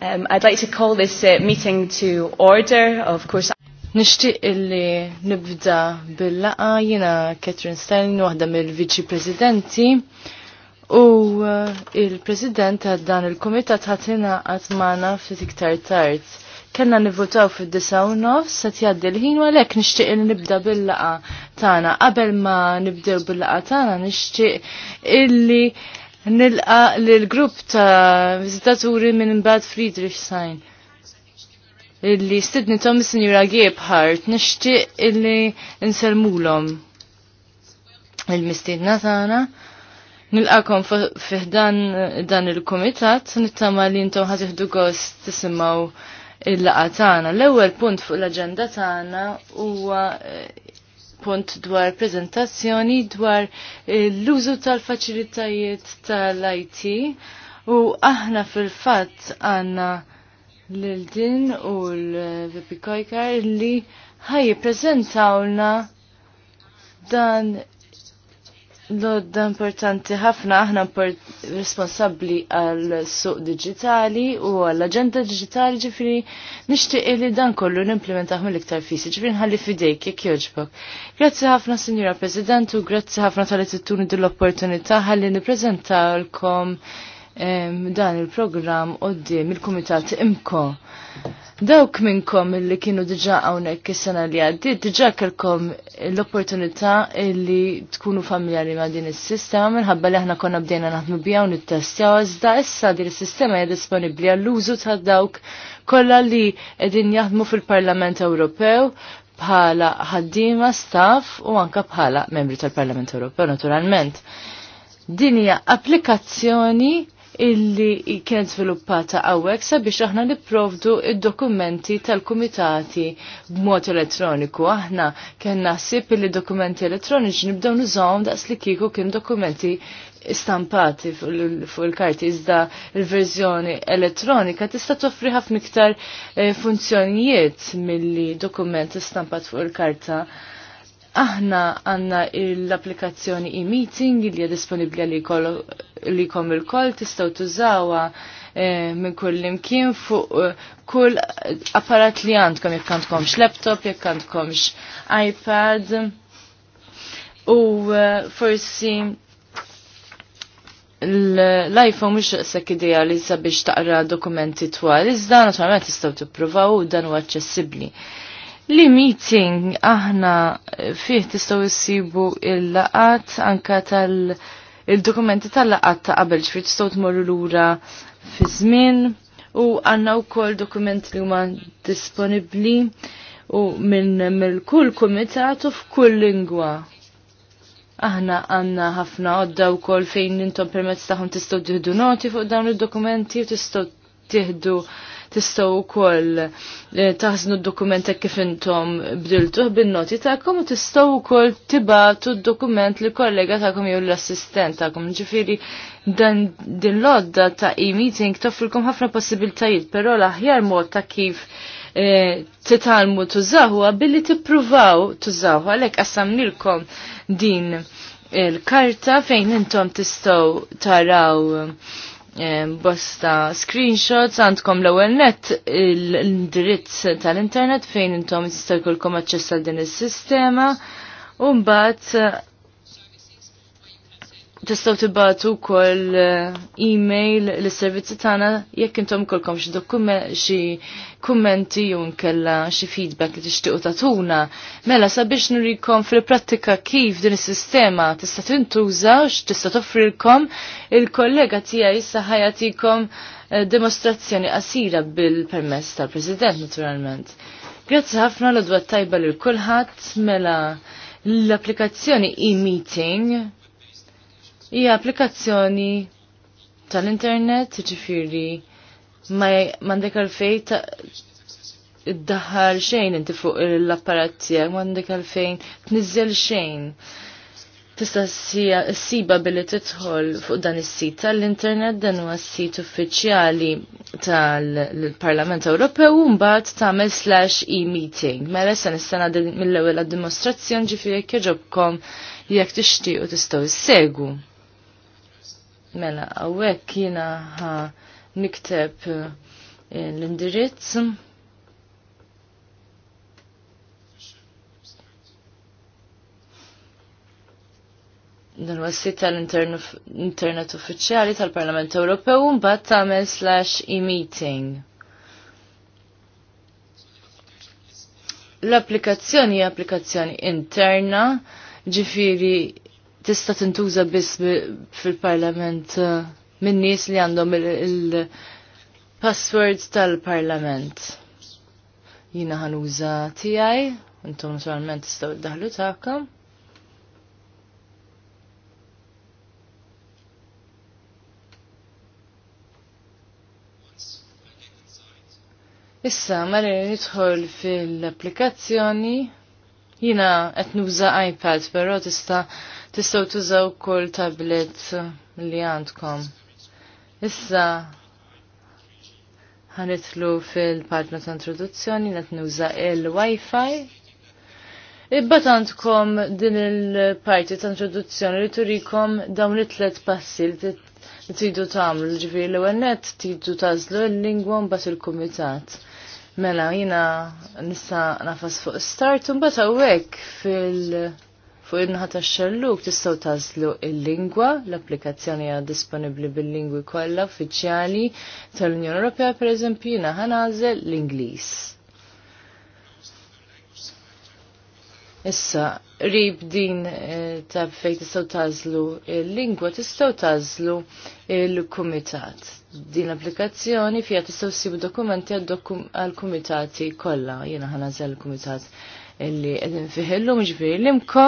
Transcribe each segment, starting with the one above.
Um, I'd like to call this uh, meeting to order. Of course, Nishtiq illi nibda bil-laqa jina Catherine Stalin waħda mill-Viċi Presidenti, u uh, il-President għad dan il-Komitat ħatina għatmana fit iktar tard kena nivvotaw fid disa nof, set jaddi l-ħin, għalek nishtiq illi nibda bil-laqa tana. Qabel ma nibdew bil-laqa tana, nishtiq illi nilqa l-grupp ta' vizitaturi minn Bad Friedrichshain illi stidni tom sinjura Gebhardt nishti illi nselmulom il-mistidna tagħna. Nilqakom fiħdan dan il-komitat, nittama li intom ħatiħdu gost tisimaw il-laqa tagħna. L-ewwel punt fuq l agenda tagħna huwa eh, punt dwar prezentazzjoni dwar eh, l-użu tal-faċilitajiet tal-IT u aħna fil-fatt għanna l-din u l-Vipi li ħaj prezentawna dan Lodda importanti ħafna aħna responsabbli għal suq digitali u għall aġenda digitali ġifiri nixtieq li dan kollu n-implementaħ mill-iktar fisi ġifiri nħalli fidejk jekk jogħġbok. Grazzi ħafna Signora President u grazzi ħafna tal-li t din l-opportunità ħalli nippreżentalkom dan il-programm dim il komitat Imko. Dawk minnkom li kienu diġa hawnhekk is-sena li għaddiet diġa kelkom l-opportunità li tkunu familjari ma' din is-sistema minħabba li aħna konna bdejna naħdmu biha u nittestjaw iżda issa din is-sistema hija disponibbli għall-użu ta' dawk kollha li qegħdin jaħdmu fil-Parlament Ewropew bħala ħaddima, staff u anka bħala membri tal-Parlament Ewropew naturalment. Din hija applikazzjoni illi kien sviluppata għawek sabiex aħna niprovdu id-dokumenti tal-kumitati b'mod elettroniku. Aħna kien nasib illi dokumenti elettroniċi nibdew nużawhom daqs li kiku kien dokumenti stampati fuq il-karti iżda il-verżjoni elettronika tista' toffri ħafna iktar eh, funzjonijiet milli dokument stampat fuq il-karta. il karta aħna għanna l-applikazzjoni e-meeting li hija disponibbli li kom il-koll tistgħu tużawha eh, minn kull imkien fuq eh, kull apparat li għandkom jekk għandkomx laptop, jekk għandkomx iPad. U eh, forsi l-iPhone mux sekk ideali sabiex taqra dokumenti twal, iżda naturalment tistgħu tippruvaw u dan huwa aċċessibbli. Li meeting aħna fih tistgħu jissibu il-laqat anka tal il-dokumenti tal-laqat ta' qabel ġifier tistgħu tmorru lura fi żmien u għandna wkoll dokumenti li huma disponibbli u minn mill-kull kumitat u f'kull lingwa. Aħna għanna ħafna għodda wkoll kol fejn intom permezz tagħhom tistgħu tieħdu noti fuq dawn id-dokumenti u tistgħu tieħdu tistgħu wkoll eh, taħżnu d dokumenta kif intom bdiltuh bin-noti tagħkom u tistgħu wkoll tibatu d-dokument li kollega tagħkom jew l-assistent tagħkom. Ġifieri dan din lodda ta' e-meeting toffrilkom ħafna possibiltajiet, però l-aħjar mod ta' kif eh, titalmu tużahu billi tippruvaw tużahu għalhekk qassamnilkom din il-karta fejn intom tistgħu taraw bosta screenshots għandkom l-ewwel net l-indirizz tal-internet fejn intom tista' jkollkom aċċess għal din is-sistema u mbagħad tistaw tibatu kol eh, e-mail li servizzi tana jekk intom kolkom xi xie kummenti jew nkella xi feedback li tixtiequ tatuna. Mela sabiex nurikom fil-prattika kif din is-sistema tista' tintuża u x'tista' toffrilkom il-kollega tija issa ħajatikom eh, demonstrazzjoni qasira bil-permess tal-President naturalment. Grazzi ħafna l-odwa tajba lil kulħadd mela l-applikazzjoni e-meeting hija applikazzjoni tal-internet, ġifiri, ma mandek għalfejn ta' id xejn inti fuq l-apparat tiegħek, mandek għalfejn t-nizzel xejn. Tista' s-siba billi tidħol fuq dan is-sit tal-internet dan huwa s-sit uffiċjali tal-Parlament Ewropew u mbagħad tagħmel slash e-meeting. Mela se nista' mill-ewwel għad-dimostrazzjoni ġifieri jekk jogħġobkom jekk tixtiequ tistgħu issegu. Mela, għawek kina ha nikteb eh, l-indirizz. dan huwa sit tal-internet uffiċjali tal-Parlament Ewropew mbagħad tagħmel slash e-meeting. L-applikazzjoni hija applikazzjoni interna, ġifiri tista tintuża biss fil-parlament uh, minn nies li għandhom il-passwords tal-parlament. Jina ħanuża tiegħi, intom naturalment tistgħu iddaħlu tagħkom. Issa, marri nidħol fil-applikazzjoni Jina qed nuża iPad, però tista' tistgħu tużaw kull tablet li għandkom. Issa ħanitlu fil-partner ta' introduzzjoni qed nuża il-Wi-Fi. Ibba għandkom din il-parti ta' introduzzjoni li turikom dawn it-tlet passi li tridu tagħmlu, ġifieri l-ewwel nett tridu tażlu l-lingwa mbagħad il-kumitat. Mela, jina nista nafas fuq start, un bata għek fil fuq inħat xelluk tistaw tazlu il-lingwa, l-applikazzjoni għad disponibli bil-lingwi kollha uffiċjali tal-Unjoni Ewropea, per eżempju, jina ħanazel l-Ingliż. Issa, rib din eh, ta' fej tistaw tażlu il-lingwa tistaw tażlu il-kumitat. Din l-applikazzjoni fija tistaw sibu dokumenti għal-kumitati kollha, jiena ħanażel l kumitat illi qegħdin fiħillu miġbiri l-imko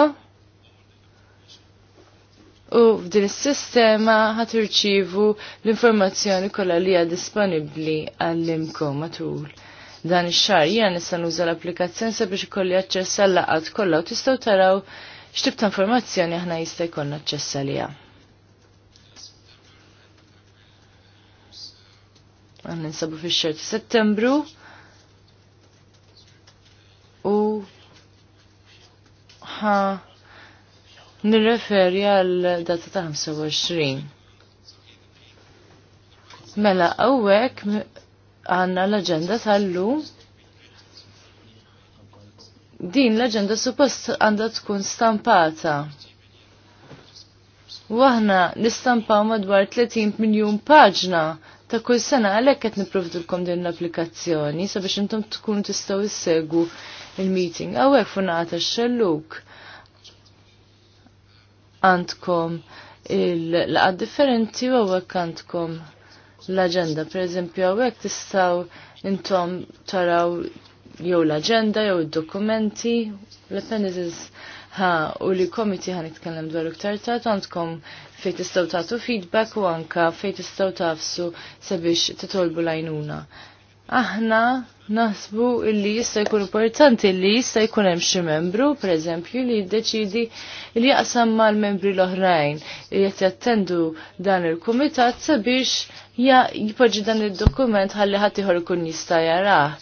u f'din is-sistema ħat l-informazzjoni kollha li hija disponibbli għall-imkom matul dan ix-xar. jiena nista' nuża l-applikazzjoni sabiex ikolli aċċess għall laqgħat kollha u tistgħu taraw x'tib ta' informazzjoni aħna jista' jkollna aċċess għaliha. Għan ninsabu fix-xar ta' Settembru u ħa nirreferi għal data ta' 25. Mela, għawek għanna l-agenda tal lu Din l-agenda suppost għanda tkun stampata. U aħna nistampaw madwar 30 miljon paġna ta' kull sena għalhekk qed nipprovdulkom din l-applikazzjoni sabiex intom tkun tistgħu issegu il-meeting. Għawek funata x-xelluk għandkom il għad differenti u għawek għandkom l-agenda. Per eżempju, għawek tistaw intom taraw jew l-agenda jew id-dokumenti, l-appendices ha u li komiti ħan itkellem dwar iktar ta' għandkom fejn tistgħu tagħtu feedback u anka fejn tistgħu tafsu sabiex titolbu lajnuna. Aħna naħsbu illi jista' jkun importanti li jista' jkun hemm xi membru, pereżempju, li jiddeċidi li jaqsam mal-membri l-oħrajn li jattendu dan il-kumitat sabiex Ja jipoġi dan id-dokument ħalli ħadd ieħor ikun jista' jarah.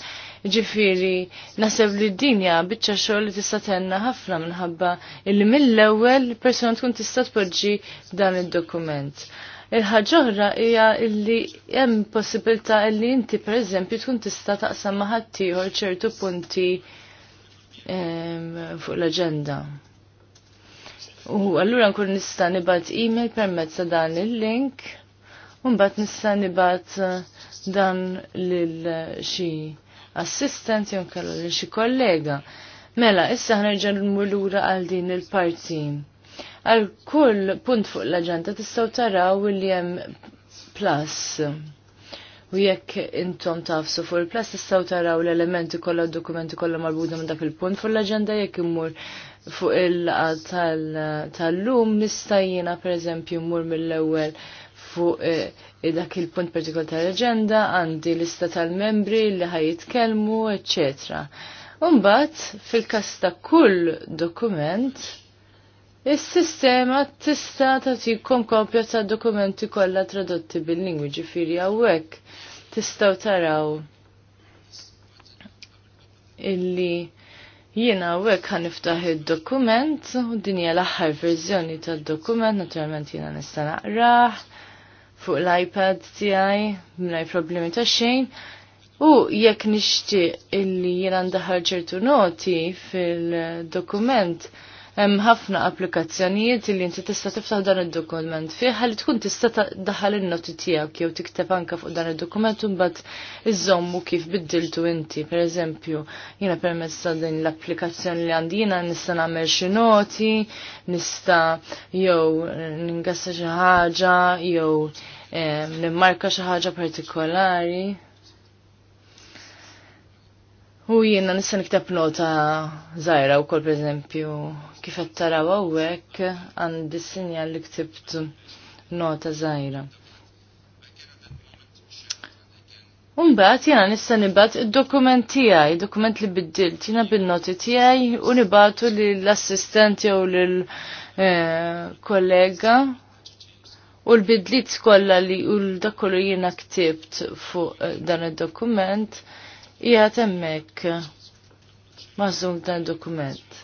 Ġifiri, naseb li d-dinja bieċa xogħol li tista' tenna ħafna minħabba li mill-ewwel persuna tkun tista' tpoġġi dan id-dokument. Il-ħagġoħra hija illi hemm possibilità illi inti pereżempju tkun tista' taqsam ma' ħaddieħor ċertu punti fuq l agenda U allura nkun nista' nibgħat email permezz ta' dan il-link. Umbat nista nibat eh, dan lil eh, xi assistant jew kellu lil xi kollega. Mela, issa l-mulura għal din il-parti. Għal kull punt fuq l-aġenda tistaw taraw li jem plus. U jekk intom tafsu fuq il-plus tistaw taraw l-elementi kollha dokumenti kollha marbuda minn dak il-punt fuq l-aġenda jekk immur fuq il-tal-lum nista' jiena pereżempju mmur mill-ewwel fuq eh, dak il-punt partikol tal-agenda, għandi lista tal-membri li ħajitkellmu, eccetera. Umbat, fil kasta ta' kull dokument, Is-sistema tista' tagħtikom kopja ta' dokumenti kollha tradotti bil-lingwi ġifieri hawnhekk tistgħu taraw illi jiena hawnhekk ħaniftaħ id-dokument u din hija l-aħħar verżjoni tad-dokument, naturalment jiena nista' naqrah fuq l-iPad tiegħi mingħajr problemi ta' xejn. U jekk nixtieq illi jien għandha ċertu noti fil-dokument, hemm ħafna applikazzjonijiet li inti tista' tiftaħ dan id-dokument fih ħalli tkun tista' daħal in-noti tiegħek jew tikteb anke fuq dan id-dokument u mbagħad iżommu kif biddiltu inti. Pereżempju, jiena permezz ta' din l-applikazzjoni li għandi jiena nista' nagħmel xi noti, nista' jew ningassa xi ħaġa jew eh, nimmarka xi ħaġa partikolari. U jiena nista' nikteb nota żgħira wkoll pereżempju kif qed taraw hawnhekk għandi sinjal li ktibt nota żgħira. Umbagħad jiena nista' nibat id-dokument tiegħi, dokument li biddilt jiena bil-noti tiegħi u li lill-assistent jew l eh, kollega u l-bidlit kollha li u l-dakollu jiena ktibt fuq eh, dan id-dokument jgħat emmek mażum dan dokument.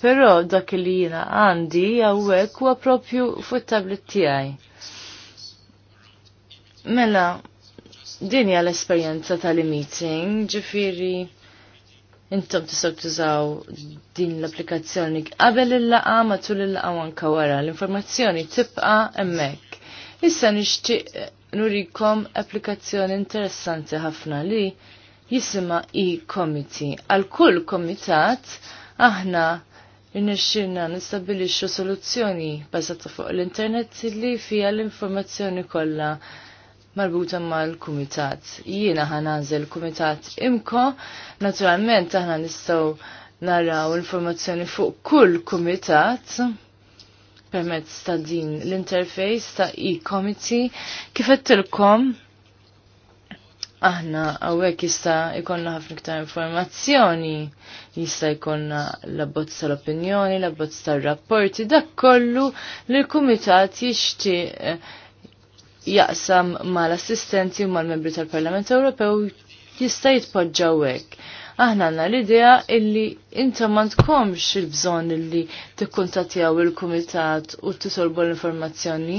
Pero dak li jina għandi għawek huwa propju fuq tablet tiegħi. Mela, din hija l-esperjenza tal-meeting, ġifieri intom tistgħu tużaw din l-applikazzjoni qabel il-laqa matul il-laqa anke wara, l-informazzjoni tibqa' hemmhekk. Issa nixtieq nurikom applikazzjoni interessanti ħafna li jisima e-committee. Għal kull komitat aħna Irnexxirna nistabilixxu soluzzjoni bażata fuq l-internet li fija l-informazzjoni kollha marbuta mal-kumitat. Jiena ħanażel kumitat imko, naturalment aħna nistgħu naraw informazzjoni fuq kull kumitat permezz ta' din l-interface ta' e-committee kif qedtilkom aħna għawek jista jkollna ħafna iktar informazzjoni, jista jkollna l-abbozz tal-opinjoni, l-abbozz tal-rapporti, dak kollu li l komitat jixti eh, jaqsam mal-assistenti u mal-membri tal-Parlament Ewropew jista jitpoġġawek aħna għandna l-idea illi inta ma tkomx il-bżonn illi tikkuntattjaw il-kumitat u tisolbu l-informazzjoni.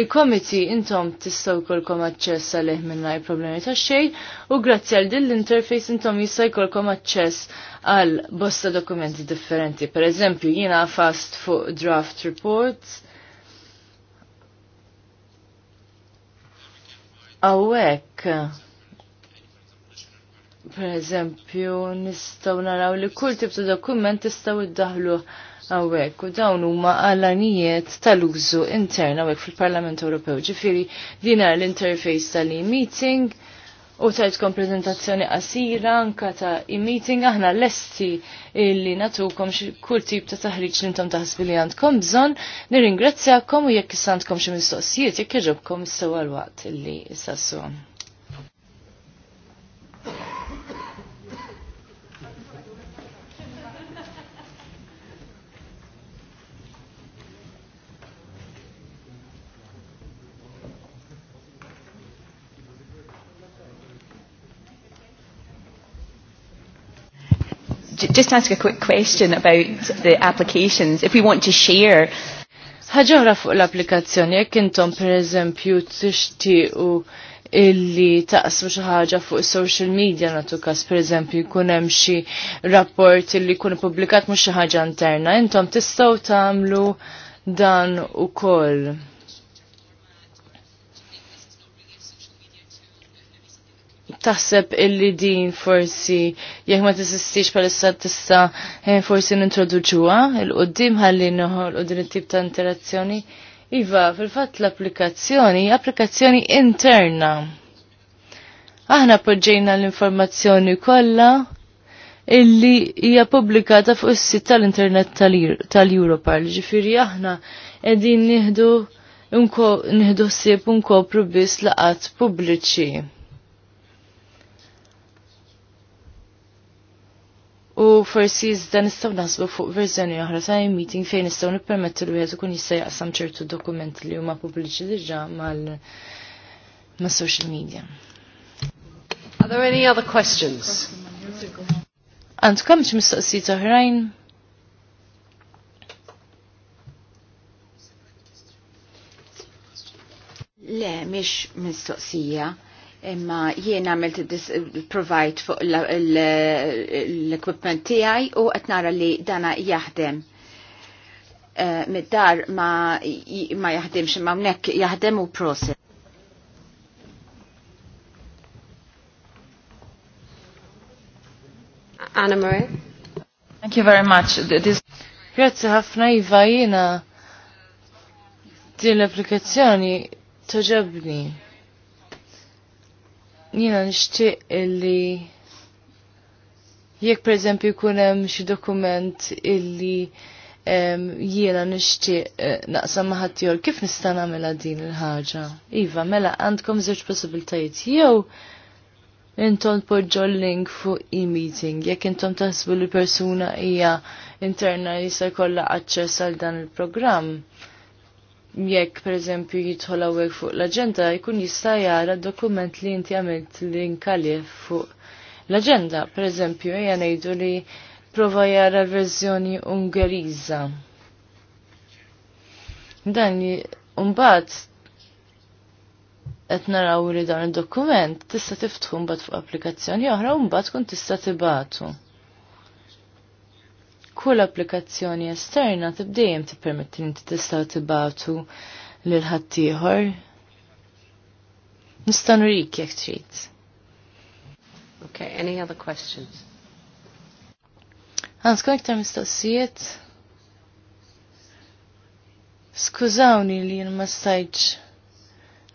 Il-komiti intom t-istaw jkollkom aċċess għalih i problemi ta' xejn u grazzi għal din l-interface intom jista' jkollkom aċċess għal bosta dokumenti differenti. Per eżempju, jiena fast fuq draft reports. Awek per eżempju, nistaw naraw li kull tip ta' dokument tistaw iddaħlu għawek u dawn huma għalanijiet tal-użu intern għawek fil-Parlament Ewropew. Ġifiri, dina l-interface tal-e-meeting u tajtkom prezentazzjoni qasira anka ta' e-meeting aħna lesti illi natukom kull tip ta' taħriġ li intom taħsbu li għandkom bżonn, nirringrazzjakom u jekk issa għandkom xi mistoqsijiet jekk iġobkom sewa l-waqt illi issa just ask a quick question about the applications. If we want to share ħaġoħra fuq l-applikazzjoni, jekk intom per eżempju tixtiqu illi taqsmu xi ħaġa fuq social media nagħtu każ pereżempju jkun hemm xi rapport illi jkun ippubblikat mhux xi ħaġa interna, intom tistgħu tagħmlu dan ukoll. taħseb illi din forsi jekk ma tisistix palissa tista eh, forsi nintroduċuha il-qoddim ħalli noħolqu din it-tip ta' interazzjoni. Iva, fil-fatt l-applikazzjoni, applikazzjoni interna. Aħna poġġejna l-informazzjoni kollha illi hija pubblikata fuq is-sit tal-internet tal-Europal. Ġifieri aħna qegħdin nieħdu nieħdu ħsieb unkopru biss laqat pubbliċi. U forsi iżda nistgħu naslu fuq verżjoni oħra ta' meeting fejn nistgħu nippermettu li wieħed kun jistaj għasam ċertu dokument li huma pubbliċi diġà mal ma' social media. Are there any other questions? Għandkom xi mistoqsijiet oħrajn? Le, mish mistoqsija imma jien għamilt provide fuq l-equipment tiegħi u qed nara li dana jaħdem. Eh, mid-dar ma, ma jaħdimx imma hawnhekk jaħdem u process. Anna Marie. Thank you very much. Grazie ħafna Iva jiena din l-applikazzjoni toġobni Jina nishtiq illi jekk per eżempju jkun hemm xi dokument illi jiena nixtieq eh, naqsam ma' ħaddieħor kif nista' nagħmilha din il-ħaġa. Iva, mela għandkom żewġ possibiltajiet jew intom poġġo link fuq e-meeting, jekk intom taħsbu li persuna hija interna jisa jkollha aċċess għal dan il-programm jekk per eżempju jidħol hawnhekk fuq l-aġenda jkun jista' jara dokument li inti għamilt li nkalli fuq l-aġenda. Per eżempju hija ngħidu li prova jara l-verżjoni Ungeriża. Dan mbagħad qed naraw li dan id-dokument tista' tiftħu mbagħad fuq applikazzjoni oħra u mbagħad tkun tista' tibatu kull applikazzjoni esterna tibdejjem tippermetti li tistgħu tibatu lil ħaddieħor. Nista' nurik jekk trid. Okay, any other questions? Għandkom iktar mistoqsijiet? Skużawni li jien ma stajċ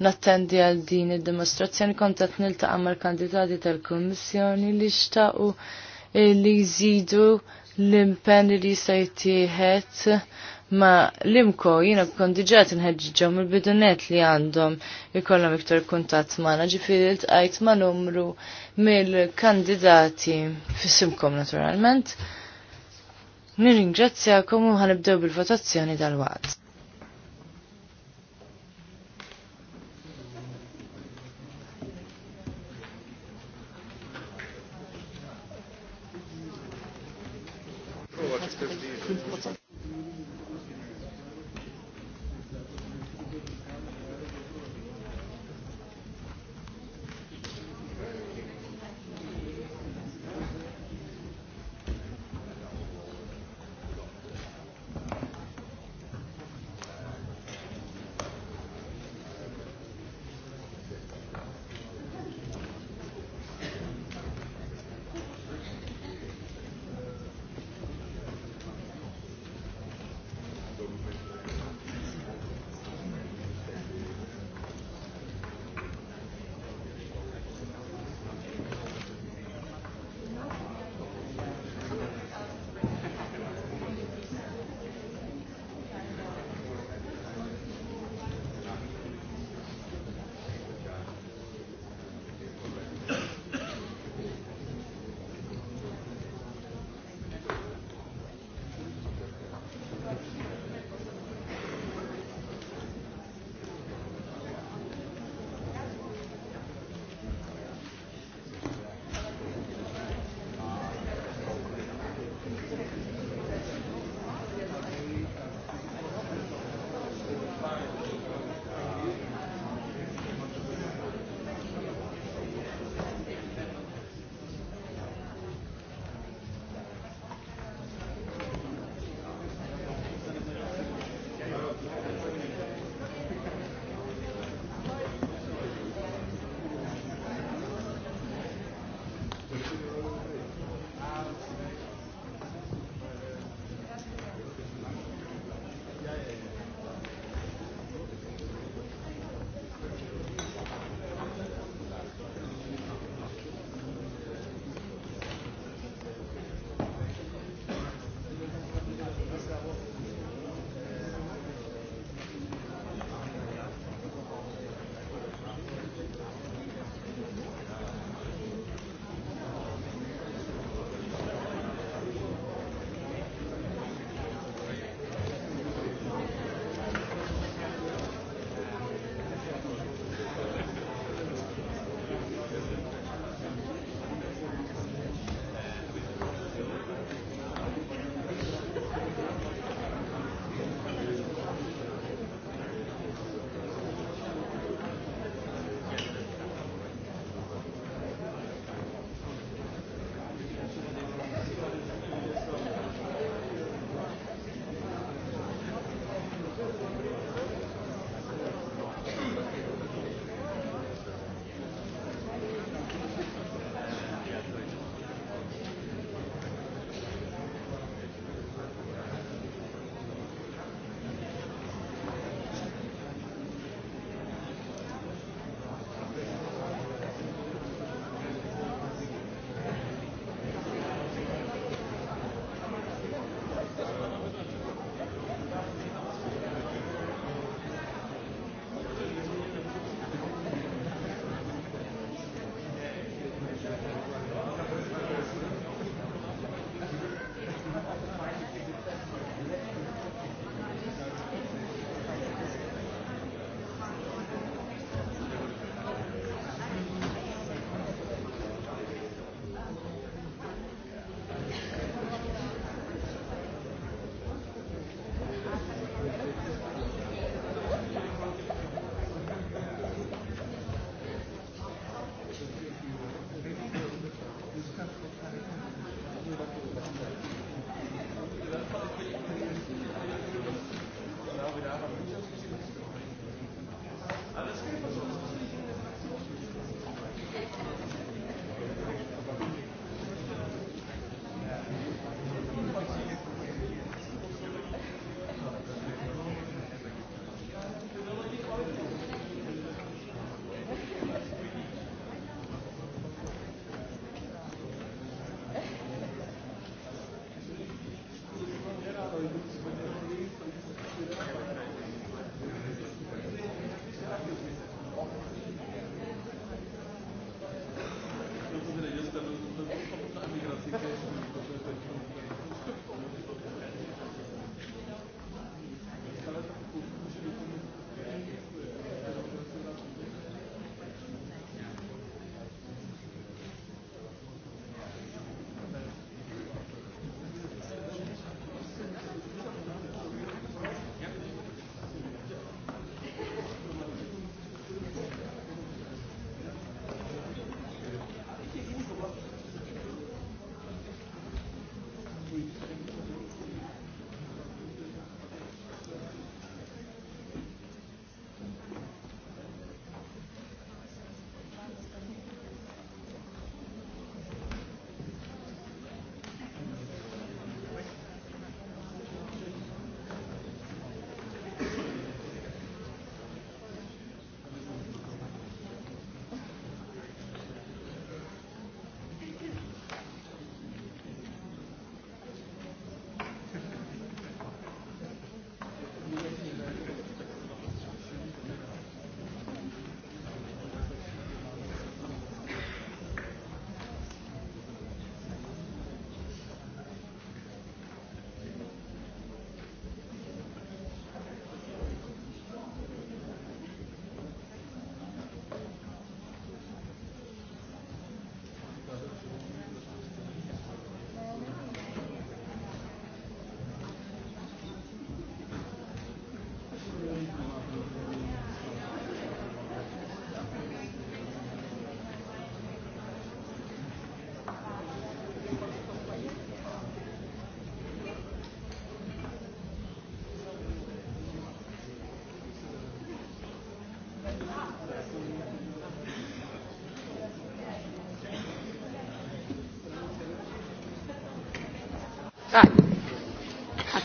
nattendi għal din id-dimostrazzjoni kont qed niltaqa' mal-kandidati tal-Kummissjoni li xtaqu li jżidu l-impen li jista' jittieħed ma l-imko jina kondiġat diġat nħedġiġom il-bidunet li għandhom ikollhom iktar kuntatt magħna l tqajt ma' numru mill-kandidati fissimkom naturalment. Nirringrazzjakom u ħanibdew bil-votazzjoni dal-waqt.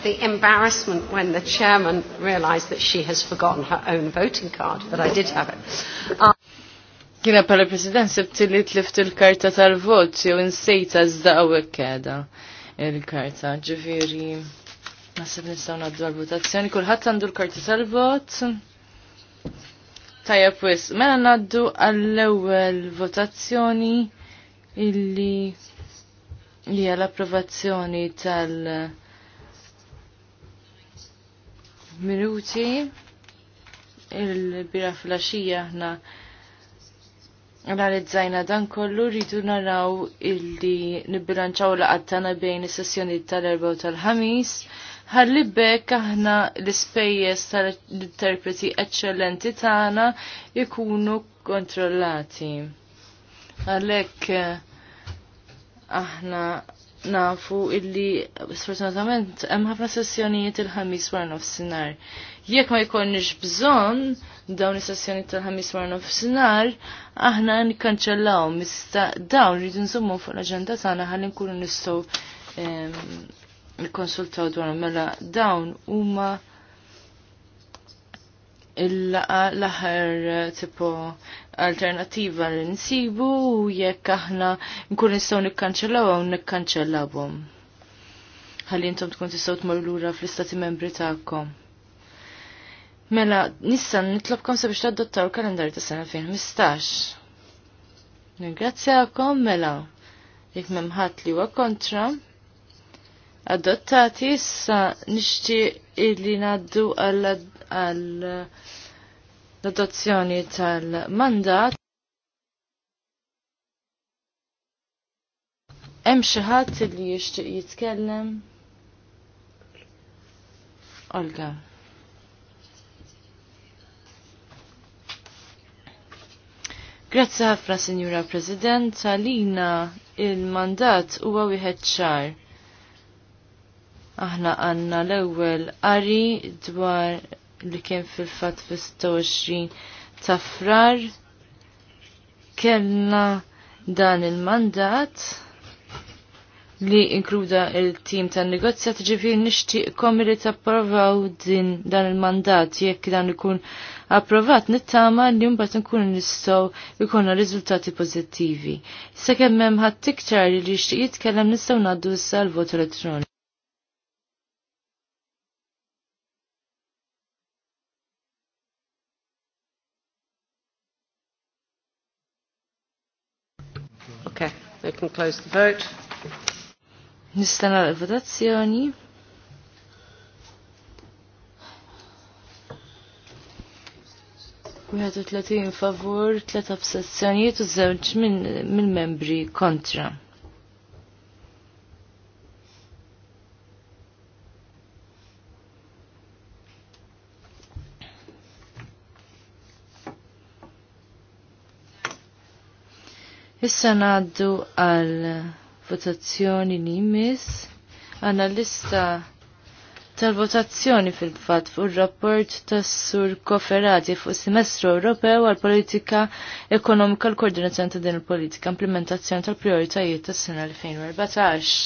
the embarrassment when the chairman realized that she has forgotten her own voting card, but I did have it. Um, Kina pala president sebti li tlift il-karta tal-vot, jew insejta zda għawek keda il-karta. Ġifiri, nasib nistaw naddu għal-votazzjoni, kullħat għandu l-karta tal-vot. Tajja pwis, mela naddu għall-ewel votazzjoni illi li għall-approvazzjoni tal-vot minuti il-bira fil-axija għal Analizzajna dan kollu rridu naraw illi nibbilanċaw laqattana bejn is-sessjoni tal-erba u tal-ħamis. Ħalli bekk aħna l-ispejjeż tal-interpreti eċċellenti tagħna jkunu kontrollati. Għalhekk eh, aħna nafu illi sfortunatament hemm ħafna sessjonijiet il-ħamis wara nofsinhar. Jekk ma jkollniex bżonn dawn is-sessjonijiet tal-ħamis wara nofsinhar, aħna nikkanċellaw mista dawn rridu nżommu fuq l-aġenda tagħna ħalli nkunu nistgħu nikkonsultaw dwarhom mela dawn huma l aħħar eh, tipo alternativa li nsibu u jekk aħna nkun nistgħu nikkanċellaw u nikkanċellawhom. Ħalli intom tkun tistgħu tmorru lura fl-istati membri tagħkom. Mela, nissa nitlobkom sabiex tadottaw il-kalendar ta' sena 2015. Ningrazzjakom, mela, jekk ħadd li huwa kontra, adottati issa nixtieq illi ngħaddu għal għal l-adozzjoni tal-mandat. Hemm xi ħadd li jixtieq jitkellem? Olga. Grazzi ħafna, Sinjura President, għalina il-mandat huwa wieħed ċar. Aħna għanna l-ewwel qari dwar li kien fil-fat fil-26 ta' frar kellna dan il-mandat li inkluda il-tim ta' negozjat ġifir nishtiqkom li provaw din dan il-mandat jekk dan ikun approvat nittama li mbagħad nkunu nistgħu jkollna riżultati pożittivi. Sakemm hemm ħadd iktar li jixtieq jitkellem nistgħu ngħaddu issa l-vot elettroniku. can close the vote. Nistana l-votazzjoni. Wieħed u tletin favur, tlet absezzjonijiet u żewġ mill-membri kontra. Issa ngħaddu għal votazzjoni nimis, jmiss lista tal-votazzjoni fil fat fuq ir-rapport tas-Sur Koferati fuq semestru Ewropew għal politika ekonomika l koordinazzjoni ta' din il-politika implementazzjoni tal prioritajiet tas-sena 2014.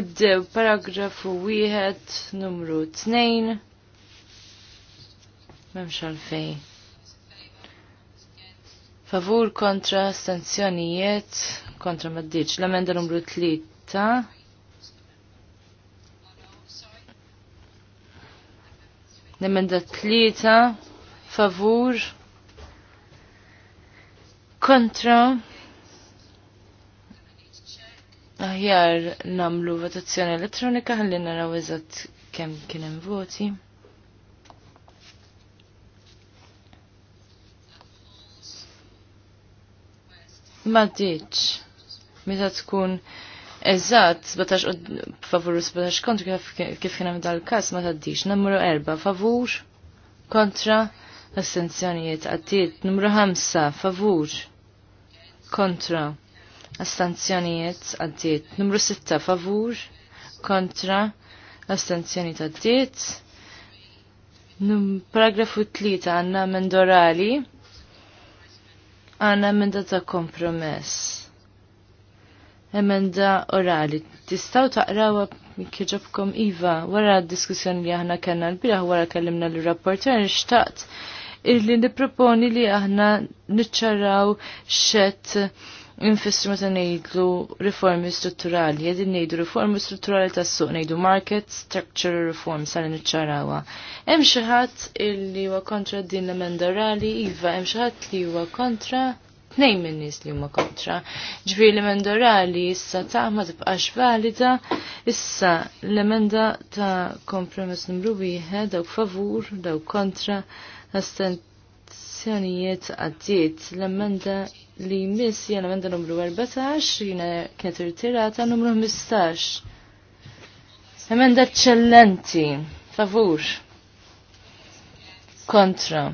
Nibdew paragrafu wieħed numru 2 Memx għalfej. Favur kontra sanzjonijiet kontra maddiċ. L-amenda numru 3. L-amenda 3. Favur kontra aħjar namlu votazzjoni elettronika ħalli naraw eżatt kemm kien hemm voti. ma diċ, meta tkun eżatt u favur batax kontra kif kien hemm dal-każ ma taddix. Numru erba' favur kontra astenzjonijiet għaddiet. Numru ħamsa, favur kontra astenzjonijiet għaddiet. Numru sitta favur kontra astenzjonijiet għaddiet. Paragrafu tlita għanna mendorali għana emenda ta' kompromess. Emenda orali. Tistaw taqrawa kieġobkom Iva, wara diskussjoni li aħna kena l-biraħ, wara kellimna l-rapporter, xtaqt illi niproponi li aħna nitċaraw xet infissru t-nejdu riformi strutturali, qegħdin ngħidu riformi strutturali tas-suq ngħidu market structure reform sal niċċarawha. Hemm xi ħadd illi huwa kontra din l-emenda orali, iva hemm xi ħadd li huwa kontra tnejn minn nies li huma kontra. Ġbir l-emenda rali issa ta' ma tibqax valida, issa l-emenda ta' kompromess numru wieħed dawk favur, dawk kontra, astenzjonijiet għaddiet l-emenda li jmiss jena menda numru 14, jena kienet irtirata numru 15. Emenda eccellenti, favur. Kontra.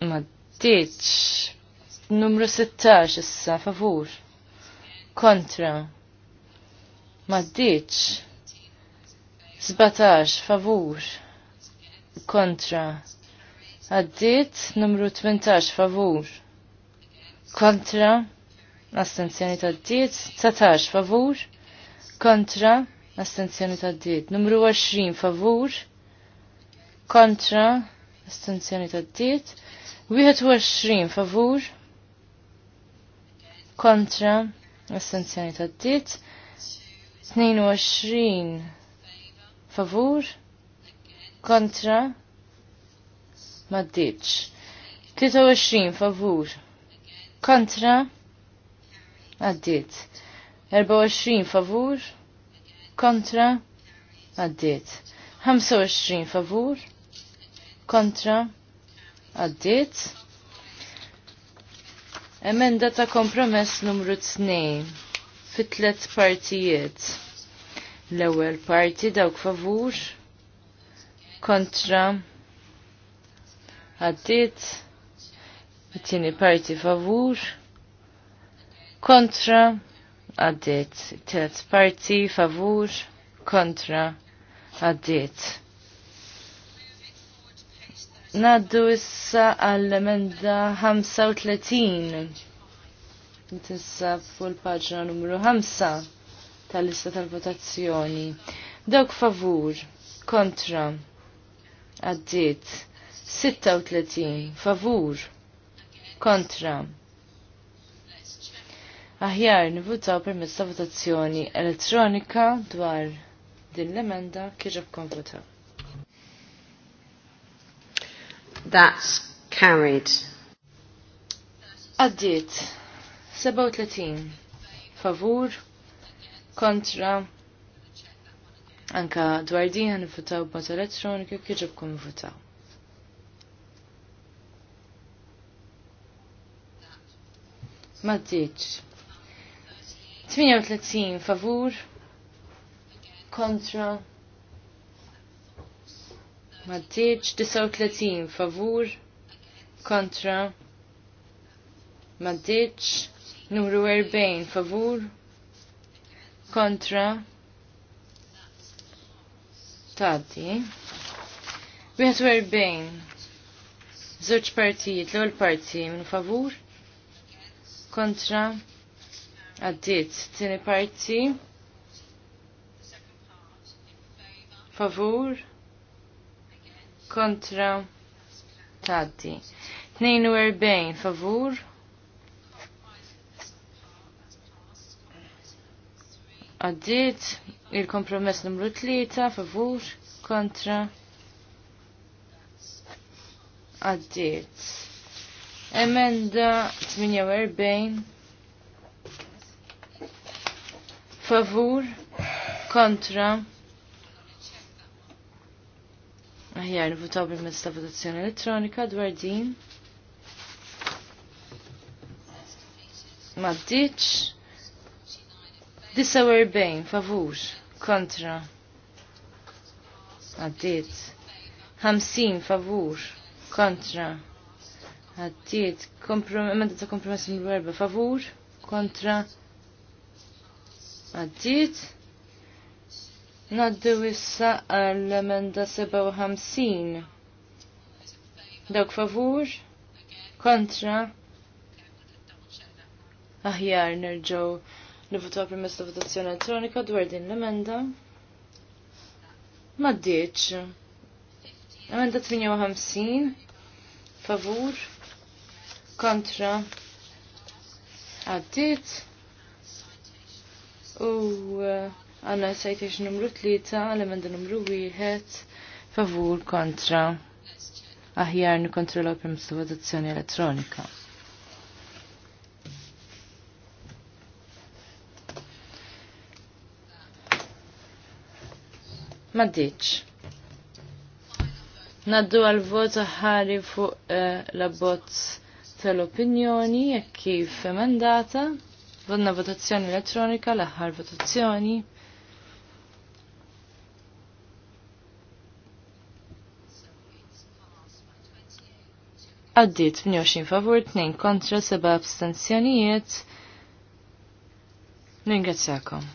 Ma ditx. Numru 16 issa, favur. Kontra. Ma ditx. 17, favur. Kontra. Għaddit numru 18, favur kontra, astenzjoni d diet 19 favur, kontra, astenzjoni d diet numru 20 favur, kontra, astenzjoni ta' d diet 21 favur, kontra, astenzjoni d diet 22 favur, kontra, d-diet, 23 favur, kontra Għaddit. 24 favur kontra Għaddit. 25 favur kontra Għaddit. Emenda ta' kompromess numru 2 fit tlet partijiet. L-ewwel parti dawk favur kontra Għaddit it parti favur kontra Għaddit. Tiet parti favur kontra Għaddit. Naddu issa għall-emenda 35. Tissa fuq il-paġna numru 5 tal-lista tal-votazzjoni. Dawk favur, kontra, Għaddit. 36, favur, kontra. Aħjar nivutaw permezz ta' votazzjoni elettronika dwar din l-emenda kieġab konvota. That's carried. Addit 37. Favur. Kontra. Anka dwar din nifutaw bot elettroniku kieġab konvotaw. ma ddiċ. 38 favur kontra ma ddiċ. 39 favur kontra ma ddiċ. Numru 40 favur kontra tati. 41 Zoċ partijiet, l-ewwel partij minn favur kontra għaddiet tini parti favur kontra taddi 42 favur għaddit il-kompromess numru 3 favur kontra għaddit Emenda 48. Favur kontra Aħjar nivutaw bil-mezz ta' votazzjoni elettronika dwar din. Maddiċ. 49 favur kontra. Għaddit. Hamsin. favur kontra. Għaddiet, emenda ta' kompromess numru werba favur kontra għaddiet. Naddu issa għall-emenda 57. Dawk favur kontra aħjar nerġaw nivutaw permess ta' votazzjoni elettronika dwar din l-emenda. Ma' Emenda 58 favur kontra għaddit u eh, għanna citation numru tlita għal-emenda numru wieħed favur kontra aħjar nikontrollaw permess ta' votazzjoni elettronika. Maddiċ. Naddu għal-vot ħari fuq eh, la bozz tal-opinjoni jekk kif emendata. Donna votazzjoni elettronika l-aħħar votazzjoni. Għaddit 28 favur, 2 kontra, 7 abstanzjonijiet. Ningrazzjakom.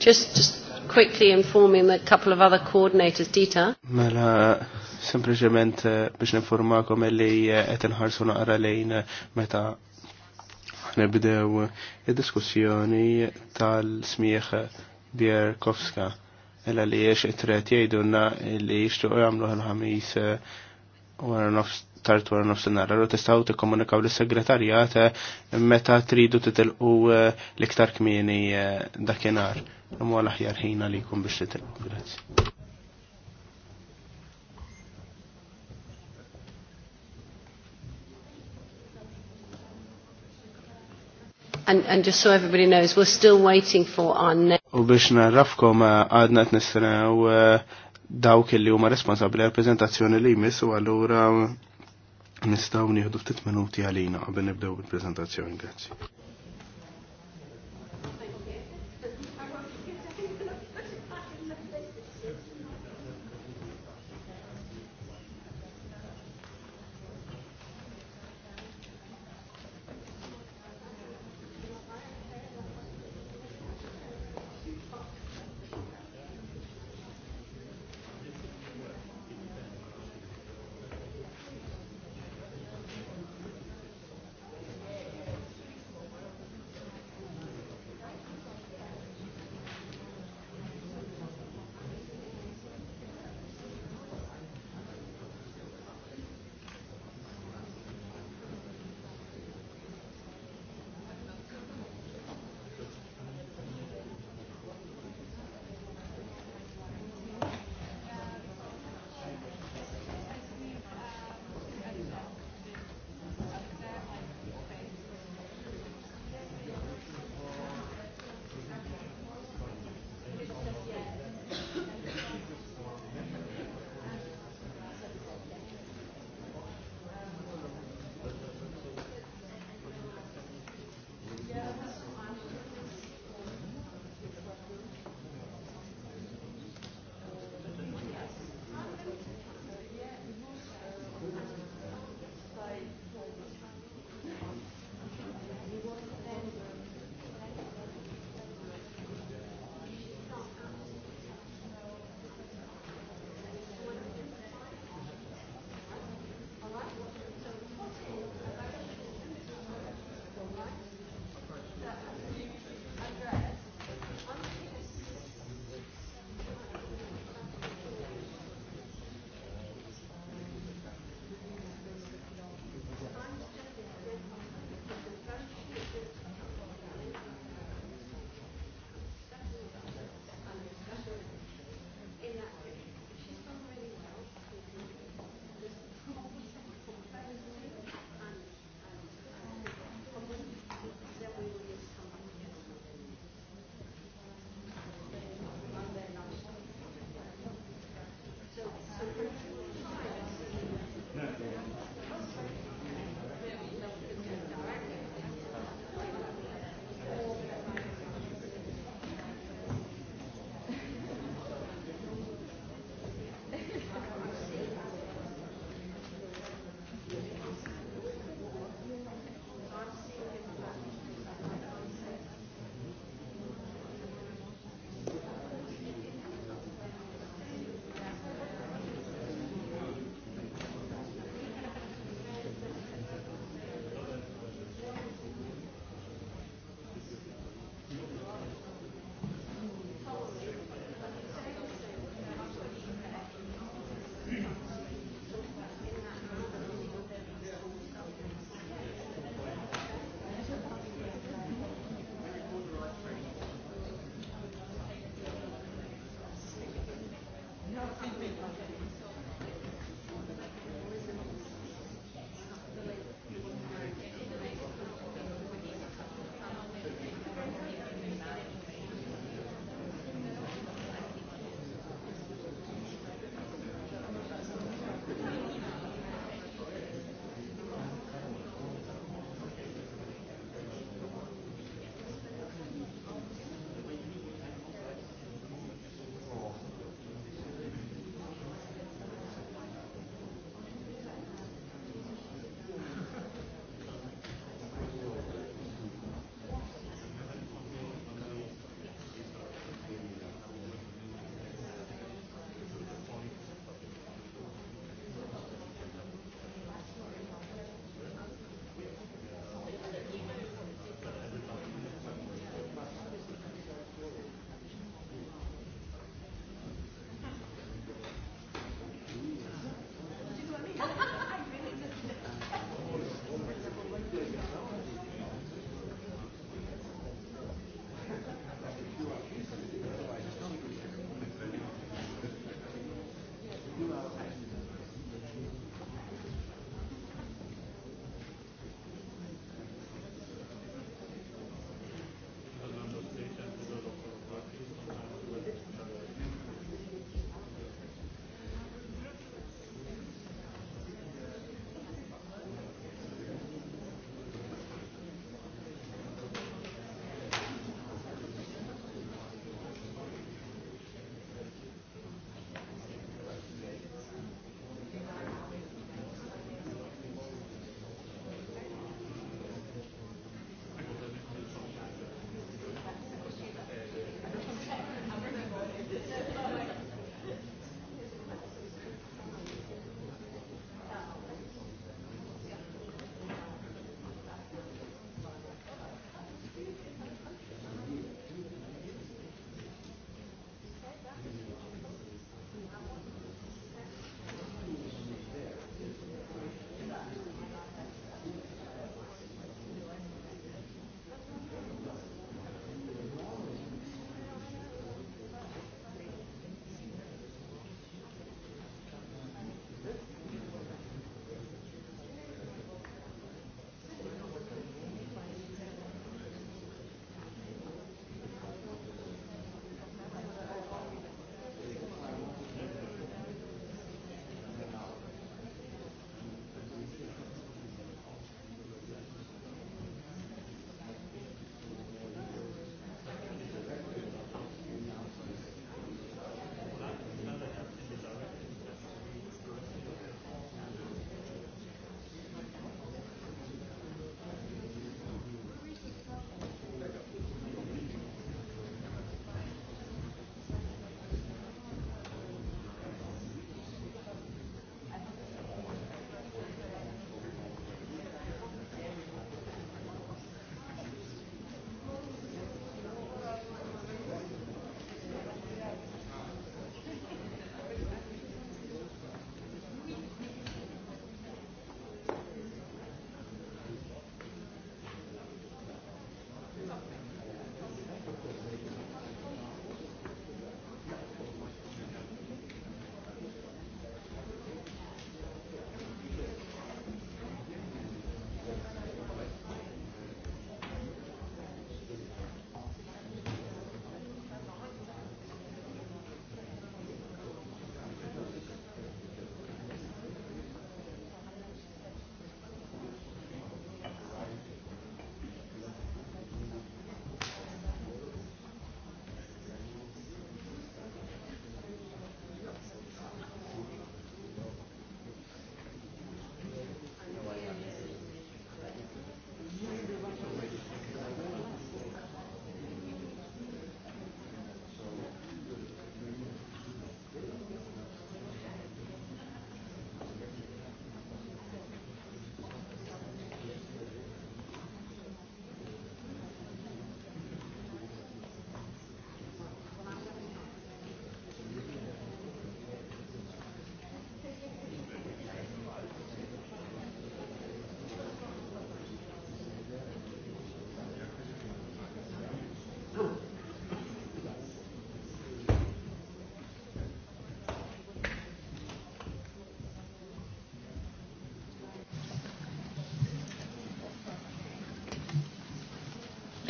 Just, just quickly informing a couple of other coordinators, Dita. Mela, sempliciment eh, biex informakom li eh, qed inħarsu naqra lejn eh, meta nibdew id-diskussjoni tal-smieħ Bierkowska. Ella li jiex it-tret jgħidulna li jixtuq jagħmlu l-ħamis wara nofs tard wara u testaw te komunikaw l segretarjat eh, meta tridu titilqu eh, l-iktar kmieni eh, dakinhar. Imma l-aħjar li kum biex titilqu. Grazzi. And, and just so everybody knows, we're still waiting for our next. U biex narrafkom għadna t nistana u dawk il li huma responsabli għal prezentazzjoni li jmissu u għallura Nistaw nieħdu ftit minuti għalina qabel nibdew bil-prezentazzjoni, grazzi.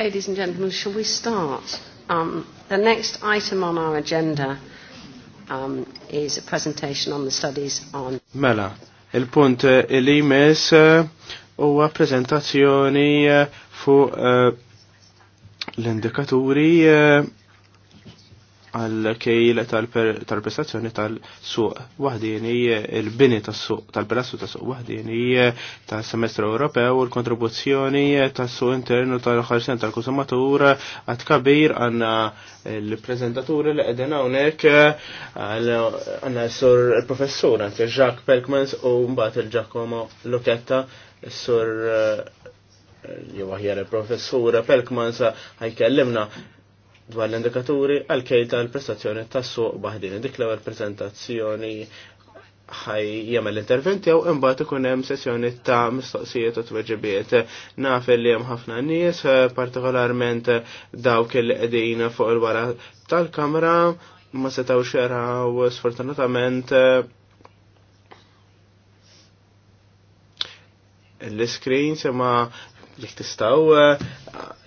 Ladies and gentlemen, shall we start? Um, the next item on our agenda um, is a presentation on the studies on... Mela, il-punt eh, li jmiss eh, huwa presentazzjoni eh, fu l-indikaturi uh, għal kejl tal-prestazzjoni tal-suq waħdini il-bini tas-suq tal prestazzjoni tas-suq waħdini tas-semestru Ewropew u l-kontribuzzjoni tas-suq internu tal-ħarsen tal-konsumatur għad kabir għanna l-prezentaturi li għedin hawnhekk għanna sur il-professur għanzi Jacques Pelkmans u mbagħad il-Giacomo s sur eh, jew il-professur Pelkmans ħajkellimna dwar l-indikaturi għal kejl tal-prestazzjoni tas-suq baħdin. Dik l-ewwel prezentazzjoni ħaj l-interventi u imbagħad ikun hemm sessjoni ta' mistoqsijiet u tweġibiet. Naf li hemm ħafna nies, partikolarment dawk li qegħdin fuq il-wara tal-kamra ma setgħu xeraw sfortunatament l-screens ma jek tistaw, eh,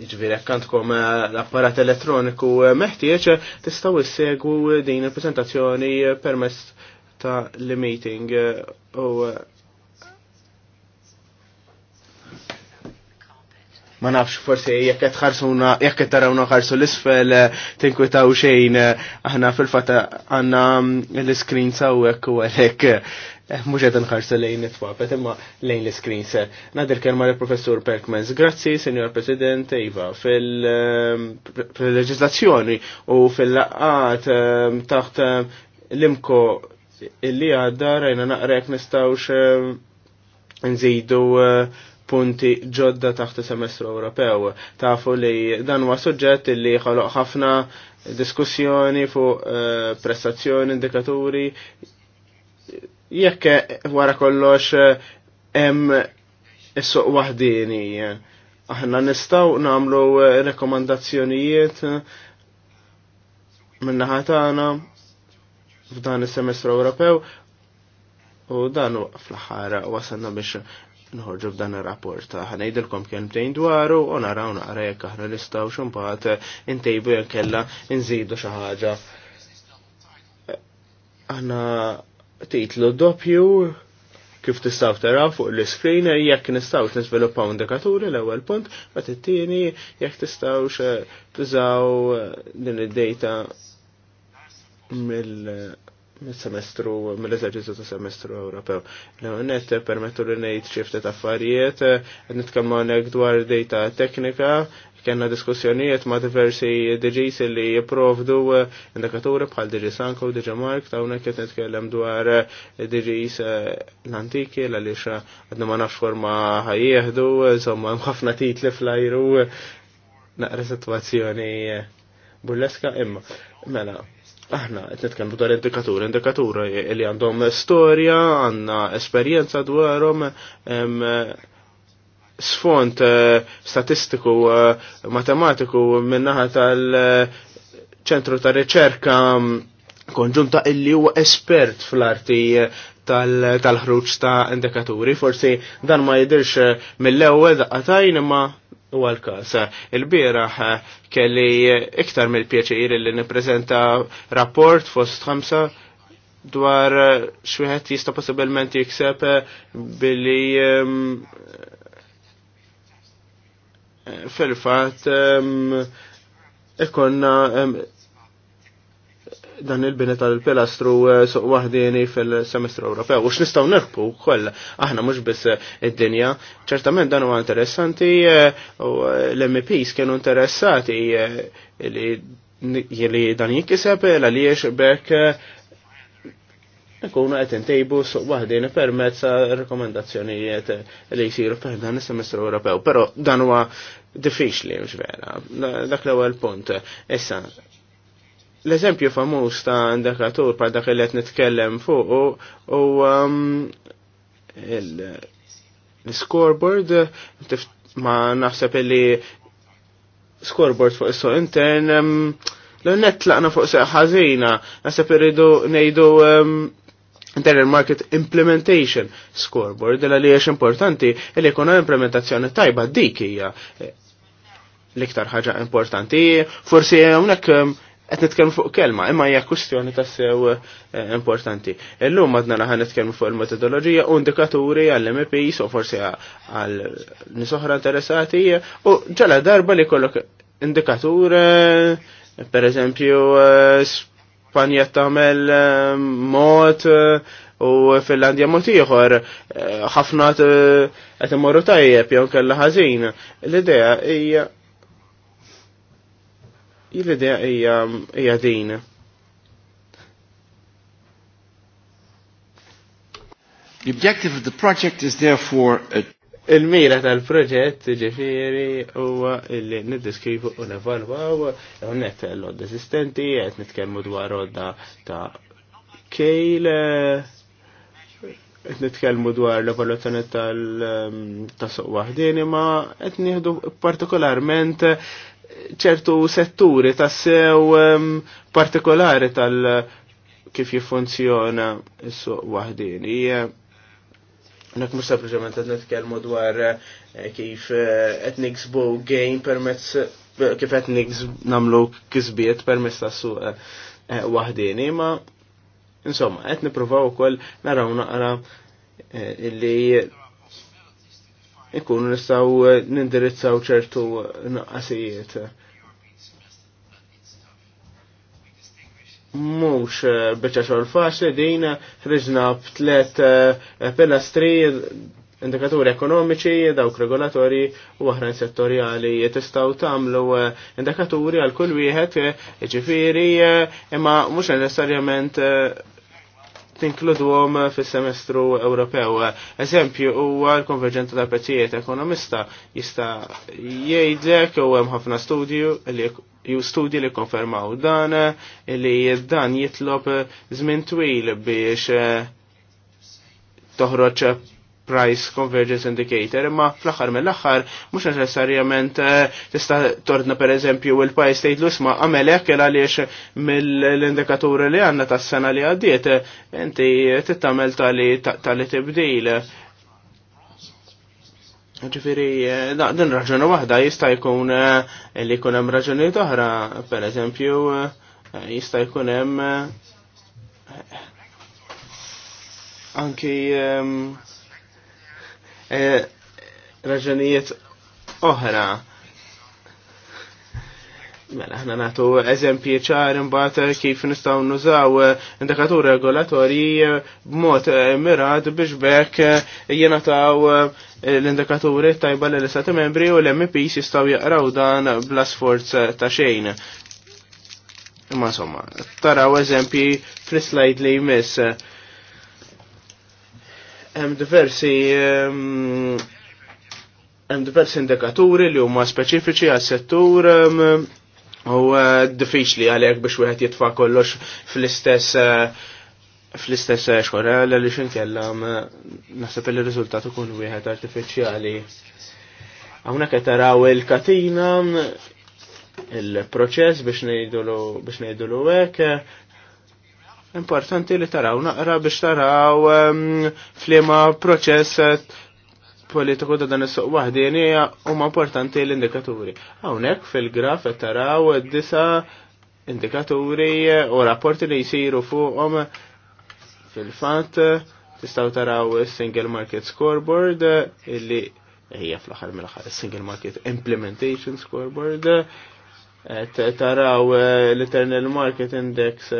ġviri għandkom eh, l-apparat elettroniku eh, meħtieċ, tistaw issegwu din il-prezentazzjoni permess ta' l-meeting u ma nafx forsi jekk qed ħarsuna jekk qed tarawna ħarsu l-isfel eh, tinkwitaw xejn eh, aħna fil-fatt eh, għandna mm, l-iskrin sawek u għalhekk mhux qed nħarsu lejn it-twabet imma lejn l-iskrin se. Nadir kelma l professur Perkmans. Grazzi, Senjor President, Iva, fil-leġislazzjoni u fil-laqat taħt l-imko illi għadda rajna naqra jekk nistgħux nżidu uh, punti ġodda taħt semestru Ewropew. Tafu li dan huwa suġġett li ħoloq ħafna diskussjoni fuq eh, prestazzjoni, indikaturi. Jekk wara kollox eh, hemm is-suq waħdini. Aħna nistgħu nagħmlu eh, rekomandazzjonijiet naħa tagħna f'dan is-semestru Ewropew u dan fl-aħħar wasalna biex nħorġu f'dan ir-rapport. Ħanejdilkom kelmtejn dwaru u naraw naqra jekk aħna nistgħu xumbat intejbu jekk kellha nżidu xi ħaġa. Aħna titlu doppju kif tistgħu taraw fuq l-screen jekk nistgħu niżviluppaw indikaturi l-ewwel punt, bat it-tieni jekk tistaw tużaw din id-data mill semestru mill-eżerġizzju ta' semestru Ewropew. Net permettu li ngħid xi ftit affarijiet, qed nitkellmu hawnhekk dwar data teknika, kena diskussjonijiet ma' diversi DJs li jiprovdu indikaturi bħal DJ Sanko, DJ Mark, ta' unek jett nitkellem dwar DJs eh, l-antiki, l-għalixa għadna ma' nafx forma ħajjieħdu, zomma mħafna titli flajru naqra situazzjoni burleska imma. Mela, aħna qed nitkellmu dwar indikatur, indikatur li għandhom storja, għandna esperjenza dwarhom, sfond eh, statistiku eh, matematiku minnaħa tal-ċentru ta' riċerka konġunta illi huwa espert fl-arti eh, tal-ħruġ ta' indikaturi. Forsi dan ma jidirx mill-ewwel daqatajn imma u għal-kas. il bieraħ kelli iktar mill-pjaċir li nipprezenta rapport fost ħamsa dwar xwieħed jista' possibilment jikseb billi um, fil-fatt um, ikonna um, dan il-bini tal-pilastru eh, suq wahdini fil-semestru Ewropew. U x'nistgħu nerpu kollha aħna mhux biss id-dinja. Ċertament dan huwa interessanti eh, u eh, l-MPs kienu interessati li dan jinkiseb għaliex bekk nkunu qed intejbu suq waħdin permezz rekomendazzjonijiet li jsiru per dan is-semestru Ewropew. Però dan huwa diffiċli mhux vera. Dak l-ewwel punt. Issa L-eżempju famuż ta' indikatur pa' dak li nitkellem fuq u um, l-scoreboard ma naħseb li scoreboard fuq is-suq intern um, l-net tlaqna fuq seq ħażina naħseb irridu ngħidu um, Internal Market Implementation Scoreboard li għaliex importanti li jkun implementazzjoni tajba dik hija l-iktar ħaġa importanti. Forsi hawnhekk qed nitkellmu fuq kelma, imma hija kwistjoni ta' sew eh, importanti. Illum madna naħan nitkellmu fuq il-metodoloġija u indikaturi għall-MPs u forsi għal nisoħra interessati u ġala darba li kollok indikatur eh, per eżempju eh, Spanja tamel mot u Finlandja mod ieħor ħafna qed imorru tajjeb jew kellha ħażin. L-idea hija l-idea ija din. The objective of the project is therefore a Il-mira tal-proġett ġifiri huwa illi niddiskrivu u nevalwaw hawnhekk l odd esistenti għet nitkellmu dwar odda ta' kejl għet nitkellmu dwar l-evoluzzjoni tal tasuq waħdini ma qed nieħdu partikolarment ċertu setturi um, partikolari tal kif jifunzjona s-suq wahdin. Ija, Nek mux sempliciment għed kelmu dwar eh, kif eh, etnik niksbu gain permezz eh, kif qed namlu kizbiet permets ta' suq waħdini, ma insomma qed nippruvaw ukoll naraw naqra illi ikun nistgħu nindirizzaw ċertu naqqasijiet. Mhux eh, biċċa xogħol faċli din ħriġna b'tlet eh, pilastri indikaturi ekonomiċi, dawk regolatori u għahran settorjali tistgħu tagħmlu eh, indikaturi għal kull wieħed ġifiri imma mhux necessarjament għom fis-semestru Ewropew. Eżempju huwa l konverġent ta' petijiet ekonomista jista' jgħidek u hemm ħafna studju li ju studji li konfermaw dan li dan jitlob żmien twil biex toħroġ price convergence indicator, imma fl-axar mill-axar, mux necessarjament eh, tista torna per eżempju il-pajis tgħidlu ma għamelek il għaliex mill-indikaturi li għanna tas sena li għaddiet, eh, inti tittamel tali tibdil. Ġifiri, eh, din raġuna waħda jista' jkun li jkun hemm raġuni oħra, per eżempju, jista' jkun hemm anki ehm, E, raġunijiet oħra. Mela, ħna natu eżempji ċar imbagħad kif nistgħu nużaw indikatur regolatorji b'mod e, mirad biex bekk e, jingħataw l-indikaturi tajba l istati membri u l-MPs jistgħu jaqraw dan bla sforz ta' xejn. Ma somma taraw eżempji fl-slide li jmiss Hemm diversi ehm, hemm diversi indikaturi li huma speċifiċi għas-settur ehm, u eh, diffiċli għalhekk biex wieħed jitfa' kollox fl-istess eh, fl-istess eh, xorel li xinkella ehm, naħseb li riżultat ikun wieħed artifiċjali. Hawnhekk qed taraw il-katina il-proċess biex ngħidulu biex ngħidulu hekk importanti li taraw naqra biex taraw flima proċess politiku ta' dan is-suq waħdini huma importanti l-indikaturi. Hawnhekk fil-graf qed taraw disa indikaturi u rapporti li jsiru fuqhom fil-fatt tistgħu taraw single market scoreboard illi hija fl-aħħar mill-aħħar single market implementation scoreboard taraw eh, l eternal market index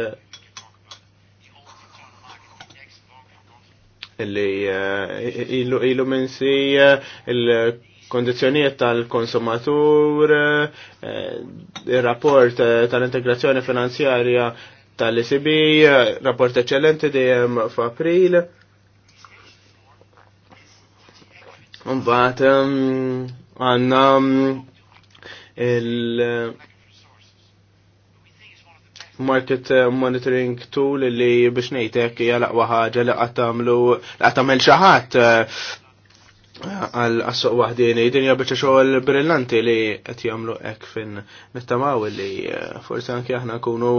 li eh, ilu minn si eh, il-kondizjonijiet tal-konsumatur, eh, il-rapport tal-integrazzjoni finanzjarja tal-ECB, rapport eccellenti dejjem f'April. Mbagħad mm, għandna mm, il- market eh, monitoring tool li biex nejtek hija laqwa ħaġa li qatt tagħmlu qatt tagħmel xi ħadd eh, għal assoq waħdini dinja biex xogħol brillanti li qed jagħmlu hekk fin nittamaw li eh, forsi anke aħna nkunu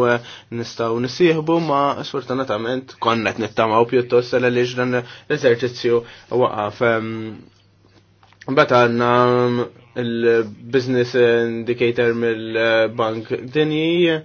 nistgħu nisieħbu ma sfortunatament konna qed nittamaw pjuttost għal li dan l-eżerċizzju waqaf. Bata mm, il-business indicator mill-bank dinji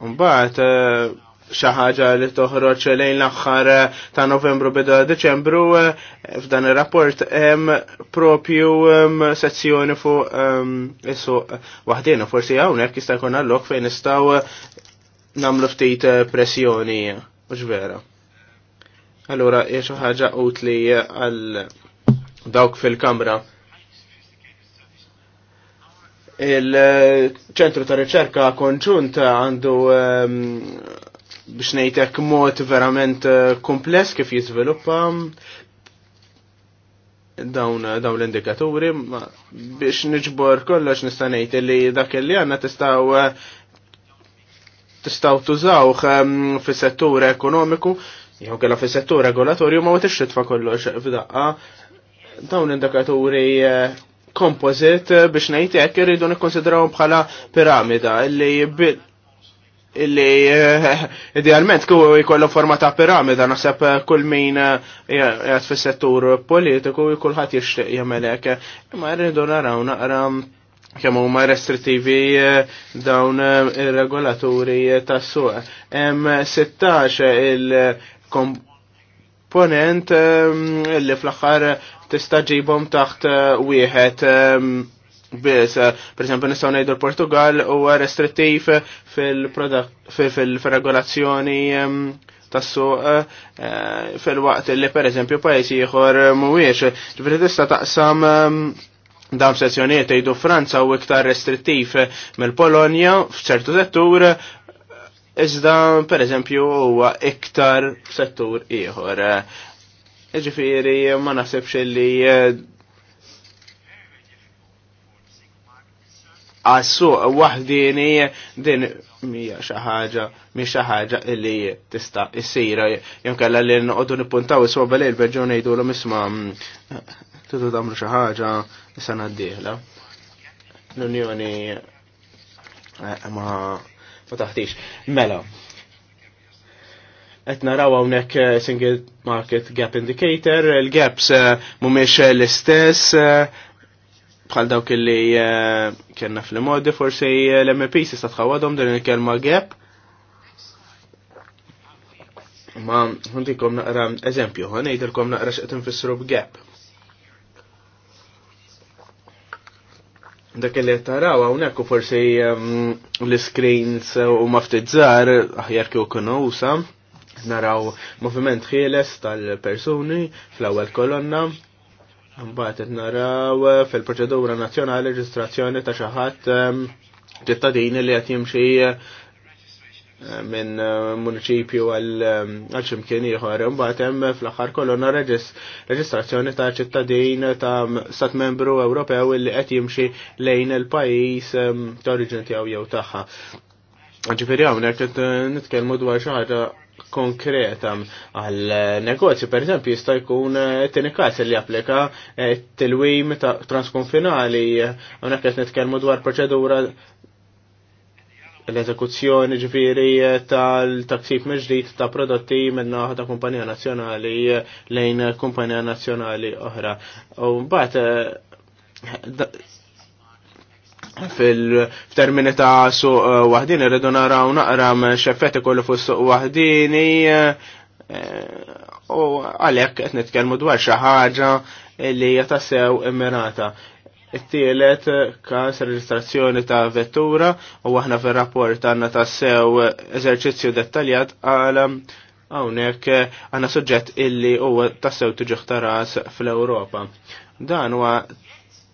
Mbagħad eh, xi ħaġa li toħroġ lejn l-aħħar eh, ta' Novembru bidu Deċembru eh, f'dan ir-rapport hemm propju ehm, sezzjoni fuq ehm, is-suq waħdina forsi hawnhekk jista' jkun għallok fejn nistgħu nagħmlu ftit pressjoni mhux vera. Allura hija xi ħaġa utli għal dawk fil-kamra il-ċentru ta' riċerka konġunt għandu ehm, biex nejtek mod verament eh, kompless kif jizviluppa dawn dawn l-indikaturi biex niġbor kollox nista' ngħid li dak li għandna tistgħu eh, tistgħu tużawh ehm, fis-settur ekonomiku jew kellha fis-settur regolatorju ma tix titfa' kollox f'daqqa dawn l-indikaturi eh, Composite eh, biex ngħid hekk irridu nikkonsidraw bħala piramida illi illi eh, idealment jikollu forma ta' piramida naħseb eh, kull min jgħat fis settur politiku kulħadd jixtieq jishtiq hekk. Imma rridu naraw naqra kemm huma restrittivi dawn ir-regolaturi tas-suq. Hemm 16 il-komponent li fl-aħħar tista' ġibhom taħt eh, wieħed ehm, biss. Per esempio nistgħu ngħidu l-Portugal huwa restrittiv fil-regolazzjoni ehm, tas eh, fil-waqt li per eżempju pajjiż ieħor mhuwiex. Ġifieri tista' taqsam ehm, dam sezzjonijiet jgħidu Franza u iktar restrittiv mill-Polonja f'ċertu settur Iżda, per eżempju, huwa iktar settur ieħor. Ġifiri, ma nasibx li eh, għassu wahdini din mija xaħġa, mija xaħġa illi tista issira, jomkalla li n-għoddu nipuntaw iswa balej il-berġun jgħidu l isma eh, tutu damru xaħġa sena d L-Unjoni eh, ma ma taħtix. Mela, etna raw hawnhekk eh, single market gap indicator, il-gaps eh, mhumiex l-istess eh, bħal dawk li kienna fl-modi forsi l-MP sista tħawadhom din il-kelma gap. Ma ħuntikom naqra eżempju, ħanejdilkom naqra x'qed infissru b'gap. dak li taraw hawnhekk u forsi ehm, l-screens u maftizzar aħjar kieku kunu usam naraw moviment ħieles tal-persuni fl-ewwel kolonna. Mbagħad qed naraw fil-proċedura nazzjonali reġistrazzjoni ta' xi ħadd ehm, ċittadini li qed jimxi ehm, minn ehm, municipju għal ximkien ieħor. Imbagħad hemm fl-aħħar kolonna reġistrazzjoni ta' ċittadin ta' stat membru Ewropew li qed jimxi lejn il-pajjiż ta' oriġin tiegħu jew tagħha. Ġifieri hawnhekk qed nitkellmu dwar xi ħaġa konkreta għal negozju per eżempju jista' jkun eh, tieni każ li applika eh, tilwim ta' transkonfinali hawnhekk qed nitkellmu dwar proċedura l-eżekuzzjoni ġifiri eh, tal-taksib ġdid ta' prodotti minna ta' kumpanija nazzjonali lejn kumpanija nazzjonali oħra. U mbagħad fil-termini ta' suq eh, wahdini rridu naraw naqra xeffetti kollu fuq suq wahdini eh, u għalhekk qed nitkellmu dwar xi ħaġa li jatasew immirata. It-tielet kas reġistrazzjoni ta' vettura u aħna fir-rapport għandna tassew eżerċizzju dettaljat għal hawnhekk għandna suġġett illi huwa tassew tiġi ħtaras fl-Ewropa. Dan huwa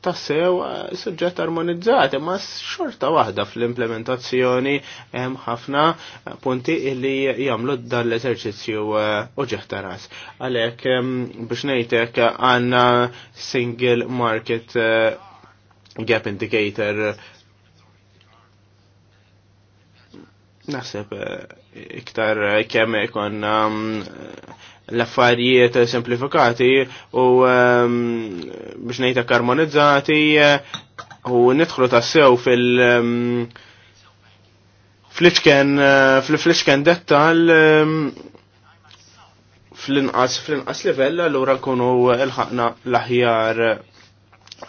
tassew eh, suġġett armonizzati, ma xorta waħda fl-implementazzjoni hemm ħafna eh, punti illi jagħmlu dan l-eżerċizzju uġeħta eh, ras. Għalhekk biex ngħidlek għandna single market gap indicator naħseb iktar kemm ikon mm, l-affarijiet semplifikati u ehm, biex nejta karmonizzati eh, u nidħlu tassew fil- ehm, fl-iċken eh, fl-iċken dettal ehm, fl-inqas fl-inqas l allura nkunu il ħakna l-aħjar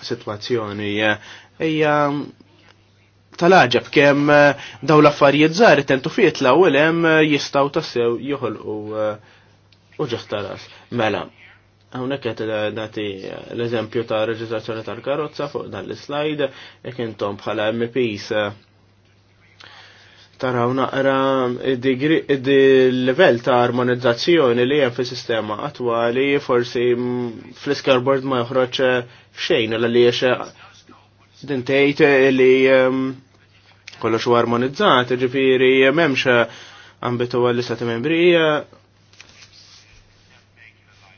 situazzjoni ija tal-ħġab kem eh, daw l-affarijiet zaħri tentu fiet l-ewel hemm jistaw tassew joħolqu u taras. Mela, Għawnek għet dati l-eżempju ta' reġistrazzjoni tal-karozza fuq dan l-slide, jek intom bħala MPs eh, taraw naqra eh, il-level eh, ta' armonizzazzjoni li jem fi sistema attuali forsi mm, fl-scoreboard ma joħroċ xejn l li jiex dintejt li ehm, kollox u armonizzat, ġifiri memx ambitu għalli sa' membri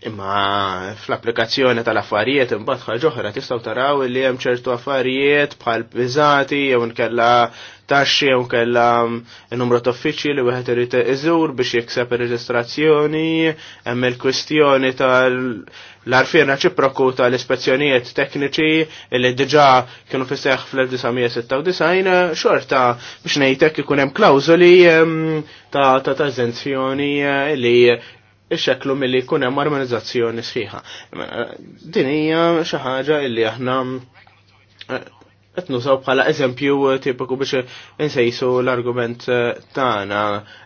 Imma fl-applikazzjoni tal-affarijiet imbagħad ħaġa oħra tistgħu taraw li hemm ċertu affarijiet bħal biżati jew nkella taxxi jew nkella n-numru mm, ta' uffiċċji li wieħed irid iżur biex jikseb ir-reġistrazzjoni, hemm il-kwistjoni tal-arfien reċiproku tal-ispezzjonijiet tekniċi li diġà kienu fisseħ fl-1996 xorta biex ngħidlek ikun hemm klawżoli mm, ta' ta' eżenzjoni eh, li ixxeklu milli jkun hemm armonizzazzjoni sħiħa. Eh, din hija xi ħaġa illi aħna eh, qed nużaw bħala eżempju eh, tipiku biex insejsu l-argument tagħna.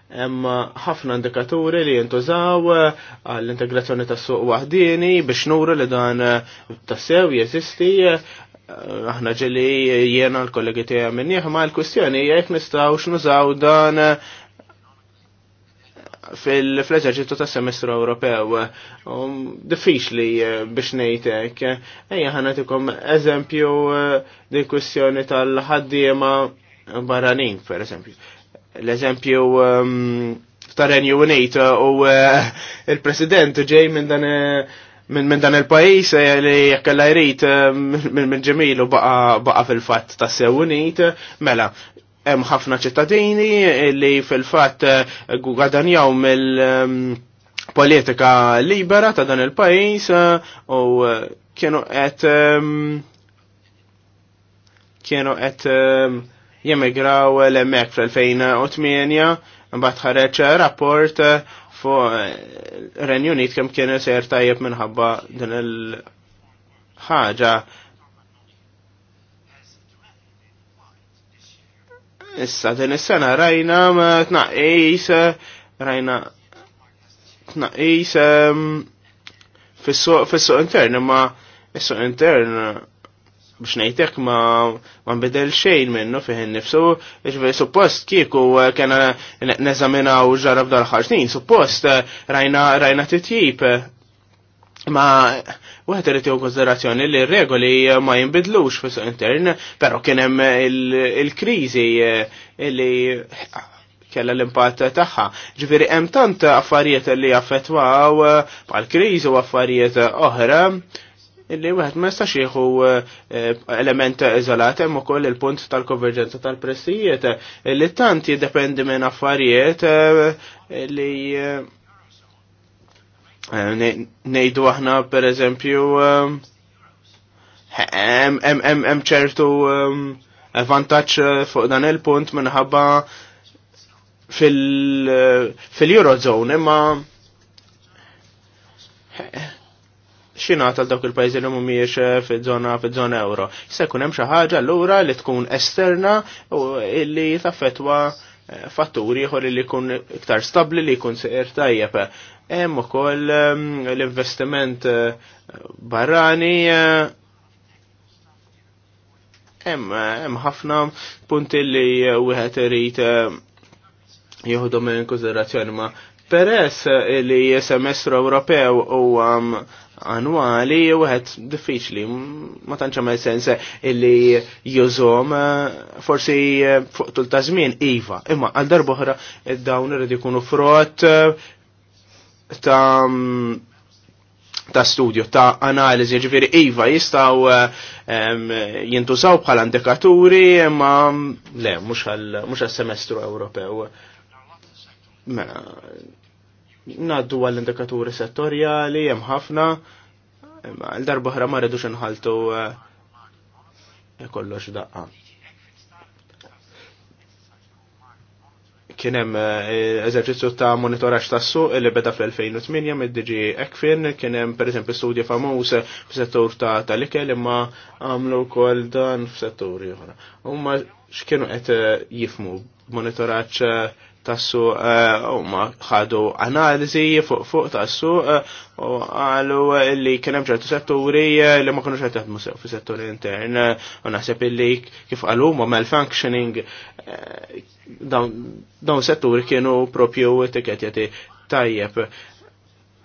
Hemm ħafna indikaturi li jintużaw għall-integrazzjoni tas-suq waħdini biex nuru li dan tassew jeżisti aħna ġeli jiena l-kollegi tiegħi minn ma l-kwistjoni jekk nistgħu x'nużaw dan fil-eżerġitu tas semestru Ewropew. Um, diffiċli eh, biex nejtek, Ejja ħanatikom eżempju eh, di kwistjoni tal-ħaddiema barranin, per eżempju. L-eżempju ehm, ta' renju Unit eh, u il-President ġej minn dan minn min dan il-pajis li jekkella jrid minn u baqa fil-fatt ta' sewunit, mela, hemm ħafna ċittadini li fil-fatt eh, għadanjaw mill ehm, politika libera ta' dan il-pajis eh, u eh, kienu qed ehm, kienu qed ehm, jemigraw l-emmek fl-2008 mbagħad ħareġ rapport fuq Renju Unit kemm kien sejr tajjeb minħabba din il-ħaġa Issa din is-sena rajna tnaqis rajna tnaqis fis-suq intern imma is-suq intern biex ngħidlek ma ma nbidel xejn minnu fih nifsu, ġifieri suppost kieku kena neżaminaw ġarab dal-ħarġnin, suppost rajna rajna titjib Ma' wieħed irid jew konsiderazzjoni li r-regoli ma jinbidlux fis intern, però kien hemm il-kriżi eh, li kella l-impatt tagħha. Ġifieri hemm tant affarijiet li affettwaw eh, bħal kriżi u affarijiet oħra illi wieħed ma jistax jieħu eh, element iżolat hemm ukoll il-punt tal-konverġenza tal pressijiet li tant jiddependi minn affarijiet li Eh, nejdu aħna per eżempju hemm ehm, ċertu ehm, vantaġġ eh, fuq dan il-punt minħabba eh, fil-Eurozone imma xina tal dawk il-pajzi li mumiex fil-zona fil-zona euro. Se jkun hemm xi ħaġa allura li tkun esterna u li taffetwa fatturi ieħor li jkun iktar stabbli li jkun seqer tajjeb. Hemm ukoll ehm, l-investiment eh, barrani eh, eh, hemm ħafna punti li wieħed irid jieħdu minn konsiderazzjoni ma peress li semestru Ewropew huwa mm, annwali wieħed diffiċli ma tantx ma sens illi jużom forsi fuq tul ta' żmien iva, imma għal darbohra id dawn irid ikunu frott ta' ta' studio, ta' analizi, ġifiri Iva jistaw jintużaw bħala indikaturi, ma le, mux għal semestru Ewropew. Mela, naddu għall indikaturi settorjali, jem ħafna, l-darba ħra ma rridux nħaltu eh, kollox daqqa. Kien hemm eh, eżerċizzju ta' monitoraġġ tas-suq li beda fl-2008 mid-DG Ekfin, kien hemm pereżempju studji famuż fis-settur ta' tal-ikel imma għamlu wkoll dan f'setturi oħra. Huma x'kienu qed eh, jifmu monitoraġġ eh, tassu huma eh, ħadu analiżi fuq fuq tassu eh, u għalu li kien hemm ċertu setturi eh, li ma kinux qed jaħdmu fi settur intern u naħseb illi kif qalu huma malfunctioning dawn setturi kienu propju etiketjati tajjeb.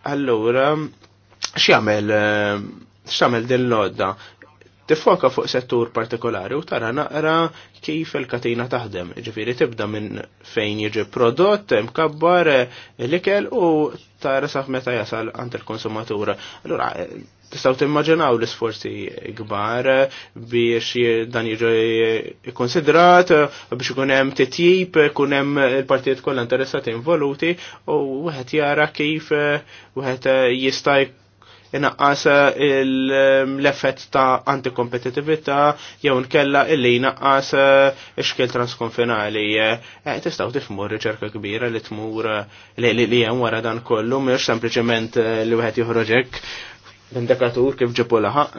Allura x'jagħmel x'tagħmel din l-odda Tifoka fuq settur partikolari u tara naqra kif il-katina taħdem. Ġifiri tibda minn fejn jiġi prodott, mkabbar l-ikel u tara saf meta jasal għand il-konsumatura. Allura, tistaw timmaġinaw l-isforzi kbar biex dan jiġi konsidrat, biex ikun hemm titjib, ikun hemm il-partijiet kollha interessati involuti u wieħed jara kif wieħed jista' inaqqas eh, mm, l-effett ta' antikompetitività jew nkella illi inaqqas eh, ix-xkil transkonfinali. Eh, Tistgħu tifmu riċerka kbira li tmur li hemm wara dan kollu mhux sempliċement li wieħed joħroġ hekk indikatur kif ġibu laħaq.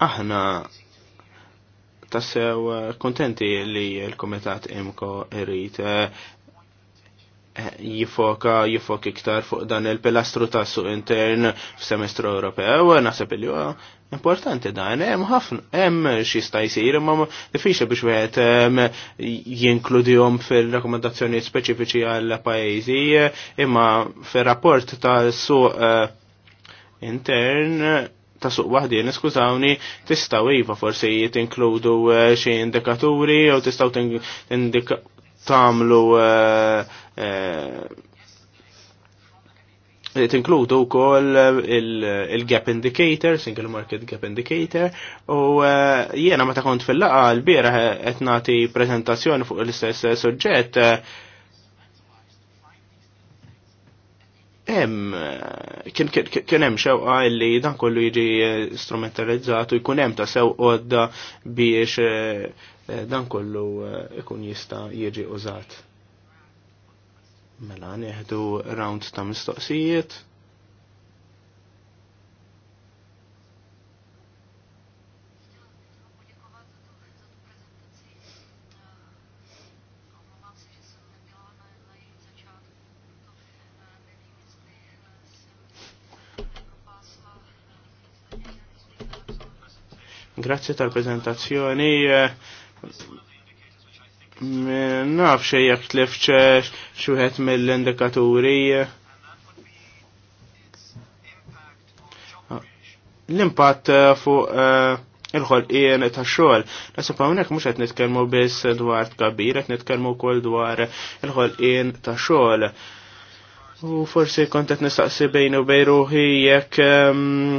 Aħna tassew kontenti li l-Komitat Imko irrit jifoka jifok iktar fuq dan il-pilastru ta' suq intern f'semestru Ewropew, nasab il importanti dan, hemm ħafna, hemm xi sta jsir, imma diffiċli biex wieħed jinkludihom fil-rakkomandazzjonijiet speċifiċi għal pajjiżi, imma fir-rapport ta' suq eh, intern ta' suq waħdin, skużawni, tistaw iva forsi jitinkludu eh, xi indikaturi jew tistgħu tagħmlu uh, eh, It eh, tinkludu wkoll il-gap indicator, single market gap indicator, u eh, jiena meta kont fil-laqa l-bieraħ qed nagħti preżentazzjoni fuq l-istess suġġett eh, hemm kien hemm xewqa li dan kollu jiġi strumentalizzat u jkun hemm ta' sew qodda biex dan kollu ikun jista' jiġi użat. Mela neħdu round ta' mistoqsijiet. Grazie tal-prezentazzjoni Naf jek tlifċe xuħet mill-indikaturi. L-impatt eh, fuq eh, il-ħolqien ta' xogħol. Nasib hawnhekk mhux qed nitkellmu biss dwar t-kabir, qed nitkellmu wkoll dwar il-ħolqien ta' xogħol. U forsi kont qed nistaqsi bejn u bejruħi jek jekk ehm,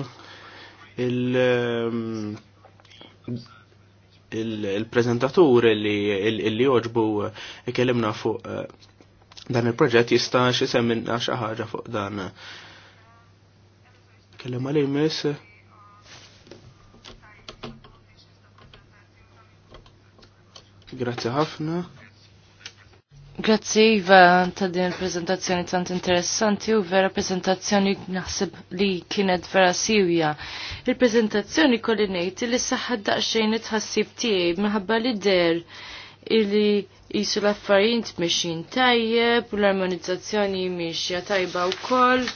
il- ehm, il-prezentatur li joġbu ikellimna eh, fuq eh, dan il-proġett jista' xi semminna xi ħaġa fuq dan. Kellem għalej miss. Grazzi ħafna. Grazzi Iva ta' din il-prezentazzjoni tant interessanti u vera prezentazzjoni naħseb li kienet vera siwja. Il-prezentazzjoni kolli ngħid li saħħad daqsxejn it-ħassib tiegħi minħabba li der illi jisu l-affarijiet tajjeb u l-armonizzazzjoni meċja tajba wkoll.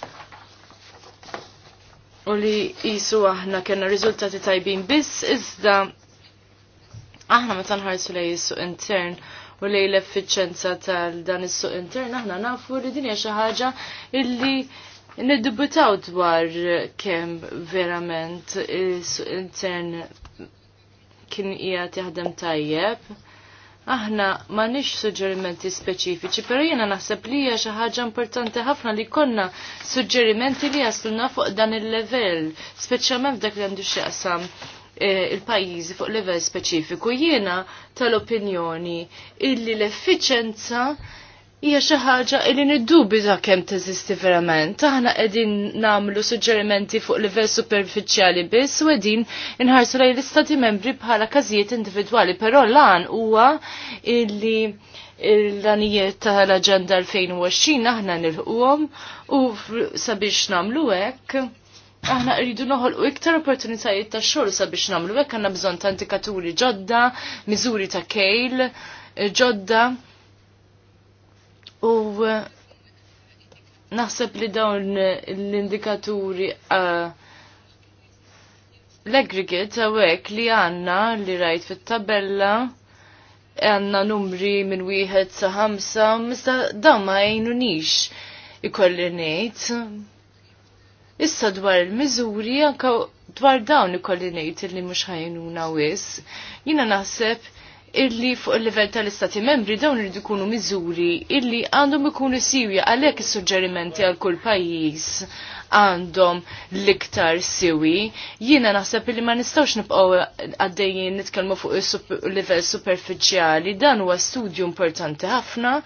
U li jisu aħna kena riżultati tajbin biss iżda aħna meta nħarsu lej jissu intern u lej l-effiċenza tal dan is-suq intern aħna nafu li din hija xi ħaġa illi niddubitaw dwar kemm verament is-suq intern kien hija taħdem tajjeb. Aħna m'għandniex suġġerimenti speċifiċi, però jiena naħseb li hija xi ħaġa importanti ħafna li konna suġġerimenti li jasluna fuq dan il-level, speċjalment f'dak li għandu x'jaqsam Eh, il-pajjiżi fuq livell speċifiku. Jiena tal-opinjoni illi l-effiċenza hija xi ħaġa li ta' kemm teżisti verament. Aħna qegħdin nagħmlu suġġerimenti fuq livell superfiċjali biss u qegħdin inħarsu lejn l-istati membri bħala każijiet individwali, però lan huwa illi l-anijiet tal-Aġenda 2020 aħna nilħuhom u sabiex nagħmlu hekk aħna rridu noħolqu iktar opportunitajiet ta' xogħol sabiex nagħmlu hekk għandna bżonn ta' indikaturi ġodda, miżuri ta' kejl eh, ġodda. U eh, naħseb li dawn l-indikaturi eh, l-aggregate għawek li għanna li rajt fit-tabella għanna numri minn wieħed sa ħamsa, mista dawn ma jgħinu nix ikolli ngħid. Issa dwar il-miżuri anka dwar dawn ikolli ngħid li mhux ħajnuna wis. Jiena naħseb illi fuq il-livell tal-istati membri dawn irid ikunu miżuri illi għandhom ikunu siwja għalhekk is-suġġerimenti għal kull pajjiż għandhom l-iktar siwi. Jiena naħseb li ma nistawx nibqgħu għaddejjin nitkellmu fuq il-livell superfiċjali, dan huwa studju importanti ħafna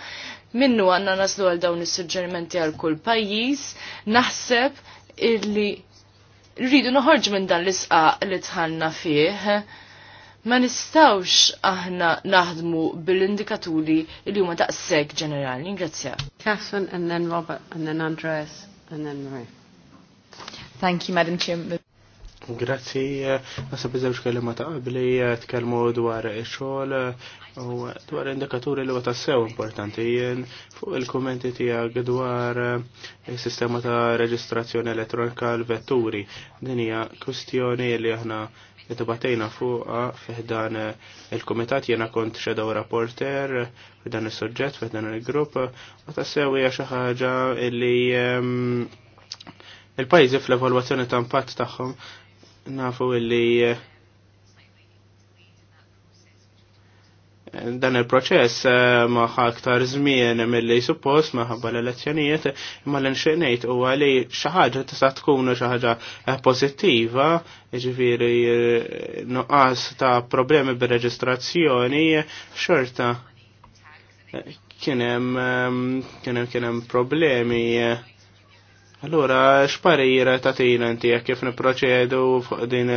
minnu għanna naslu għal dawn is-suġġerimenti għal kull pajjiż, naħseb illi rridu noħorġ minn dan l-isqaq li tħanna fih. Ma nistawx aħna naħdmu bil-indikaturi li huma daqshekk ġenerali. Ingrazzja. Catherine and then Robert and then Andreas and then Marie. Thank you, Madam Chair. Grazzi, għasab iżewġ kellimata qabli tkellmu dwar iċol, U dwar indikaturi li għata sew importanti jien fuq il-kommenti tijak dwar il-sistema eh, ta' reġistrazzjoni elettronika l-vetturi. Din hija li aħna jitabatejna fuq fiħdan eh, il-komitat jena kont xedaw rapporter fiħdan il sogġet fiħdan il-grupp u sew hija xi ħaġa li ehm, il-pajjiżi fl-evalwazzjoni ta' impatt tagħhom nafu li dan il-proċess eh, maħħa aktar żmien mill-li suppost maħabba l-elezzjonijiet imma l-inxenejt u għali xaħġa tista' tkun xaħġa eh, pozittiva ġifiri eh, nuqqas ta' problemi bil-reġistrazzjoni xorta kienem kienem kienem problemi Allora, xparira ta' tina inti kif niproċedu fuq din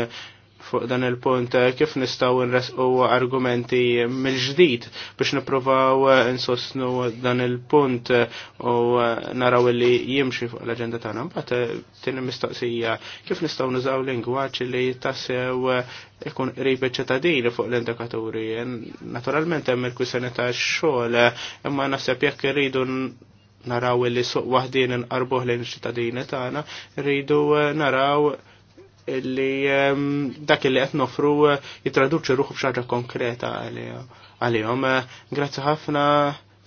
fuq dan il-punt eh, kif nistaw nresqu argumenti mill-ġdid biex nipprovaw eh, insostnu dan il-punt eh, u naraw li jimxi fuq l-agenda tagħna. Mbagħad tieni mistoqsija kif nistgħu nużaw lingwaġġ li tassew ikun qrib ċittadini fuq l-indikaturi. Naturalment hemm il-kwissjoni tax-xogħol, imma naħseb jekk irridu naraw li suq waħdin inqarbuh lejn ċittadini tagħna, rridu naraw illi ehm, dak illi qed nofru eh, jitraduċi ruħu f'xaġa konkreta għalihom. Eh, grazzi ħafna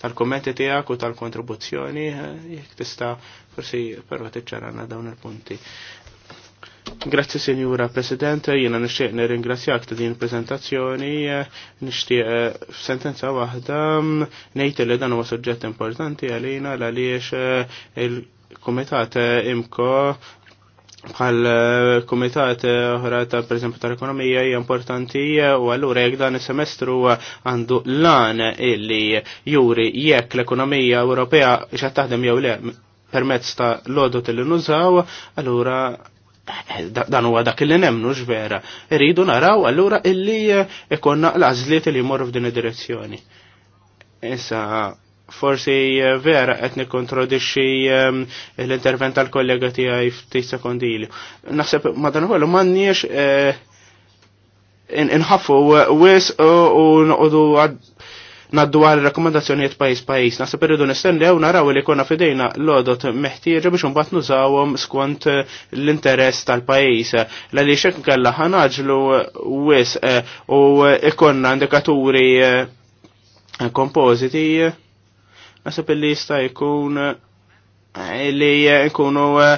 tal-kommenti tiegħek u tal-kontribuzzjoni, eh, jekk tista' forsi però tiċċarana dawn il-punti. Grazzi Signora President, jiena nixtieq nirringrazzjak ta' din il-preżentazzjoni, nixtieq f'sentenza waħda mm, ngħid li dan huwa suġġett importanti għalina għaliex il-Kumitat Imko bħal eh, komitat eh, oħra ta' preżempju tal-ekonomija hija importanti eh, u allura jekk dan is-semestru għandu lan illi juri jekk l-ekonomija Ewropea xa taħdem jew le permezz ta' lodot li nużaw, allura dan huwa dak li nemnu ġvera. Irridu naraw allura illi ikonna l-għażliet li jmorru f'din id-direzzjoni. Issa forsi eh, vera qed nikkontrodixxi ehm, l-intervent tal-kollega tiegħi ftit sekondili. Naħseb madankollu m'għandniex eh, inħaffu wis u noqogħdu naddu għal rakkomandazzjonijiet pajis pajis. Nasib irridu nistennew naraw li konna fidejna l-odot meħtieġa biex mbagħad nużawhom skont eh, l-interess tal-pajis. L-għalli xek kella ħanaġlu wis u ikonna indikaturi kompoziti Nasib illi jista' jkun eh, illi jkunu eh,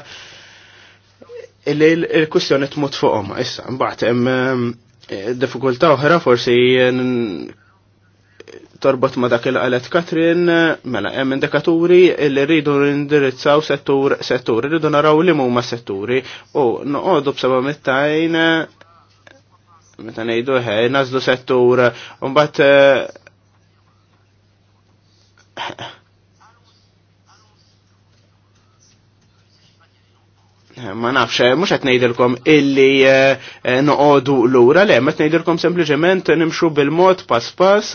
illi kustjoni kwistjoni tmut fuqhom issa mbagħad hemm eh, diffikultà oħra forsi torbot ma dak il-qalet Katrin, mela hemm indikaturi li rridu indirizzaw settur settur, rridu naraw li muma setturi u noqogħdu b'seba' mittajn meta ngħidu ħaj nazdu settur u mbagħad ma nafx, eh, mux għet nejdilkom illi eh, eh, noqodu l-ura, le, ma nejdilkom sempliciment nimxu bil-mod pas pas,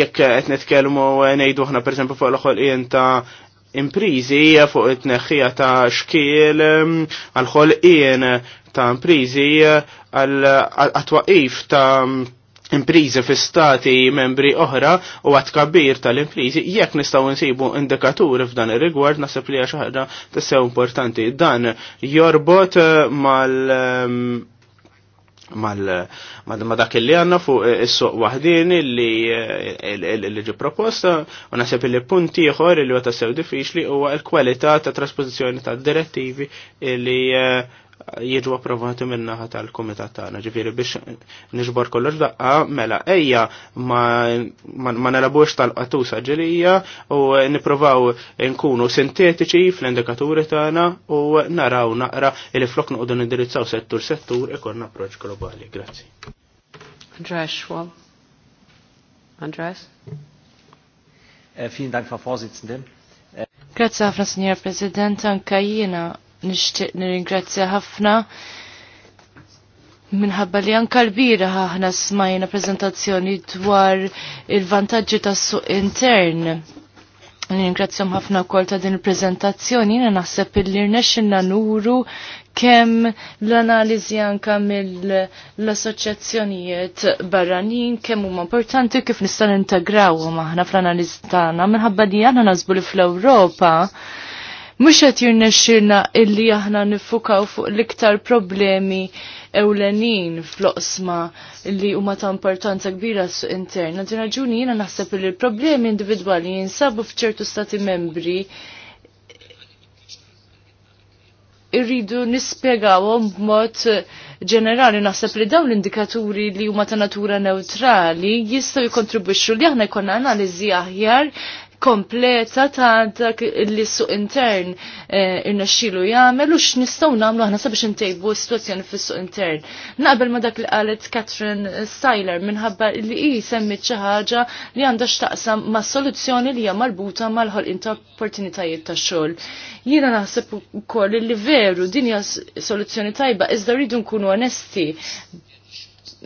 jekk għet netkelmu nejdu ħna per esempio fuq l-ħolqien ta' imprizi, fuq it-neħħija ta' xkiel, għal-ħolqien ta' imprizi, għal-atwaqif ta' imprizi fi stati membri oħra u għat kabir tal-imprizi, jekk nistaw nsibu indikaturi f'dan ir-rigward nasib li ħaġa tassew importanti. Dan jorbot eh, mal mal ma dak li għanna fuq eh, is-suq waħdin li eh, ġi proposta u nasib li punti ieħor li huwa tassew diffiċli huwa l-kwalità ta' traspożizzjoni ta' direttivi li jiġu approvati minnaħa tal-komitat tagħna. Ġifieri biex niġbor kollox daqqa mela ejja ma nelabux tal-qatusa ġilija u nipprovaw nkunu sintetiċi fl-indikaturi tagħna u naraw naqra li flok noqogħdu nindirizzaw settur settur ikolna approċ globali. Grazzi. Andreas Schwab. Andreas? Eh, vielen Dank, Frau Vorsitzende. Grazie, Frau Signor President, anka jiena nixtieq nirringrazzja ħafna minħabba li anka l-bira ħahna smajna prezentazzjoni dwar il-vantaġġi tas-suq intern. Nirringrazzjam ħafna kol ta' din il prezentazzjoni jiena naħseb illi rnexxinna nuru kemm l-analiżi anka mill-assoċjazzjonijiet barranin kemm huma importanti kif nistan nintegrawhom aħna fl-analiżi tagħna minħabba li aħna nażbu li fl-Ewropa mhux qed jirnexxirna illi aħna nifukaw fuq l-iktar problemi ewlenin fl-oqsma li huma ta' importanza kbira suq interna. Din raġuni jiena naħseb li l-problemi individwali jinsabu f'ċertu stati membri irridu nispjegawhom b'mod ġenerali naħseb li dawn l-indikaturi li huma ta' natura neutrali jistgħu jikkontribwixxu li aħna jkollna analiżi aħjar kompleta ta' dak li suq intern eh, xilu jagħmel u x'nistgħu nagħmlu aħna sabiex intejbu s-sitwazzjoni fis-suq intern. Naqbel ma dak li qalet Catherine Styler minħabba li i semmi xi ħaġa li għandha x'taqsam ma' soluzzjoni li hija marbuta mal-ħolqien ta' opportunitajiet ta' xogħol. Jiena naħseb ukoll li veru din hija soluzzjoni tajba iżda rridu nkunu onesti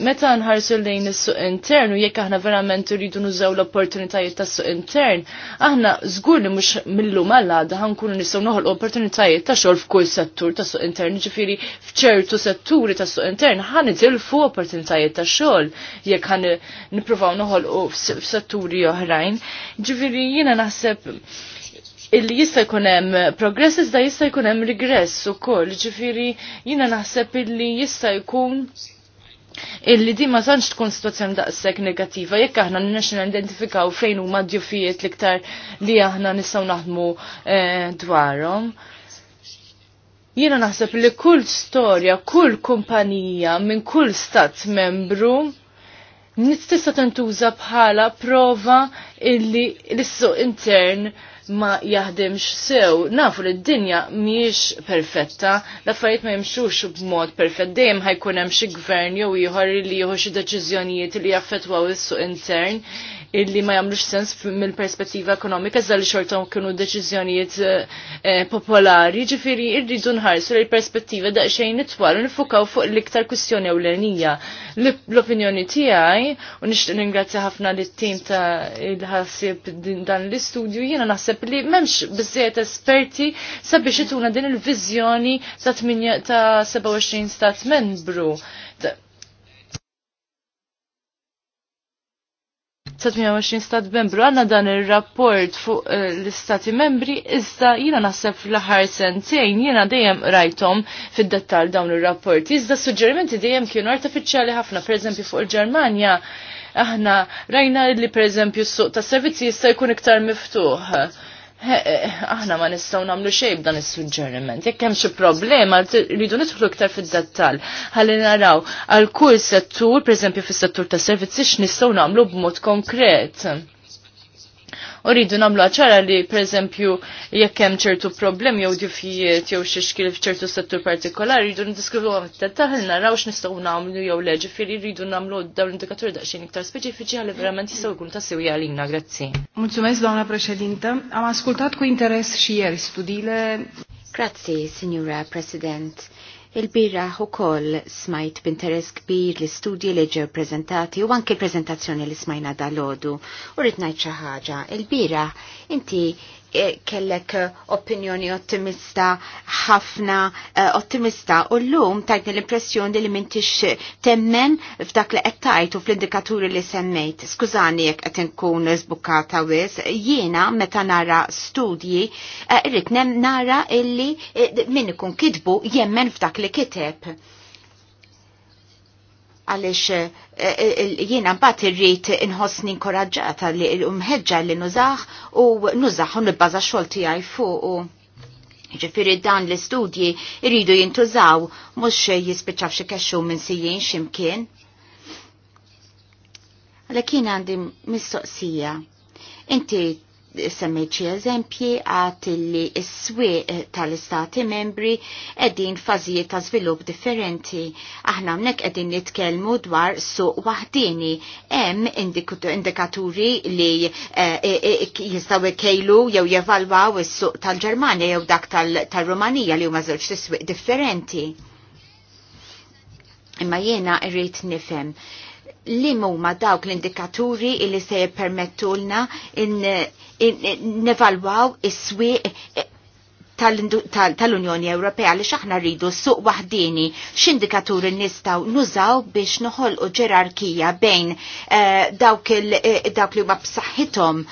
meta nħarsu lejn is-suq intern u jekk aħna verament rridu nużaw l-opportunitajiet tas-suq intern, aħna żgur li mhux millum għall-għada ħankunu nistgħu noħolqu opportunitajiet ta' xogħol f'kull settur tas-suq intern, ġifieri f'ċertu setturi tas-suq intern ħan fu opportunitajiet ta' xogħol jekk ħan nippruvaw noħolqu f'setturi oħrajn. Ġifieri jiena naħseb illi jista' jkun hemm progress iżda jista' jkun hemm regress ukoll, ġifieri jiena naħseb illi jista' jkun illi di ma tantx tkun situazzjoni daqshekk negattiva jekk aħna nixin identifikaw fejn huma d l-iktar li aħna nistgħu naħdmu eh, dwarhom. Jiena naħseb li kull storja, kull kumpanija minn kull stat membru nistista' tintuża bħala prova illi l-issu intern ma jaħdimx sew. Nafu li d-dinja miex perfetta, l-affarijiet ma jimxux b'mod perfett, dejjem ħajkun hemm xi gvern jew ieħor li jieħu xi deċiżjonijiet li jaffettwaw is-suq intern illi ma jagħmlux sens mill-perspettiva ekonomika iżda li xorta kienu deċiżjonijiet eh, eh, popolari, ġifiri rridu nħarsu l perspettiva daqsxejn itwal u nifukaw fuq l-iktar kwistjoni ewlenija. L-opinjoni tiegħi u nixtieq ringrazzja ħafna lit-tim ta' il ħasib dan l-istudju jiena naħseb li m'hemmx biżejjed esperti sabiex ituna din il-viżjoni ta' 27 stat membru 28 stat membru għanna dan il-rapport fuq eh, l-istati membri iżda jina naħseb fl-ħar sentejn jina dejjem rajtom fid-dettal dawn il-rapport iżda suġġerimenti dejjem kienu artifiċjali ħafna per eżempju fuq il-Ġermanja aħna rajna li per eżempju s-suq ta' servizzi jista' jkun iktar miftuħ Eh, aħna ma nistgħu nagħmlu xejn b'dan is-suġġeriment. Jekk hemm xi problema rridu nidħlu iktar fid-dettall ħalli naraw għal kull settur, pereżempju fis-settur tas servizzi x'nistgħu nagħmlu b'mod konkret u rridu namlu ċara li pereżempju jekk hemm ċertu problemi jew diffijiet jew xi xkil f'ċertu settur partikolari rridu niddiskrivu għam taħil naraw nistgħu nagħmlu jew leġi ġifieri rridu nagħmlu dawn l-indikatur daqsxejn iktar speċifiċi għalli verament jistgħu jkun ta' sewja għalina, grazzi. Mulțumesc, Donna preċedinta, għam askultat ku interess xi ieri Grazzi, Signora President il birra u koll smajt b'interess kbir l studji li ġew prezentati u anke l-prezentazzjoni li smajna dal-ħodu. U rritnajt ħaġa, il birra inti Eh, kellek eh, opinjoni ottimista ħafna eh, ottimista u l-lum tajtni l-impressjoni li mintix temmen f'dak li qed tajtu fl-indikaturi li semmejt. Skużani jekk qed inkun zbukata wis, jiena meta nara studji irrid nara illi min ikun kitbu jemmen f'dak li kiteb għalix eh, eh, jiena mbagħad irrid inħossni inkoraġġata li mħeġġa li nużaħ u nużaħ u nibbaża xogħol tiegħi fuq u ġifiri dan l-istudji irridu jintużaw mhux jispiċċaw xi kexxu minn sijin x'imkien. Għalhekk jien għandi mistoqsija. Inti semmeċi eżempji għat li s-swi tal-istati membri edin fazijiet ta' svilup differenti. Aħna mnek edin nitkelmu dwar suq wahdini. Em indikaturi li eh, eh, eh, jistaw kejlu jew jevalwaw is-suq tal-Ġermania jew dak tal-Rumanija li huma żewġ s-swi differenti. Imma jiena irrit nifhem li huma dawk l-indikaturi illi se jippermettulna nevalwaw is-swieq eh, eh, tal-Unjoni Ewropea li xaħna rridu suq wahdini x'indikaturi nistaw nużaw biex noħolqu ġerarkija bejn eh, dawk li huma b'saħħithom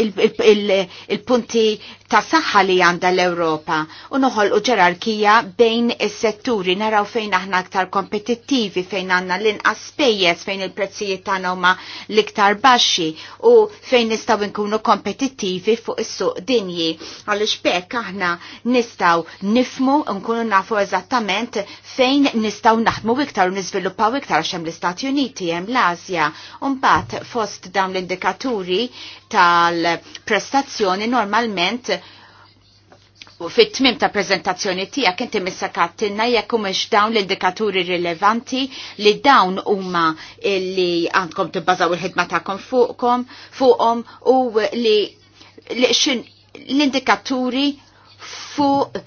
il-punti ta' saħħa li għanda l-Europa u noħol u ġerarkija bejn is-setturi naraw fejn aħna aktar kompetittivi fejn għanna l-inqas spejjeż fejn il-prezzijiet tagħna l-iktar baxxi u fejn nistgħu nkunu kompetittivi fuq is-suq dinji. Għaliex bekk aħna nistgħu nifmu nkunu nafu eżattament fejn nistgħu naħdmu iktar u niżviluppaw iktar għax l-Istati Uniti hemm l-Asja. Mbagħad fost dawn l-indikaturi tal-prestazzjoni normalment fit tmim ta' prezentazzjoni tiegħek inti kattinna jekk mhux dawn l-indikaturi rilevanti li dawn huma li għandkom tibbażaw il-ħidma tagħkom fuqkom fuqhom u li l-indikaturi fuq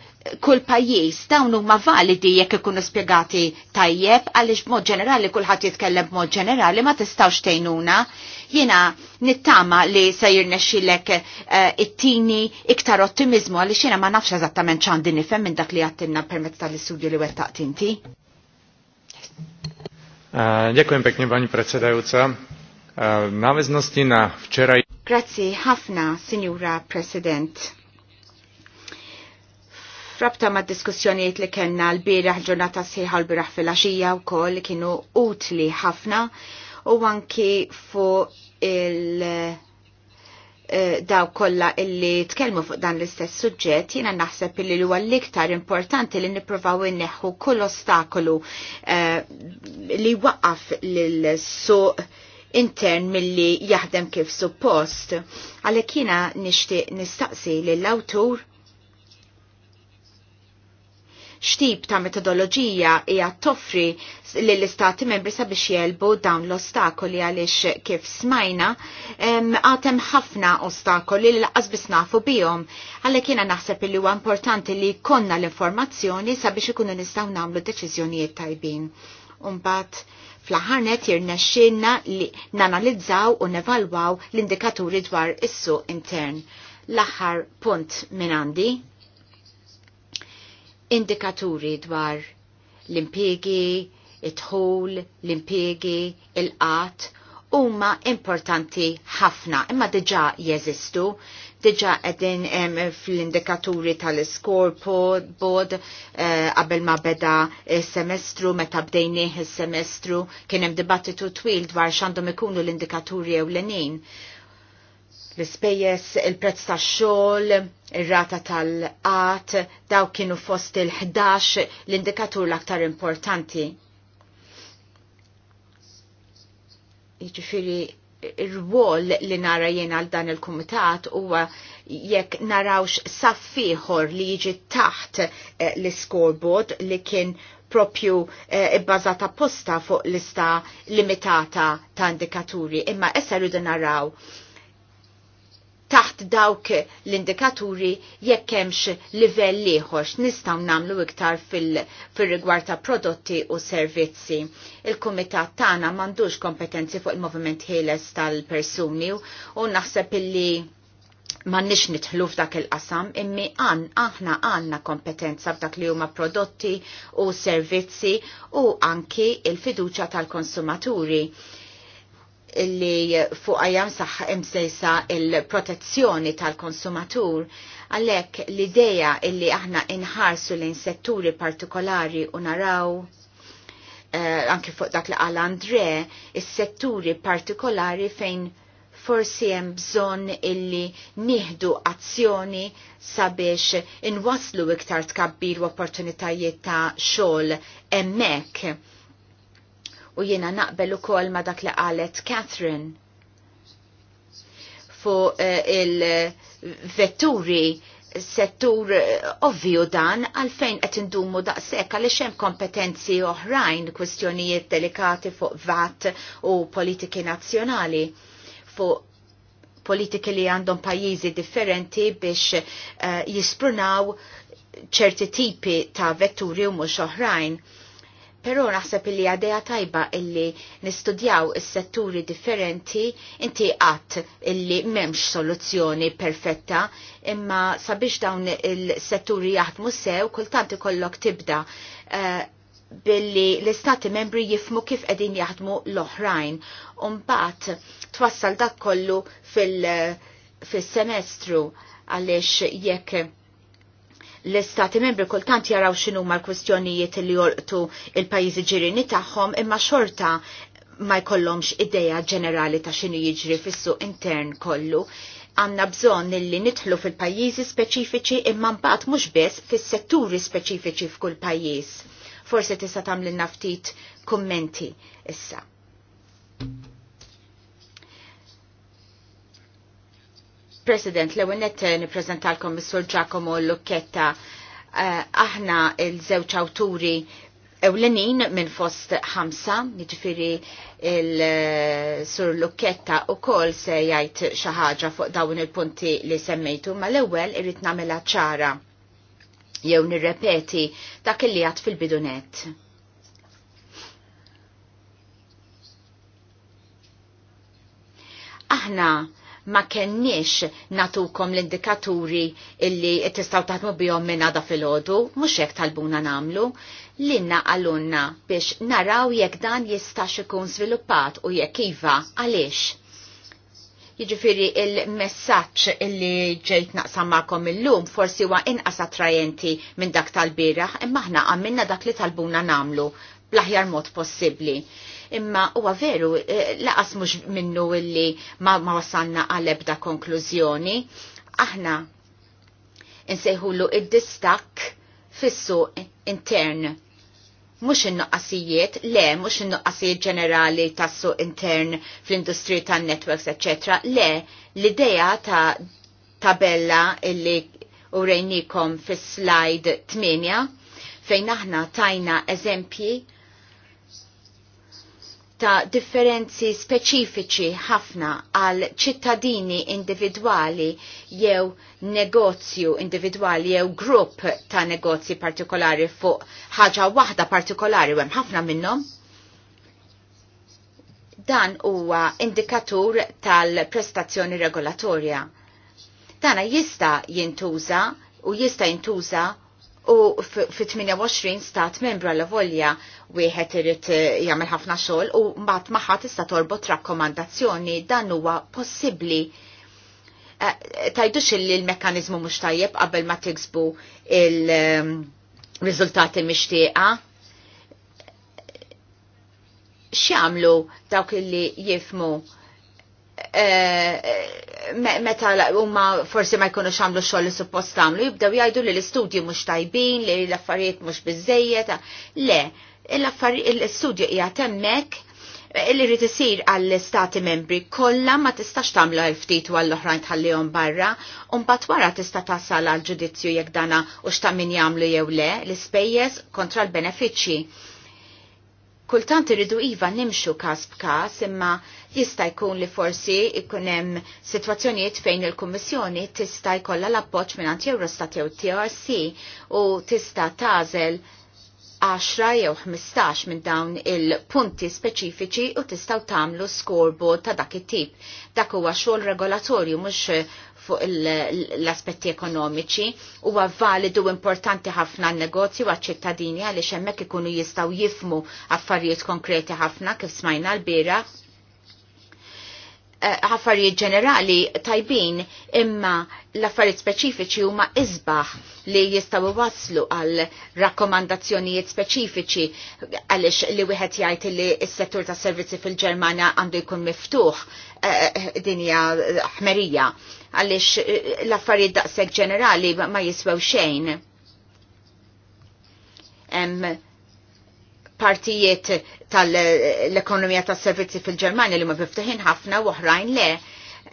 kull pajjiż dawn huma validi jekk ikunu spjegati tajjeb għaliex b'mod ġenerali kulħadd jitkellem b'mod ġenerali ma tistgħux tgħinuna. Jiena nittama li se jirnexxilek eh, it-tini iktar ottimizmu għaliex jiena ma nafx eżattament x'għandi nifhem minn dak li għattinna permezz tal-istudju li wettaq tinti. Dziękuję eh, uh, pięknie Pani Przewodnicząca. Uh, eh, Naveznosti wczoraj. Grazie, ħafna, Signora President frabta ma' diskussjonijiet li kena l-biraħ ġurnata sħiħa l-biraħ fil-axija u kol li kienu utli ħafna u anki fu il- eh, daw kolla illi tkellmu fuq dan l-istess suġġett, jiena naħseb illi huwa l-iktar importanti li nippruvaw inneħħu kull ostakolu eh, li waqaf lil-suq intern milli jaħdem kif suppost. Għalhekk jiena nixtieq nistaqsi lill-awtur xtip ta' metodoloġija hija toffri lill-istati membri sabiex jelbu dawn l-ostakoli għaliex kif smajna għatem ħafna ostakoli li laqqas biss nafu bihom. Għalhekk jiena naħseb li huwa importanti li konna l-informazzjoni sabiex ikunu nistgħu nagħmlu deċiżjonijiet tajbin. Umbat, fl-ħarnet jirnexxinna li nanalizzaw u nevalwaw l-indikaturi dwar is-suq intern. L-aħħar punt minn għandi indikaturi dwar l-impiegi, it-ħul, l-impiegi, il-qat, huma importanti ħafna, imma diġa jeżistu, diġa edin fl-indikaturi tal bod eh, qabel ma beda semestru, meta bdejnieh il-semestru, kien hemm dibattitu twil dwar x'għandhom ikunu l-indikaturi ewlenin. l l-spejjes, il-prezz tax xogħol, ir-rata tal-qat, daw kienu fost il-11 l-indikatur l-aktar importanti. Jiġifieri ir-wol li nara jiena għal dan il kumitat huwa jekk narawx saffiħor li jiġi taħt eh, l-scoreboard li kien propju eh, ibbażata posta fuq lista limitata ta' indikaturi. Imma issa rridu naraw taħt dawk l-indikaturi jekk hemmx livell ieħor nistgħu nagħmlu iktar fil-rigward ta' prodotti u servizzi. Il-kumitat tagħna m'għandux kompetenzi fuq il-moviment ħieles tal-persuni u naħseb illi mannix nitħlu f'dak il-qasam immi għan aħna għanna kompetenza f'dak li huma prodotti u servizzi u anki il-fiduċa tal-konsumaturi li fuq ajam saħ imsejsa il-protezzjoni tal-konsumatur, għalek l-ideja illi aħna inħarsu lejn setturi partikolari u naraw eh, anki fuq dak li għal Andre, is-setturi partikolari fejn forsi hemm bżonn illi nieħdu azzjoni sabiex inwaslu iktar tkabbir u opportunitajiet ta' xogħol hemmhekk u jiena naqbel ukoll ma dak li qalet Catherine uh, il-vetturi settur eh, ovvju dan għalfejn qed indumu daqshekk għaliex hemm kompetenzi oħrajn kwistjonijiet delikati fuq VAT u politiki nazzjonali fuq politiki li għandhom pajjiżi differenti biex uh, eh, jisprunaw ċerti tipi ta' vetturi u mhux oħrajn Pero naħseb illi għadeja tajba illi nistudjaw is-setturi differenti inti qatt illi memx soluzzjoni perfetta imma sabiex dawn il-setturi jaħdmu sew kultant ikollok tibda uh, billi l-istati membri jifmu kif qegħdin jaħdmu l-oħrajn. Umbat twassal dak kollu fil-semestru fil għaliex jekk l-istati membri kultant jaraw xinu ma l kwestjonijiet li jolqtu il-pajizi ġirini tagħhom imma xorta ma jkollomx ideja ġenerali ta' xinu jiġri fis-suq intern kollu għanna bżon li nitħlu fil-pajjiżi speċifiċi imma mbagħad mhux biss fis-setturi speċifiċi f'kull pajjiż. Forse tista' tagħmel naftit kummenti issa. President, l-ewenet niprezentalkom Mr. Giacomo Lucchetta. Eh, aħna il-żewċ awturi ewlenin minn fost ħamsa, jiġifieri il-sur Lucchetta u kol se jgħid xi ħaġa fuq dawn il-punti li semmejtu, ma l-ewwel irrit nagħmilha ċara jew nirrepeti dak li għad fil-bidunet. Aħna ma kenniex natukom l-indikaturi illi tistaw taħdmu bihom minna da fil-ħodu, mux jek talbuna namlu, l-inna għallunna biex naraw jekk dan jistax ikun sviluppat u jekk iva għaliex. Jiġifieri il-messaġġ illi ġejt naqsam il illum forsi huwa inqas attrajenti minn dak tal-bieraħ imma aħna għamilna dak li talbuna namlu bl-aħjar mod possibbli imma huwa veru eh, laqas mhux minnu illi ma, wasalna wasanna għal ebda konklużjoni. Aħna insejħulu id-distak fissu intern mux in-nuqqasijiet, le, mux in-nuqqasijiet ġenerali tassu intern fl-industri tan networks etc. Le, l-ideja ta' tabella illi u rejnikom fil slide 8 fejn aħna tajna eżempji ta' differenzi speċifiċi ħafna għal ċittadini individwali jew negozju individwali jew grupp ta' negozji partikolari fuq ħaġa waħda partikolari hemm ħafna minnhom. Dan huwa indikatur tal-prestazzjoni regolatorja. Dana jista' jintuża u jista' jintuża u fit-28 stat membra la volja wieħed irid eh, jagħmel ħafna xogħol u mbagħad maħat tista' torbot rakkomandazzjoni dan huwa possibbli. Eh, tajdux li l-mekkaniżmu mhux tajjeb qabel ma tiksbu il-riżultati ehm, mixtieqa. X'jagħmlu dawk li jifmu Eh, meta huma forsi ma jkunux xamlu xoll li suppost għamlu, jibdaw jgħidu li l-istudju mhux tajbin, li l-affarijiet mhux biżejjed. Le, l-istudju ija temmek eh, li rrid isir għall-istati membri kollha ma tistax tagħmlu għal ftit u għall-oħrajn tħallihom barra, u mbagħad wara tista' tasal għal ġudizzju jekk dana u x'ta' min jagħmlu jew le l-ispejjeż kontra l-benefiċċji kultant irridu iva nimxu kas b'kas imma jista' jkun li forsi ikun hemm sitwazzjonijiet fejn il-Kummissjoni tista' jkollha l-appoġġ mingħand Eurostat jew TRC u tista' tażel 10 jew 15 minn dawn il-punti speċifiċi u tistgħu tagħmlu scoreboard ta' dak it-tip. Dak huwa xogħol regolatorju mhux fuq l-aspetti ekonomiċi huwa validu importanti ħafna n-negozju għal ċittadini għaliex hemmhekk ikunu jistgħu jifmu affarijiet konkreti ħafna kif smajna l-bieraħ Eh, affarijiet ġenerali tajbin imma l-affarijiet speċifiċi huma isbaħ li jistgħu waslu għal rakkomandazzjonijiet speċifiċi għaliex li wieħed jgħid li s-settur tas servizzi fil-Ġermana għandu jkun miftuħ eh, eh, dinja ħmerija għaliex l-affarijiet daqshekk ġenerali ma jiswew xejn partijiet tal-ekonomija tas-servizzi fil-Ġermanja li ma biftaħin ħafna u oħrajn le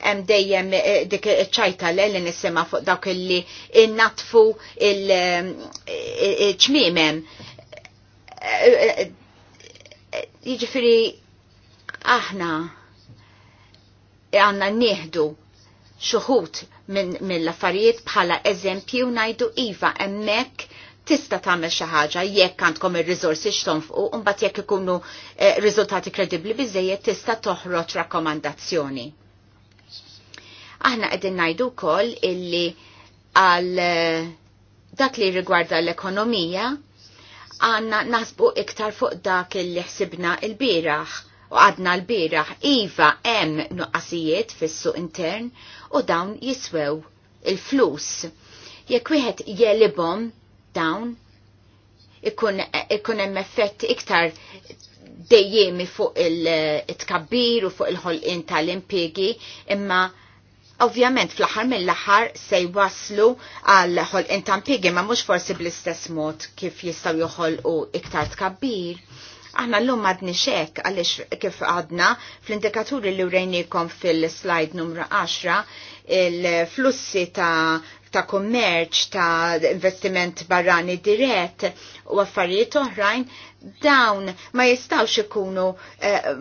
hemm dejjem eh, dik ċajta le li nisema fuq dawk illi innatfu il-ċmimem. Eh, eh, jiġifieri aħna għandna nieħdu xuħut mill-affarijiet bħala eżempju ngħidu iva hemmhekk tista tagħmel xi ħaġa jekk għandkom ir-riżorsi x'tonfqu u mbagħad jekk ikunu eh, riżultati kredibbli biżejjed tista' toħroġ rakkomandazzjoni. Aħna qegħdin ngħidu wkoll illi għal eh, dak li rigwarda l-ekonomija għanna nasbu iktar fuq dak li ħsibna il-biraħ u għadna l-biraħ iva hemm nuqqasijiet fis-suq intern u dawn jiswew il-flus. Jekk wieħed jelibhom dawn ikun hemm effetti iktar dejjemi fuq il-tkabbir u fuq il-ħolqin tal-impjegi imma ovvjament fl-aħħar mill-aħħar se jwaslu għal ħolqin ta' impiegi ma mhux forsi bl-istess mod kif jistgħu joħolqu iktar tkabbir. Aħna l-lum għadni xek għalix kif għadna fl-indikaturi li urejnikom fil-slide numru 10 il-flussi ta' ta' kommerċ, ta' investiment barrani dirett u affarijiet oħrajn, dawn ma jistawx ikunu eh,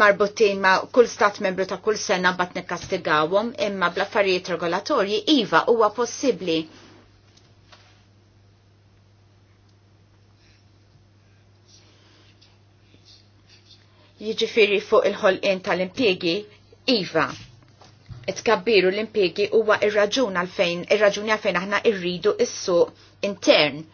marbutin ma' kull stat membru ta' kull sena bat nekkastigawhom imma bl-affarijiet regolatorji iva huwa possibbli. Jiġifieri fuq il-ħolqien tal impjiegi iva tkabbiru l-impiegi huwa ir-raġun għalfejn, ir-raġuni għalfejn aħna irridu is-suq intern.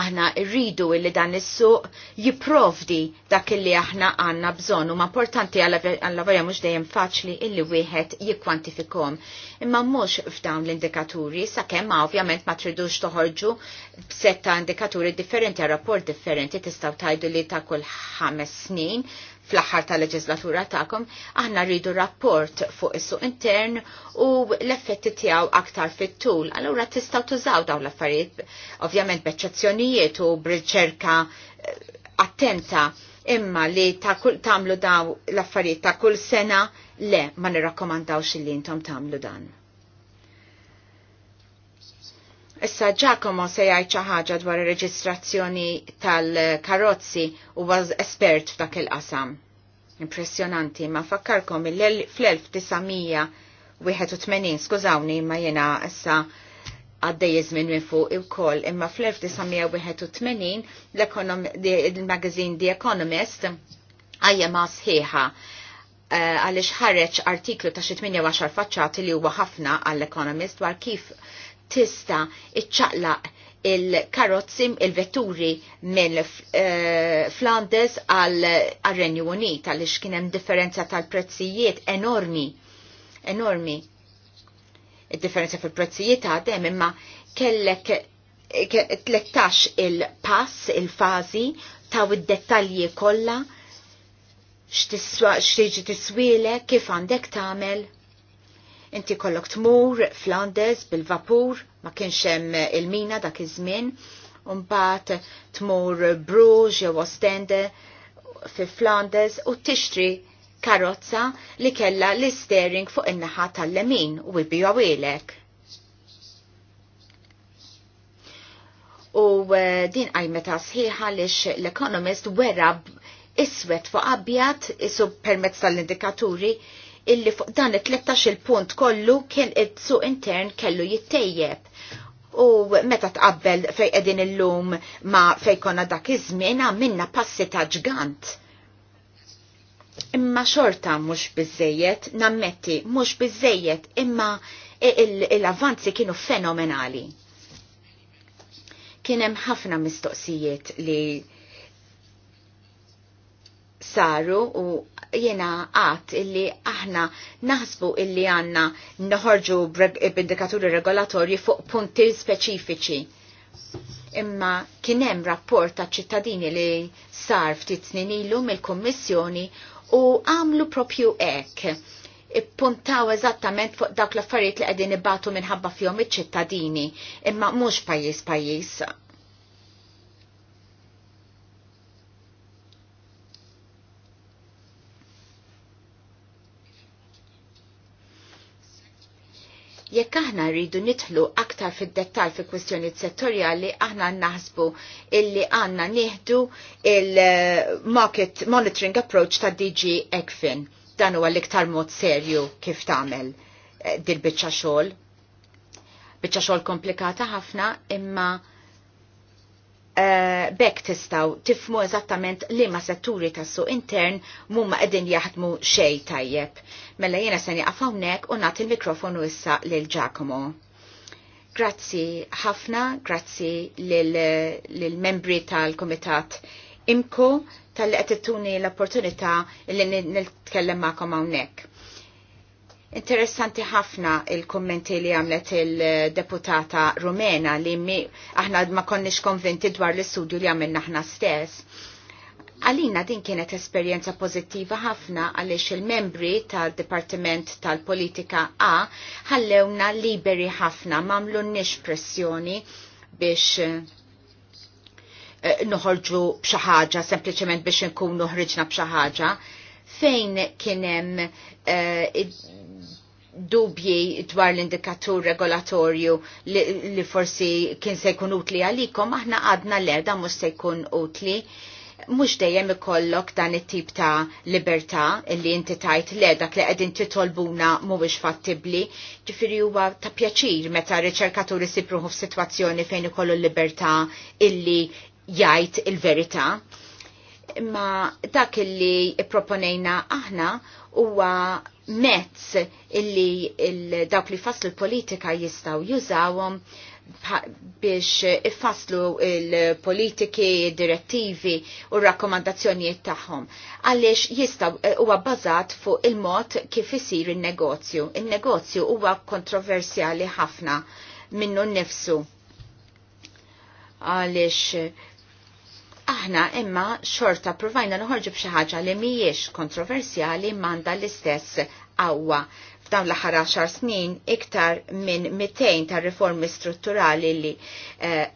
Aħna irridu illi dan is-suq jipprovdi dak illi aħna għandna bżonn huma importanti għalla vera mhux dejjem faċli illi wieħed jikkwantifikhom. Imma mhux f'dawn l-indikaturi sakemm ma ovvjament ma tridux toħorġu b'setta indikaturi differenti għal rapport differenti tistgħu tgħidu li ta' kull ħames snin fl-aħħar tal-leġislatura tagħkom, aħna rridu rapport fuq is-suq intern u l-effetti tiegħu aktar fit-tul. Allura tistgħu tużaw dawn l-affarijiet ovvjament b'eċċezzjonijiet u b'riċerka eh, attenta imma li tagħmlu daw l-affarijiet ta' kull sena le ma nirrakkomandawx li intom tagħmlu dan. Issa Giacomo se jgħid xi ħaġa dwar ir-reġistrazzjoni tal-karozzi huwa espert f'dak il-qasam. Impressjonanti, ma fakkarkom fl-1981, skużawni ma jena issa għaddej żmien minn fuq ukoll, imma fl-1981 l-magazin The Economist għajja ma sħiħa eh, għaliex ħareċ artiklu ta' xi 18 faċċati li huwa ħafna għall-Economist dwar kif tista iċċaqlaq il-karozzim il-vetturi minn eh, Flandes għal Renju Unit għal hemm differenza tal-prezzijiet enormi enormi differenza fil-prezzijiet għadem imma kellek 13 il-pass, il-fazi, taw id-dettalji kolla, x'tiġi tiswile, kif għandek tagħmel. Inti kollok tmur Flandes bil-vapur, ma kienx hemm il-mina dak iż-żmien, mbagħad tmur Bruges jew Ostende fi Flandes u tixtri karozza li kella l-istering fuq in-naħa tal-lemin u ibija wielek. U eh, din meta sħiħa lix l-ekonomist wera iswet fuq abjad isu permezz tal-indikaturi illi fuq dan it-13 il-punt kollu kien id-suq intern kellu jittejjeb. U meta tqabbel fej qegħdin illum ma fej konna dak iż-żmien minna passi ta' ġgant. Imma xorta mhux biżejjed, nammetti mhux biżejjed, imma l avanzi kienu fenomenali. Kien hemm ħafna mistoqsijiet li saru u jena għat illi aħna naħsbu illi għanna nħorġu b'indikaturi regolatorji fuq punti speċifiċi. Imma kienem rapport ta' ċittadini li sar ftit snin ilu mill-Kommissjoni u għamlu propju ek. Ippuntaw eżattament fuq dawk l-affarijiet li qegħdin ibatu minħabba fihom iċ-ċittadini, imma mhux pajjiż pajjiż Jekk aħna rridu nidħlu aktar fid-dettal fi kwestjoni settorjali, aħna naħsbu illi għanna nieħdu il-market monitoring approach ta' DG Ekfin. Dan huwa l-iktar mod serju kif tagħmel eh, dil-biċċa xogħol. Biċċa xogħol komplikata ħafna imma Eh, bekk tistaw tifmu eżattament li ma setturi su intern mumma qegħdin jaħdmu xej tajjeb. Mela jiena se nieqaf hawnhekk u nagħti il-mikrofonu issa lil Giacomo. Grazzi ħafna, grazzi lil membri tal-Kumitat Imko tal-li qed tuni l-opportunità li nitkellem ma' hawnhekk. Interessanti ħafna il-kommenti li għamlet il-deputata rumena li mi aħna ma konniex konvinti dwar l-istudju li għamilna aħna stess. Għalina din kienet esperienza pozittiva ħafna għaliex il-membri tal-Dipartiment tal-Politika A ħallewna liberi ħafna ma nix pressjoni biex eh, nħorġu bxaħġa, sempliciment biex nkunu ħriġna bxaħġa, fejn kienem uh, dubji dwar l-indikatur regolatorju li, li forsi kien se jkun utli għalikom, aħna għadna l-erda mux se jkun utli. Mux dejjem ikollok dan it-tip ta' libertà li inti tajt le dak li qegħdin titolbuna mhuwiex fattibbli, ġifieri huwa ta' pjaċir meta riċerkaturi sipruħu f'sitwazzjoni fejn ikollu l-libertà illi jgħid il-verità. Imma dak illi proponejna aħna huwa mezz illi il dawk li faslu l-politika jistaw jużawhom biex ifaslu il-politiki, direttivi u rakkomandazzjonijiet tagħhom. Għaliex jistaw eh, huwa bbażat fuq il-mod kif isir in-negozju. In-negozju huwa kontroversjali ħafna minnu nnifsu. Għaliex Aħna imma xorta provajna noħorġu b'xi ħaġa li mhijiex kontroversjali manda l-istess qawwa. F'dawn l-aħħar 10 snin iktar minn 200 ta' riformi strutturali li eh,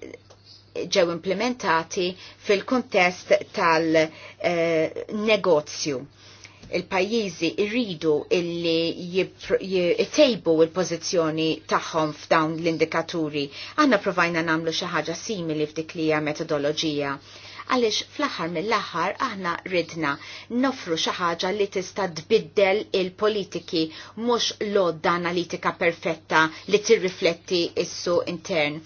ġew implementati fil kontest tal-negozju. Eh, il-pajjiżi irridu illi jitejbu il-pozizjoni tagħhom f'dawn l-indikaturi. Għanna provajna namlu xi ħaġa simili f'dik li hija metodoloġija għaliex fl-aħħar mill-aħħar aħna ridna nofru xi ħaġa li tista' tbiddel il-politiki mhux lodda analitika perfetta li tirrifletti issu intern.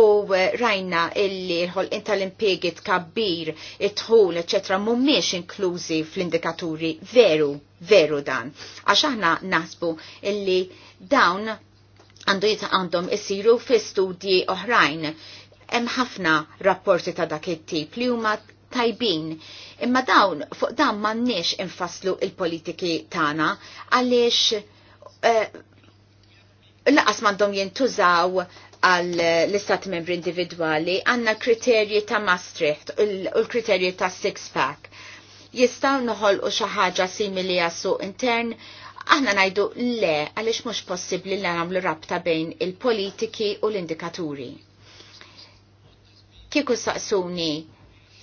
U eh, rajna illi l-ħolqien tal-impjegi kabbir, it-tħul, eċetera, mhumiex inklużi fl-indikaturi veru, veru dan. Għax aħna nasbu illi dawn għandu jitqandhom isiru fi studji oħrajn Hemm ħafna rapporti ta' dak it-tip li huma tajbin. Imma dawn fuq dan m'għandniex infasslu il-politiki tagħna għaliex uh, laqas m'għandhom jintużaw għal l-istat membri individwali għanna kriterji ta' Maastricht u l-kriterji ta' six-pack. Jistaw noħol u xaħġa simili għassu intern, aħna najdu le għalix mux possibli li għamlu rabta bejn il-politiki u l-indikaturi. Kieku saqsuni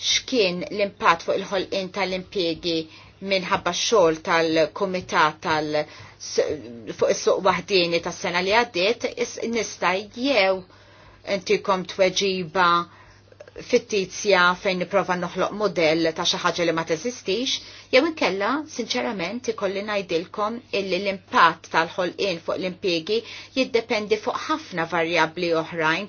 x'kien l-impatt fuq il-ħolqien tal-impjegi minħabba xogħol tal-Kumitat tal fuq is-suq wahdini tas-sena li għaddiet nista' jew intikom tweġiba fittizja fejn niprofa noħloq modell ta' xi ħaġa li ma teżistix, jew inkella sinċerament ikolli ngħidilkom illi l-impatt tal-ħolqien fuq l-impjegi jiddependi fuq ħafna varjabbli oħrajn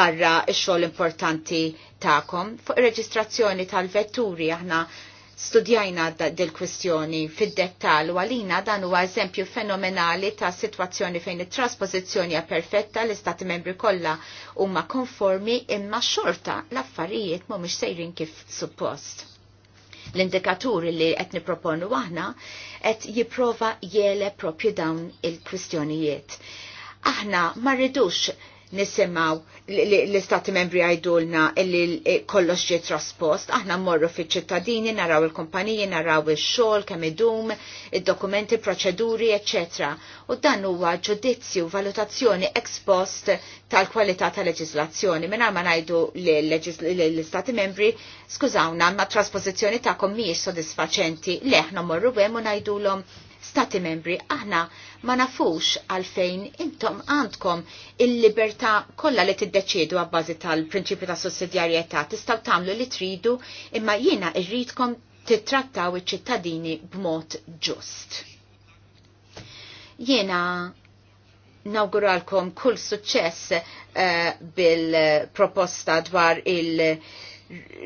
barra x-xogħol importanti tagħkom. Fuq ir-reġistrazzjoni tal-vetturi aħna studjajna dil-kwistjoni fid-dettal u għalina dan huwa eżempju fenomenali ta' situazzjoni fejn it-trasposizzjoni perfetta l-istati membri kollha huma konformi imma xorta l-affarijiet mhumiex sejrin kif suppost l-indikaturi li qed niproponu aħna qed jipprova jele propju dawn il-kwistjonijiet. Aħna ma rridux nisimaw l-istati membri għajdulna illi eh, kollox ġi traspost, aħna morru fi ċittadini, naraw il-kumpaniji, naraw il-xol, kemm idum, il-dokumenti, proċeduri, ecc. U dan huwa ġudizzju valutazzjoni ex post tal-kwalità tal-leġislazzjoni. Minna ma najdu l-istati membri, skużawna, ma trasposizjoni ta' kommiex sodisfaċenti, leħna morru għem u najdulom stati membri, aħna ma nafux għalfejn intom għandkom il-libertà kollha li tiddeċiedu għabbażi tal-prinċipju ta' sussidjarjetà tistgħu tagħmlu li tridu imma jiena rridkom titrattaw iċ-ċittadini b'mod ġust. Jiena nawguralkom kull suċċess uh, bil-proposta dwar il-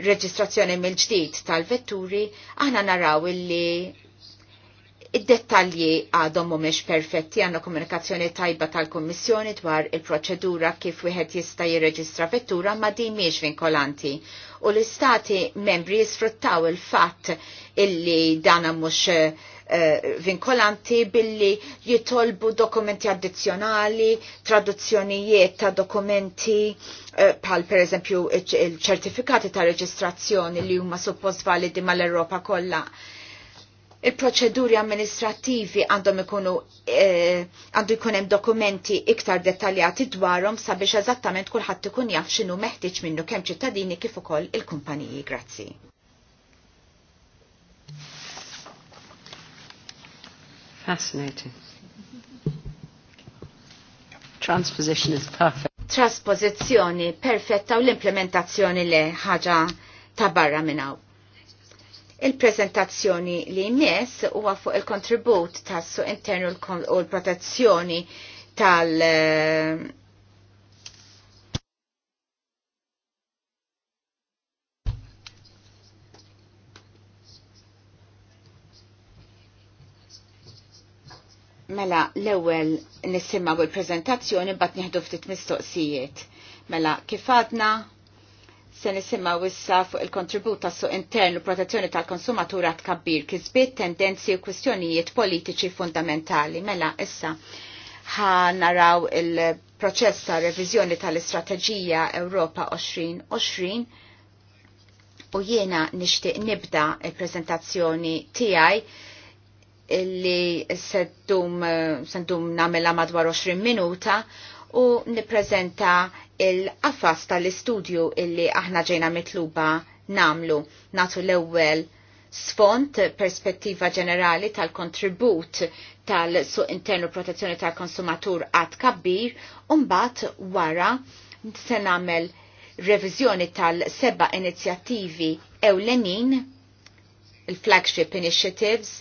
reġistrazzjoni mill-ġdid tal-vetturi, aħna naraw illi Id-dettalji għadhom mhumiex perfetti għandna komunikazzjoni tajba tal-Kummissjoni dwar il-proċedura kif wieħed jista' jirreġistra vettura ma din mhijiex vinkolanti. U l-istati membri jisfruttaw il-fatt illi dana mhux eh, vinkolanti billi jitolbu dokumenti addizzjonali, traduzzjonijiet ta' dokumenti pal eh, per eżempju il-ċertifikati ta' reġistrazzjoni li huma suppost validi mal-Europa kollha il-proċeduri amministrativi għandhom ikunu eh, għandu ikunem jkun hemm dokumenti iktar dettaljati dwarhom sabiex eżattament kulħadd ikun jaf x'inhu meħtieġ minnu kemm ċittadini kif ukoll il-kumpaniji. Grazzi. Fascinating. Transposition is perfect. Trasposizzjoni perfetta u l-implementazzjoni le ħaġa ta' barra minn hawn. Il-prezentazzjoni li jmiss huwa fuq il-kontribut tas-suq internu u l-protezzjoni tal- eh, Mela, l-ewel għu il-prezentazzjoni bat nieħdu ftit mistoqsijiet. Mela, kif għadna Se nisimma' wissa fuq il-kontribut tas suq intern u protezzjoni tal-konsumatura tkabbir kisbiet tendenzi u kwistjonijiet politiċi fundamentali. Mela issa ħa naraw il-proċess ta' reviżjoni tal-istrateġija Ewropa 2020 u jiena nishtiq nibda il-prezentazzjoni tiegħi li seddum, seddum namela madwar 20 minuta u niprezenta il-qafas tal-istudju illi aħna ġejna mitluba namlu. Natu l-ewwel sfont perspettiva ġenerali tal-kontribut tal-suq internu protezzjoni tal-konsumatur għad kabbir, umbat wara se namel revizjoni tal-seba inizjattivi ewlenin, il-flagship initiatives,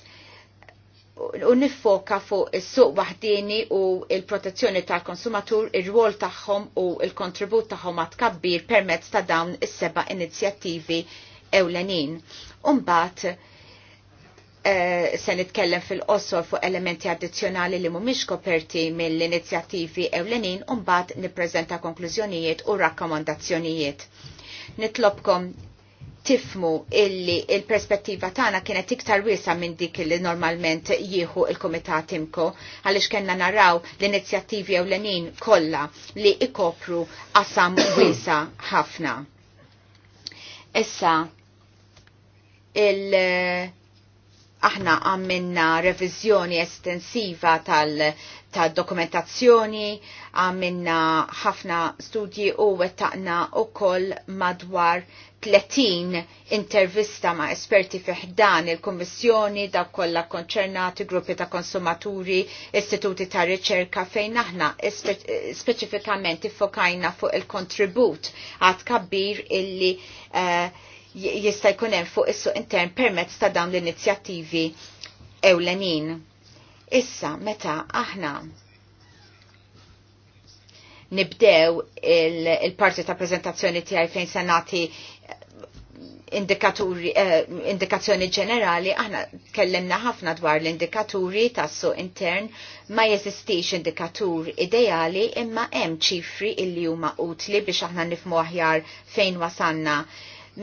u nifoka fuq is-suq waħdini u il-protezzjoni tal-konsumatur, ir-rwol tagħhom u l kontribut tagħhom għat kabbir permezz ta' dawn is-seba' inizjattivi ewlenin. Umbagħad eh, se nitkellem fil-qosor fuq elementi addizzjonali li mhumiex koperti mill-inizjattivi ewlenin, mbagħad nippreżenta konklużjonijiet u rakkomandazzjonijiet. Nitlobkom tifmu illi il-perspettiva tagħna kienet iktar wiesa minn dik li normalment jieħu il-Kumitat Imko għaliex kellna naraw l-inizjattivi ewlenin kollha li ikopru qasam wiesa ħafna. Issa il- aħna għamminna revizjoni estensiva tal, ta' dokumentazzjoni, għamminna ħafna studji u wettaqna u koll madwar 30 intervista ma' esperti fiħdan il-Kommissjoni da' kolla konċernati, gruppi ta' konsumaturi, istituti ta' riċerka fejn aħna speċifikament fokajna fuq il-kontribut għad kabbir illi uh, jista' jkun hemm fuq is-suq intern permezz ta' dawn l-inizjattivi ewlenin. Issa meta aħna nibdew il-parti il ta' preżentazzjoni tiegħi fejn se nagħti eh, indikaturi, eh, ġenerali, aħna kellimna ħafna dwar l-indikaturi tas-suq intern, ma jeżistix indikatur ideali imma hemm ċifri illi huma utli biex aħna nifmu aħjar fejn wasanna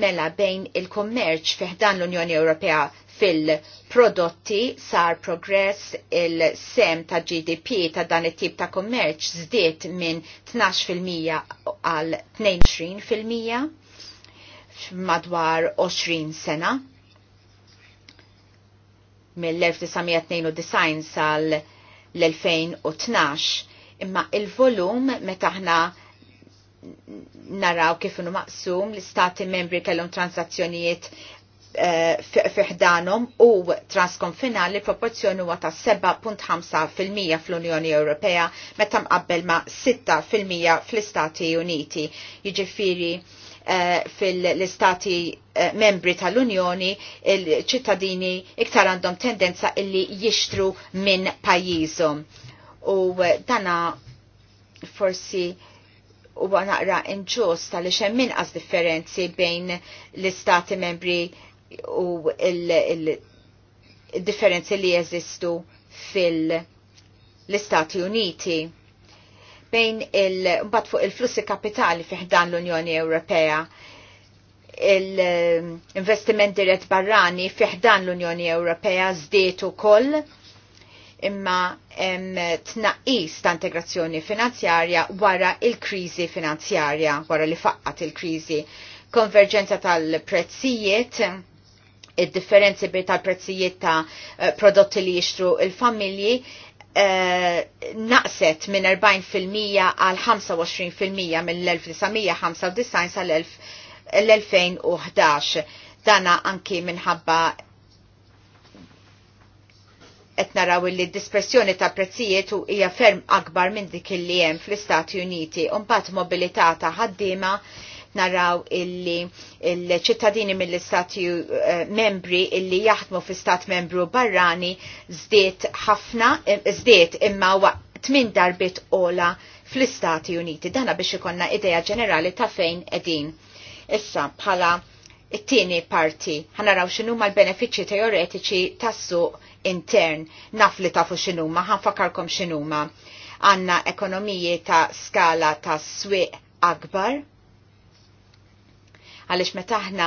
mela bejn il-kommerċ fiħdan l-Unjoni Ewropea fil-prodotti sar progress il-sem ta' GDP ta' dan it-tip ta' kommerċ zdiet minn 12% għal 22% madwar 20 sena mill-1992 sal l-2012 imma il-volum meta ħna naraw kif inu maqsum l-istati membri kellhom transazzjonijiet eh, fiħdanom u transkonfinali proporzjoni huwa ta' 7.5% fl-Unjoni Ewropea meta mqabbel ma' 6% fl-Istati Uniti. Jiġifieri eh, fil-istati eh, membri tal-Unjoni il-ċittadini iktar għandhom tendenza illi jixtru minn pajjiżhom. U dana forsi u naqra inġust tal hemm inqas differenzi bejn l-istati membri u il-differenzi li jeżistu fil-Istati Uniti bejn il-bat fuq il-flussi kapitali fiħdan l-Unjoni Ewropea l-investiment dirett barrani fiħdan l-Unjoni Ewropea zdietu koll imma tnaqis ta' integrazzjoni finanzjarja wara il-krizi finanzjarja, wara li faqqat il-krizi. Konverġenza tal-prezzijiet, id-differenzi bejn tal-prezzijiet ta' eh, prodotti li jixtru il-familji, eh, naqset minn 40% għal 25% mill-1995 sal-2011. Dana anki minħabba qed li dispersjoni ta' prezzijiet u hija ferm akbar minn dik li hemm fl-Istati Uniti u mbagħad mobilità ta' ħaddiema naraw illi il ċittadini mill-istati eh, membri illi jaħdmu fi stat membru barrani zdiet ħafna, zdiet eh, imma waqt tmin darbit ola fl-Istati Uniti. Dana biex ikonna ideja ġenerali ta' fejn edin. Issa bħala it-tieni parti ħanaraw x'inhuma l benefiċċji teoretiċi tas-suq intern. Naf li tafu x'inhuma, fakarkom x'inhuma. għanna ekonomiji ta' skala ta' swieq akbar. Għaliex meta aħna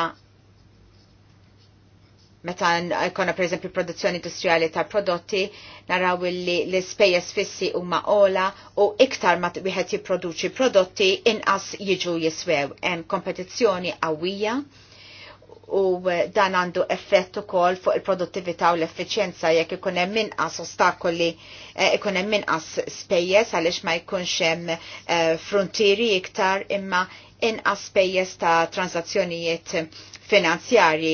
meta jkollna pereżempju produzzjoni industrijali ta' prodotti, naraw li l-ispejjeż fissi huma ola u iktar ma wieħed jipproduċi prodotti inqas jiġu jiswew. Hemm kompetizzjoni qawwija u eh, dan għandu effett ukoll fuq il-produttività u l-effiċjenza jekk ikun hemm inqas ostakoli eh, ikun hemm inqas spejjeż għaliex ma jkunx hemm eh, frontieri iktar imma inqas spejjeż ta' transazzjonijiet finanzjari,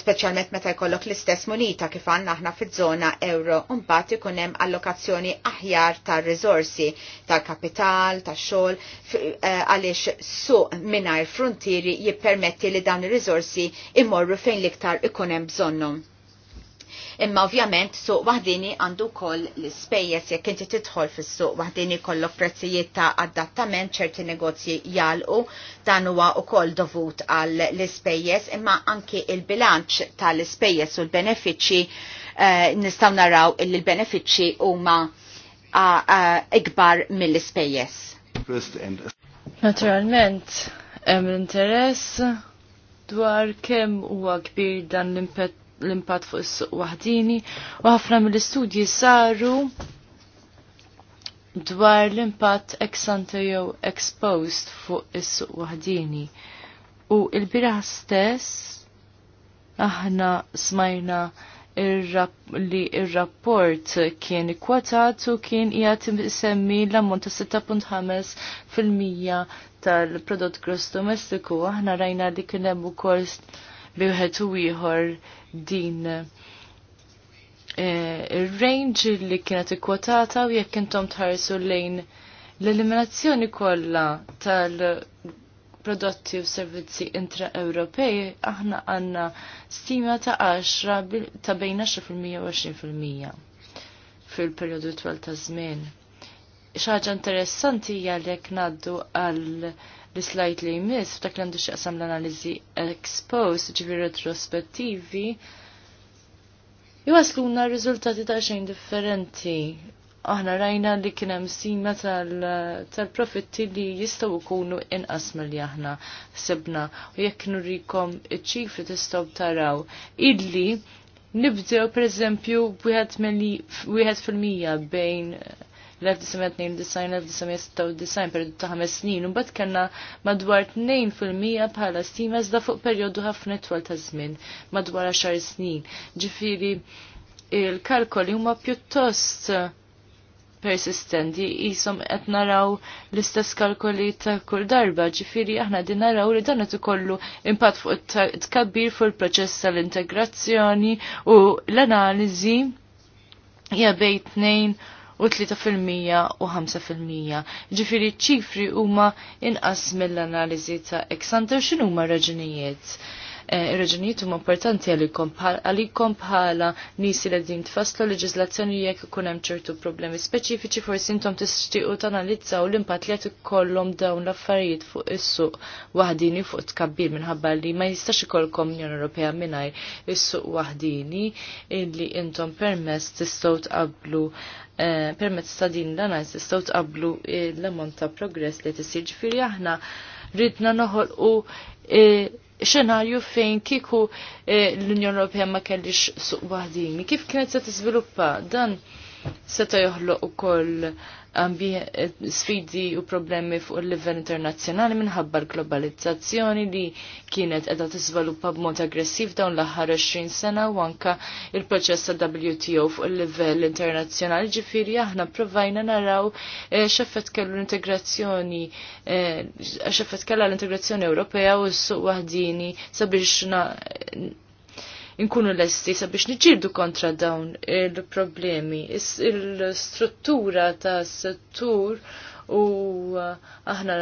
speċjalment meta jkollok l-istess munita kif għandna aħna fiż-żona euro, mbagħad ikun hemm allokazzjoni aħjar ta' risorsi, tal-kapital, tax-xogħol eh, għaliex suq mingħajr frontieri jippermetti li dawn ir-riżorsi immorru fejn l-iktar ikun hemm bżonnhom Imma ovvjament suq waħdini għandu koll l-spejjes jekk inti tidħol fis-suq waħdini kollok prezzijiet ta' adattament ċerti negozji jalqu dan huwa ukoll dovut għal l-spejjes imma anki il-bilanċ tal-spejjes u l-benefiċċji eh, nistgħu naraw il l-benefiċċji huma ikbar uh, mill-spejjes. Naturalment, hemm interess dwar kemm huwa kbir dan l-impett l-impatt fuq is-suq waħdini u ħafna mill-istudji saru dwar l-impatt ex ante jew ex post fuq is-suq waħdini. U l-biraħ stess aħna smajna li il-rapport kien ikkwatat u kien jgħat semmi l-ammont ta' 6.5% tal-prodott gross domestiku. Aħna rajna li kien hemm ukoll biħet u ieħor din eh, ir-range li kienet ikkwotata u jekk intom tħarsu lejn l-eliminazzjoni kollha tal-prodotti u servizzi intra-Ewropej aħna għandna stima ta' 10 ta' bejn 10% u 20% fil-perjodu twal ta' żmien xaġa interessanti hija li jekk ngħaddu għal l-slajt li jmiss f'dak li għandu xaqsam l-analizi exposed, ġivi retrospettivi, jwasluna r-riżultati ta' xejn differenti. Aħna rajna li kien hemm sima tal-profitti li jistgħu jkunu inqas milli aħna sebna u jekk nurikom iċ-ċifri tistgħu taraw illi nibdew pereżempju wieħed fil-mija bejn 1992-1996 periodu ta' 5 snin, u mbagħad kellna madwar 2% bħala stima iżda fuq perjodu ħafna twal ta' żmien, madwar 10 snin. Ġifieri il-kalkoli huma pjuttost eh, persistenti jisom qed naraw l-istess kalkoli ta' kull darba, ġifiri aħna din naraw li dan qed ikollu impatt fuq it-tkabbir fuq il-proċess tal-integrazzjoni u l-analiżi hija bejn tnejn u 3% u 5%. Ġifiri ċifri huma inqas mill-analiżi ta' ex ante x'inhuma raġunijiet Eh, ir-reġunijiet huma importanti għalikom bħala nisi li din tfasslu leġiżlazzjoni jekk ikun hemm ċertu problemi speċifiċi forsi intom tixtiequ tanalizzaw l impat li qed ikollhom dawn l-affarijiet fuq is-suq waħdini fuq tkabbir minħabba li ma jistax ikollkom Unjoni Ewropea mingħajr is-suq waħdini illi intom permess tistgħu tqablu eh, permezz ta' din l-analiz tistgħu tqablu l-ammont ta' progress li tisir ġifieri aħna ridna noħolqu eh, xenarju fejn kiku eh, l-Unjon Ewropea ma kellix suq wahdini. Kif kienet se tiżviluppa dan seta joħloq ukoll Eh, sfidi u problemi fuq il-livell internazzjonali minħabba l-globalizzazzjoni li kienet edha b-mod aggressiv dawn l-aħħar 20 sena u anka il-proċess ta' WTO fuq il-livell internazzjonali ġifiri aħna provajna naraw eh, xaffet kellu l-integrazzjoni eh, xaffet kellu l-integrazzjoni Ewropea u s-suq wahdini sabiex nkunu lesti sabiex nġirdu kontra dawn il-problemi. Il-struttura ta' settur u uh, aħna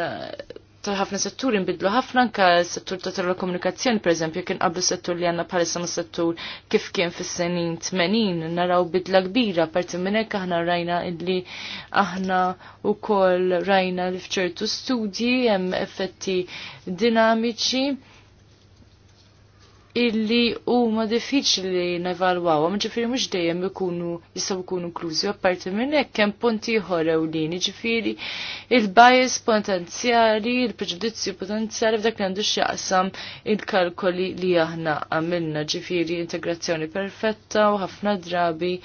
ta' ħafna setturi nbidlu ħafna anka settur ta' telekomunikazzjoni eżempju, kien qablu settur li għandna bħalissa ma' settur kif kien fis-senin 80 naraw bidla kbira parti minn hekk aħna rajna illi aħna wkoll rajna li f'ċertu studji hemm effetti dinamiċi illi huma diffiċli nevalwaw, ma ġifiri mhux dejjem ikunu jistgħu jkunu inklużi, apparti minn hekk hemm punti ieħor ewlieni, ġifieri il bajes potenzjali, il-preġudizzju potenzjali f'dak li għandu x'jaqsam il-kalkoli li aħna għamilna, ġifieri integrazzjoni perfetta u ħafna drabi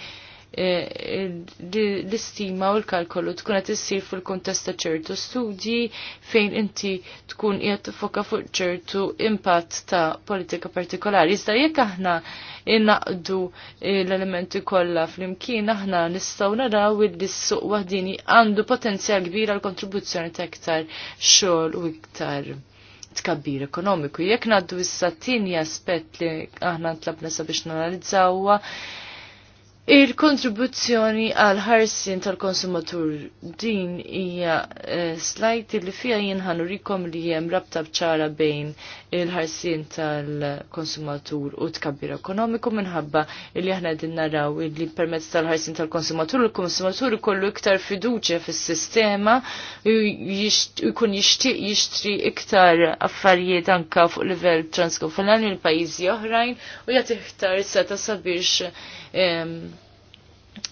Eh, eh, l-istima u l-kalkolu tkun qed issir fil-kuntest ta' ċertu studji fejn inti tkun qiegħed tifoka fuq ċertu impatt ta' politika partikolari. Iżda jekk aħna innaqdu eh, l-elementi kollha flimkien aħna nistgħu naraw li s-suq waħdini għandu potenzjal kbir għal kontribuzzjoni ta' iktar xogħol u iktar tkabbir ekonomiku. Jekk ngħaddu issa t-tieni aspett li aħna ntlabna sabiex nanalizzawa Il-kontribuzzjoni għal ħarsin tal-konsumatur din hija eh, slajti li fija jinħanu rikom li jem rabta bċara bejn il-ħarsin tal-konsumatur u tkabbir ekonomiku minħabba li aħna din naraw li permezz tal-ħarsin tal-konsumatur il-konsumatur ikollu iktar fiduċja fis-sistema jkun jixtieq jixtri iktar affarijiet anka fuq livell transkonfinali l pajjiżi oħrajn u jagħti iktar seta sabiex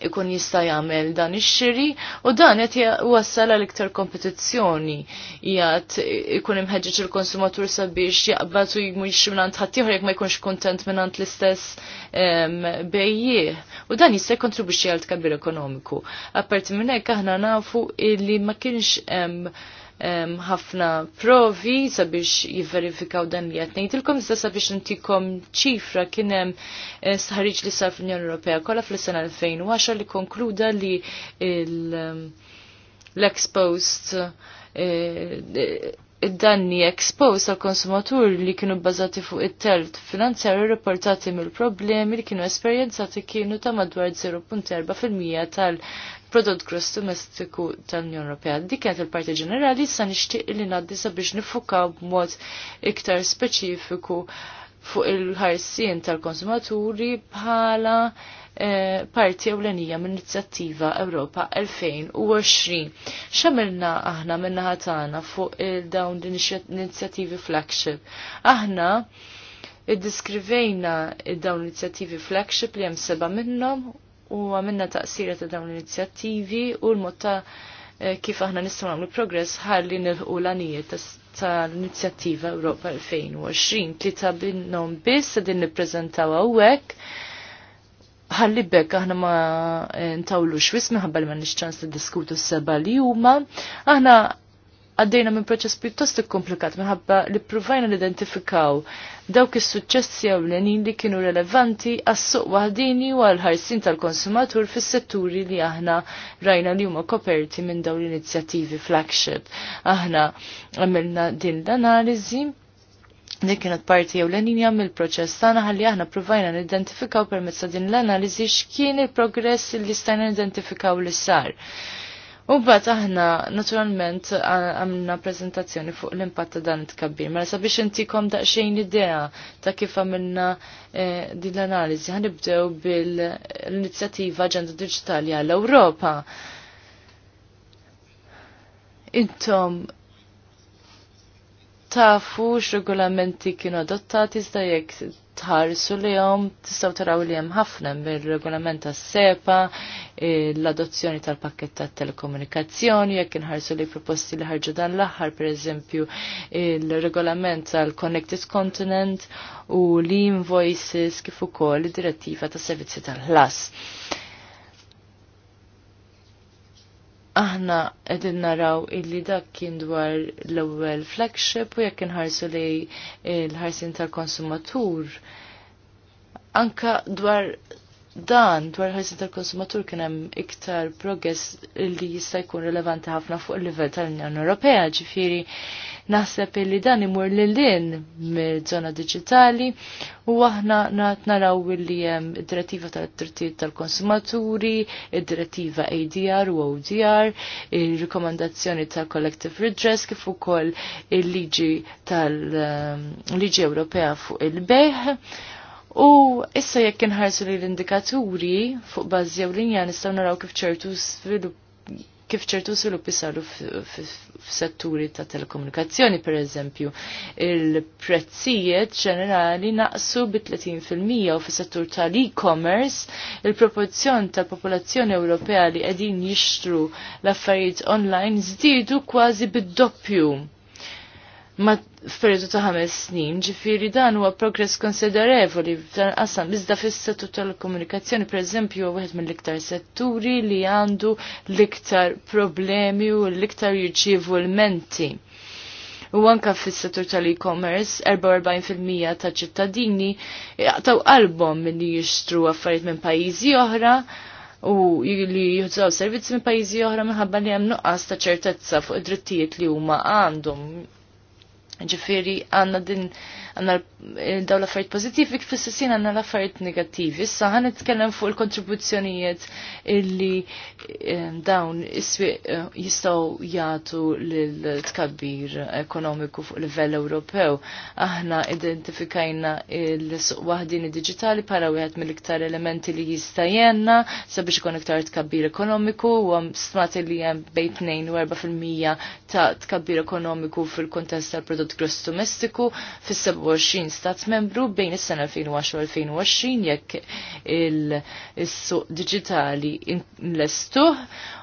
ikun jista' jagħmel dan ix-xiri u dan qed wassal għal iktar kompetizzjoni jgħat ikun imħeġġeġ il-konsumatur sabiex jaqbad u minn mingħand ħaddieħor jekk ma jkunx kuntent mingħand l-istess bejjieh. U dan jista' jkontribwixxi għal tkabbir ekonomiku. Apparti minn hekk aħna nafu illi ma kienx ħafna provi sabiex jivverifikaw dan li qed ngħidilkom zda sabiex intikom ċifra kien hemm eh, sħariġ li sar fl-Unjoni Ewropea kollha fl-sena 2010 li konkluda li l-expost eh, id-danni exposed għal konsumatur li kienu bbażati fuq it-telt finanzjari reportati mill-problemi li kienu esperjenzati kienu ta' madwar 0.4% tal- prodott gross domestiku tal-Unjoni Ewropea. Dik kienet il-parti ġenerali sa nixtieq li ngħaddi sabiex nifukaw b'mod iktar speċifiku fuq il-ħarsien tal-konsumaturi bħala eh, parti ewlenija minn inizjattiva Ewropa 2020. Xamilna aħna minna ħatana fuq il-dawn l-inizjattivi flagship. Aħna id-diskrivejna id-dawn l-inizjattivi flagship li hemm seba' minnhom u għamilna taqsira ta' dawn l-inizjattivi u l-mod ta' eh, kif aħna nistgħu nagħmlu progress ħalli nilħu l-għanijiet tal-inizjattiva Ewropa 2020. Tlita binnhom biss din nippreżentaw hawnhekk ħalli bekk aħna ma eh, ntawlux wismi minħabba li ma nix ċans diskutu s-seba li huma aħna għaddejna minn proċess pjuttost komplikat minħabba li provajna l-identifikaw dawk is-suċċessi ewlenin li kienu relevanti għas-suq waħdini u għal-ħarsin tal-konsumatur fis-setturi li aħna rajna li huma koperti minn dawn l-inizjattivi flagship. Aħna għamilna din l-analiżi Dik kienet parti jew l mill-proċess tagħna ħalli aħna provajna nidentifikaw permezz din l-analiżi x'kien il-progress li stajna n-identifikaw li sar. U bat aħna naturalment għamna prezentazzjoni fuq l-impatt ta' dan it-kabbir. Mela sabiex intikom daqsxejn idea ta' kif għamilna eh, din l-analiżi. Ħanibdew bil-inizjattiva Ġenda Digitali għall-Ewropa. Intom tafu x-regolamenti kienu adottati iżda jekk tħarsu li jom tistaw taraw li jem ħafna bil-regolament ta' sepa eh, l-adozzjoni tal-pakket ta' telekomunikazzjoni, jekk inħarsu li proposti li ħarġu dan l-aħħar, per eżempju, il-regolament tal-Connected Continent u l-invoices kif ukoll id-direttiva ta' servizzi tal-ħlas. aħna qegħdin naraw illi dak kien dwar l-ewwel flagship u jekk inħarsu li l-ħarsin tal-konsumatur anka dwar dan dwar ħarsin tal-konsumatur kien hemm iktar progress li jista' jkun rilevanti ħafna fuq il-livell tal-Unjoni Ewropea, ġifieri naħseb li dan imur lil din mill-żona diġitali u aħna naraw li hemm id-direttiva tal-drittijiet tal-konsumaturi, id-direttiva ADR u ODR, ir-rikomandazzjoni tal-collective redress kif ukoll il-liġi tal-liġi Ewropea fuq il-bejħ U issa jekk inħarsu li l-indikaturi fuq bażi jew linja nistgħu naraw kif ċertu kif ċertu svilupp saru setturi ta' telekomunikazzjoni per eżempju. Il-prezzijiet ġenerali naqsu bi 30% u fis-settur tal-e-commerce il-proporzjon tal-popolazzjoni Ewropea li qegħdin jixtru l-affarijiet online zdidu kważi bid-doppju ma f'periodu ta' ħames snin, ġifiri dan huwa progress konsiderevoli f'dan qasam iżda fis-settur tal-komunikazzjoni pereżempju eżempju, wieħed mill-iktar setturi li għandu l-iktar problemi u l-iktar jirċievu l-menti. U anka fis-settur tal-e-commerce, 44% ta' ċittadini jaqtaw qalbhom minn jixtru affarijiet minn pajjiżi oħra u li jużaw servizzi minn pajjiżi oħra minħabba li hemm nuqqas ta' ċertezza fuq id-drittijiet li huma għandhom ġifiri għanna din għanna daw l-affarijiet pozittivi kif s-sissin għanna l-affarijiet negativi. Issa għan nitkellem fuq il-kontribuzzjonijiet illi eh, dawn eh, jistaw jgħatu l-tkabbir ekonomiku fuq livell Ewropew. Aħna identifikajna l-suq waħdini digitali para wieħed mill-iktar elementi li jista' jenna sabiex ikun iktar tkabbir ekonomiku u stmat li hemm bejt 2 u 4% ta' tkabbir ekonomiku fil-kontest tal-prodott prodott gross domestiku fis-27 stat membru bejn is-sena 2010-2020 jekk il-suq digitali nlestuh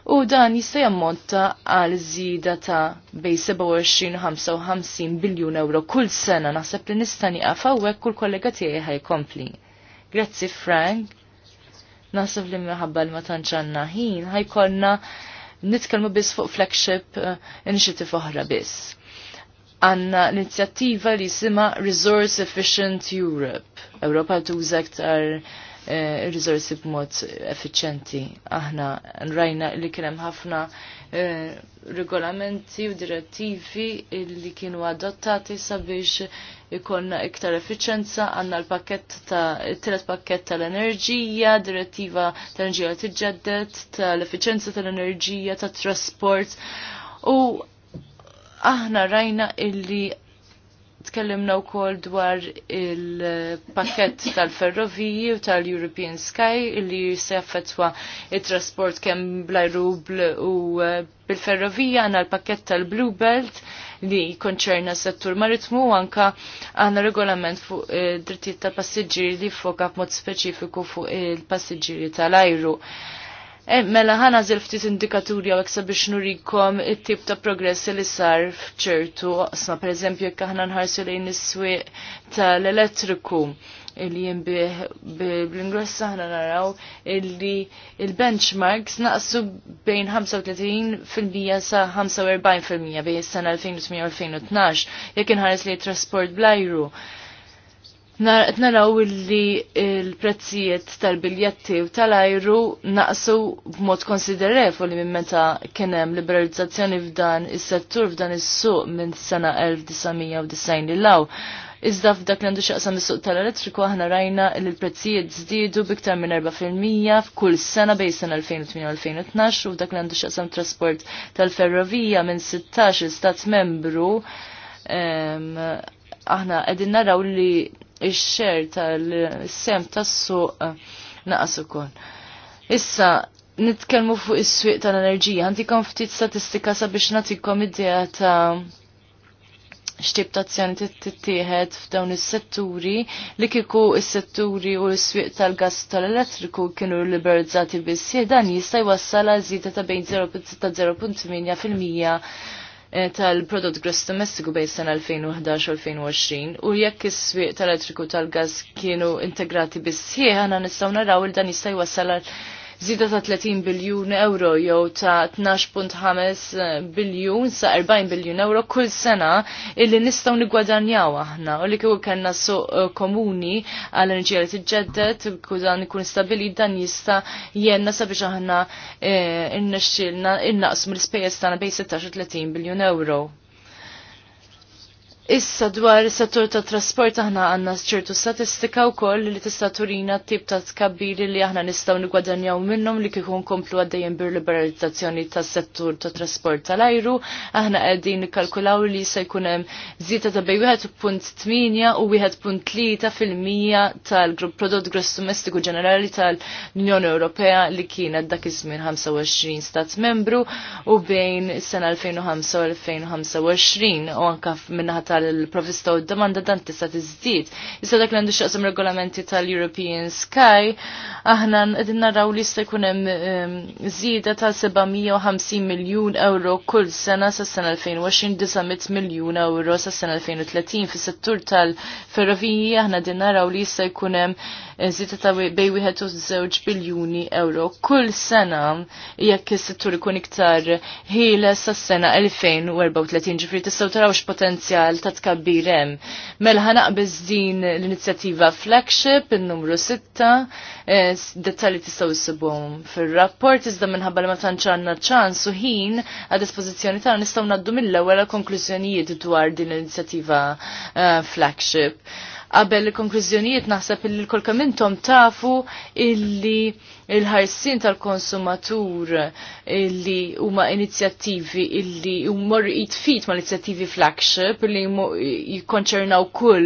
u dan jista' jammonta għal żida ta' bejn 27-55 biljun euro kull sena naħseb li nista' nieqaf hawnhekk kull kollega tiegħi ħajkompli. Grazzi Frank. Nasib li minħabba l matanċanna ħin ħajkonna nitkelmu biss fuq flagship uh, initiative oħra biss għanna inizjattiva li sima Resource Efficient Europe. Europa tuża aktar eh, E, il-rizorsi b'mod effiċenti. Aħna rajna li kienem ħafna eh, regolamenti u direttivi li kienu adottati sabiex ikonna iktar effiċenza għanna l-pakket ta' il-tret pakket tal-enerġija, direttiva tal-enerġija tal ġeddet tal-effiċenza tal-enerġija, tal-trasport u aħna rajna illi tkellimna wkoll dwar il-pakket tal-ferroviji u tal-European Sky illi se jaffettwa trasport kemm blajrubl u eh, bil-ferrovija għana l-pakket tal-Blue Belt li konċerna settur maritmu anka għana regolament fuq eh, drittijiet tal-passiġġieri li foka b'mod speċifiku fuq il-passiġġieri tal-ajru. Eh, mela ħana zil ftit indikaturi għaw eksa biex nurikom it-tip ta' progress li sar fċertu, sma per eżempju jekk aħna nħarsu lejn is-swieq tal-elettriku illi jimbih bil ingress aħna naraw li il-benchmarks naqsu bejn 35% sa 45% bejn is-sena 2008-2012 jekk inħares li trasport blajru. ajru Naraw illi il-prezzijiet tal-biljetti u tal-ajru naqsu b'mod li minn meta kien hemm liberalizzazzjoni f'dan is-settur f'dan is-suq minn sena 1990 li law. Iżda f'dak li għandu xaqsam is-suq tal-elettriku aħna rajna li l-prezzijiet żdiedu biktar minn 4% f'kull sena bej sena 2008-2012 u f'dak li għandu xaqsam trasport tal-ferrovija minn 16 stat membru aħna qegħdin naraw li ix-xer tal-sem tas-suq eh, naqas ukoll. Issa, nitkellmu fuq is-swieq tal-enerġija, kom ftit statistika sabiex nagħtikom idea ta' xtib ta' azzjoni tittieħed f'dawn is-setturi li kieku is-setturi u s-swieq tal-gas tal-elettriku kienu liberalizzati biss dan jista' jwassal għal żieda ta' bejn 0.8% fil-mija. Eh, tal-prodott gross domestiku bejn sena 2011-2020 u jekk is-swieq tal-elettriku tal-gas kienu integrati bis-sħiħ għana nistgħu naraw il dan jista' jwassal zida ta' 30 biljun euro jew ta' 12.5 eh, biljun sa' 40 biljun euro kull sena illi nistgħu nigwadanjaw aħna u li kieku kellna suq eh, komuni għal enerġija li tiġġedded dan ikun stabili dan jista' jenna sabiex aħna eh, innaxxilna innaqsmu l-ispejjeż tagħna bejn 16 30 biljun euro. Issa dwar is-settur tat trasport aħna għandna ċertu statistika wkoll li tista' turina tip ta' tkabbiri li aħna nistgħu nigwadanjaw minnhom li kieku nkomplu għaddejjem bir liberalizzazzjoni tas-settur tat trasport tal-ajru, aħna qegħdin nikkalkulaw li se jkun hemm żieda ta' bej 1.8 u wieħed punt tlieta fil-mija tal-prodott grupp gross domestiku ġenerali tal-Unjoni Ewropea li kienet dak iż-żmien 25 stat membru u bejn is-sena 2005 u 2025 u anke minnaħa tal-provista u d-domanda dan tista' tiżdied. Issa dak l-għandu xaqsam regolamenti tal-European Sky, aħna għedin naraw li jista' jkun hemm ehm, żieda ta' 750 miljun euro kull sena sa' sena 2020 900 miljun euro sa' sena 2030 fis-settur tal-ferroviji aħna din naraw li jista' jkun hemm zita eh, ta' bej wieħed u żewġ biljuni euro kull sena jekk is-settur ikun iktar ħieles sas-sena 2034 ġifri tistgħu tarawx potenzjal ta' tkabbir hemm. Mela ħanaqbiż din l-inizjattiva flagship in-numru 6 eh, dettalji tistgħu issibhom fir-rapport iżda minħabba li ma tantx għandna ċans u ħin għad dispożizzjoni tagħna nistgħu ngħaddu mill-ewwel konklużjonijiet dwar din l-inizjattiva eh, flagship. Qabel il konklużjonijiet naħseb illi l tafu illi il-ħarsin tal-konsumatur illi huma inizjattivi illi jmorru jitfit ma inizjattivi flagship illi jikonċernaw kull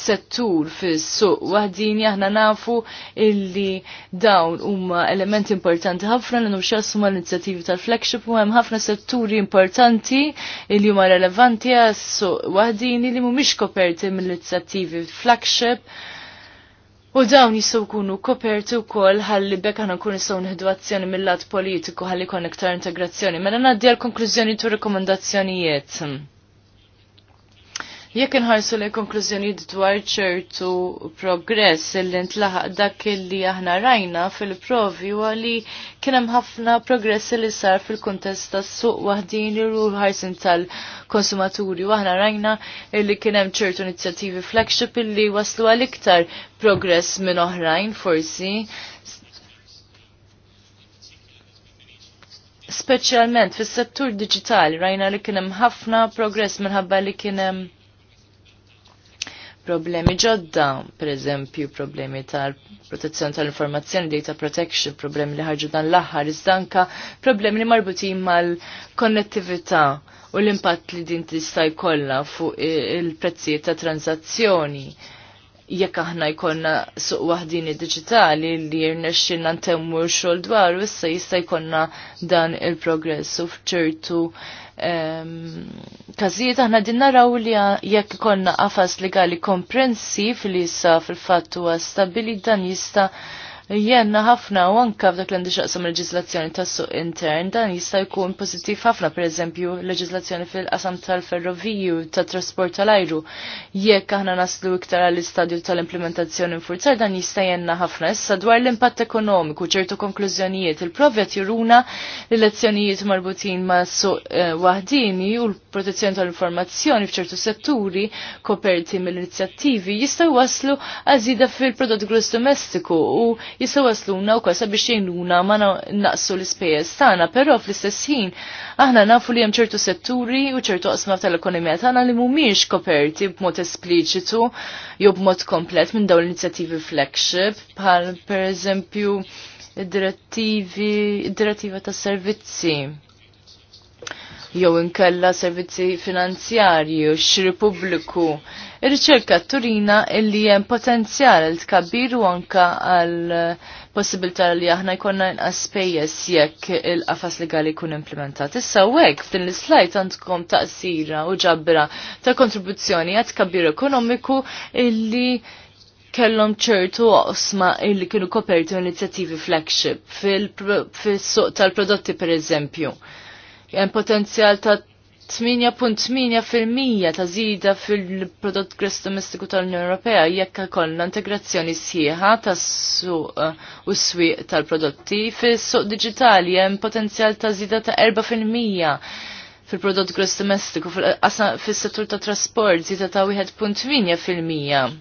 settur fis-suq waħdin aħna nafu illi dawn huma elementi importanti ħafna li nuxassu ma l-inizjattivi tal-flagship u ħafna setturi importanti illi huma relevanti għas-suq waħdini li mhumiex koperti mill-inizjattivi flagship U dawn jistgħu jkunu koperti wkoll ħalli bekk aħna nkunu jissu nieħdu azzjoni mill-lat politiku ħalli kon iktar integrazzjoni. Mela ngħaddi għal konklużjoni tu rekomendazzjonijiet. Jekk inħarsu li konklużjonijiet dwar ċertu progress illi ntlaħaq dak illi aħna rajna fil-provi huwa li kien hemm ħafna progress li sar fil-kuntest tas-suq waħdin u ħarsin tal-konsumaturi u aħna rajna illi kien hemm ċertu inizjattivi flagship illi waslu għal iktar progress minn oħrajn forsi. Speċjalment fis-settur diġitali rajna li kien hemm ħafna progress minħabba li kien hemm problemi ġodda, per eżempju, problemi tal-protezzjoni tal-informazzjoni, data protection, problemi li ħarġu dan l-aħħar, iżdanka problemi li marbuti mal-konnettività u l-impatt li din tista' jkollha fuq il-prezzijiet ta' tranzazzjoni jekk aħna jkollna suq waħdini diġitali li jirnexxilna ntemmu xogħol dwar issa jista' jkollna dan il-progress u f'ċertu każijiet aħna din naraw li jekk konna qafas legali komprensiv li jissa fil-fatt għastabili stabili dan jista' jenna ħafna u anka f'dak l-għandi xaqsam leġizlazzjoni tas suq intern dan jista' jkun pozittiv ħafna pereżempju leġizlazzjoni fil-qasam tal-ferroviju tat trasport tal-ajru. Jekk aħna naslu iktar għall-istadju tal-implementazzjoni nfurzar dan jista' jenna ħafna. Issa dwar l-impatt ekonomiku ċertu konklużjonijiet il-provjet juruna l-elezzjonijiet marbutin ma' suq eh, waħdini u l-protezzjoni tal-informazzjoni f'ċertu setturi koperti mill-inizjattivi jista' waslu għażida fil-prodott gross domestiku u jisaw għasluna u kosa biex jgħinuna ma naqsu l-ispejjeż tagħna, però fl-istess ħin aħna nafu li hemm ċertu setturi u ċertu qosma tal-ekonomija tagħna li mhumiex koperti b'mod espliċitu jew b'mod komplet minn dawn l inizjativi flagship bħal pereżempju id-direttivi id-direttiva tas-servizzi jew inkella servizzi finanzjarji u xri pubbliku. Ir-riċerka turina illi hemm potenzjal għal tkabbir u anka għal eh, possibilità li aħna jkollna inqas pejjeż jekk il-qafas legali jkun implementat. Issa hekk f'din l-slajd għandkom taqsira u ġabra ta' kontribuzzjoni għat kabbir ekonomiku illi kellhom ċertu osma illi kienu koperti inizjattivi flagship fil-suq tal-prodotti per eżempju hemm potenzjal ta' 8.8% ta' zida fil-prodott gross domestiku tal-Unjoni Ewropea jekk ikollna integrazzjoni sħiħa tas-suq uh, u swieq tal-prodotti fis-suq diġitali hemm potenzjal ta' zida ta' 4% fil-prodott gross domestiku fis-settur tat trasport zida ta' 1.8%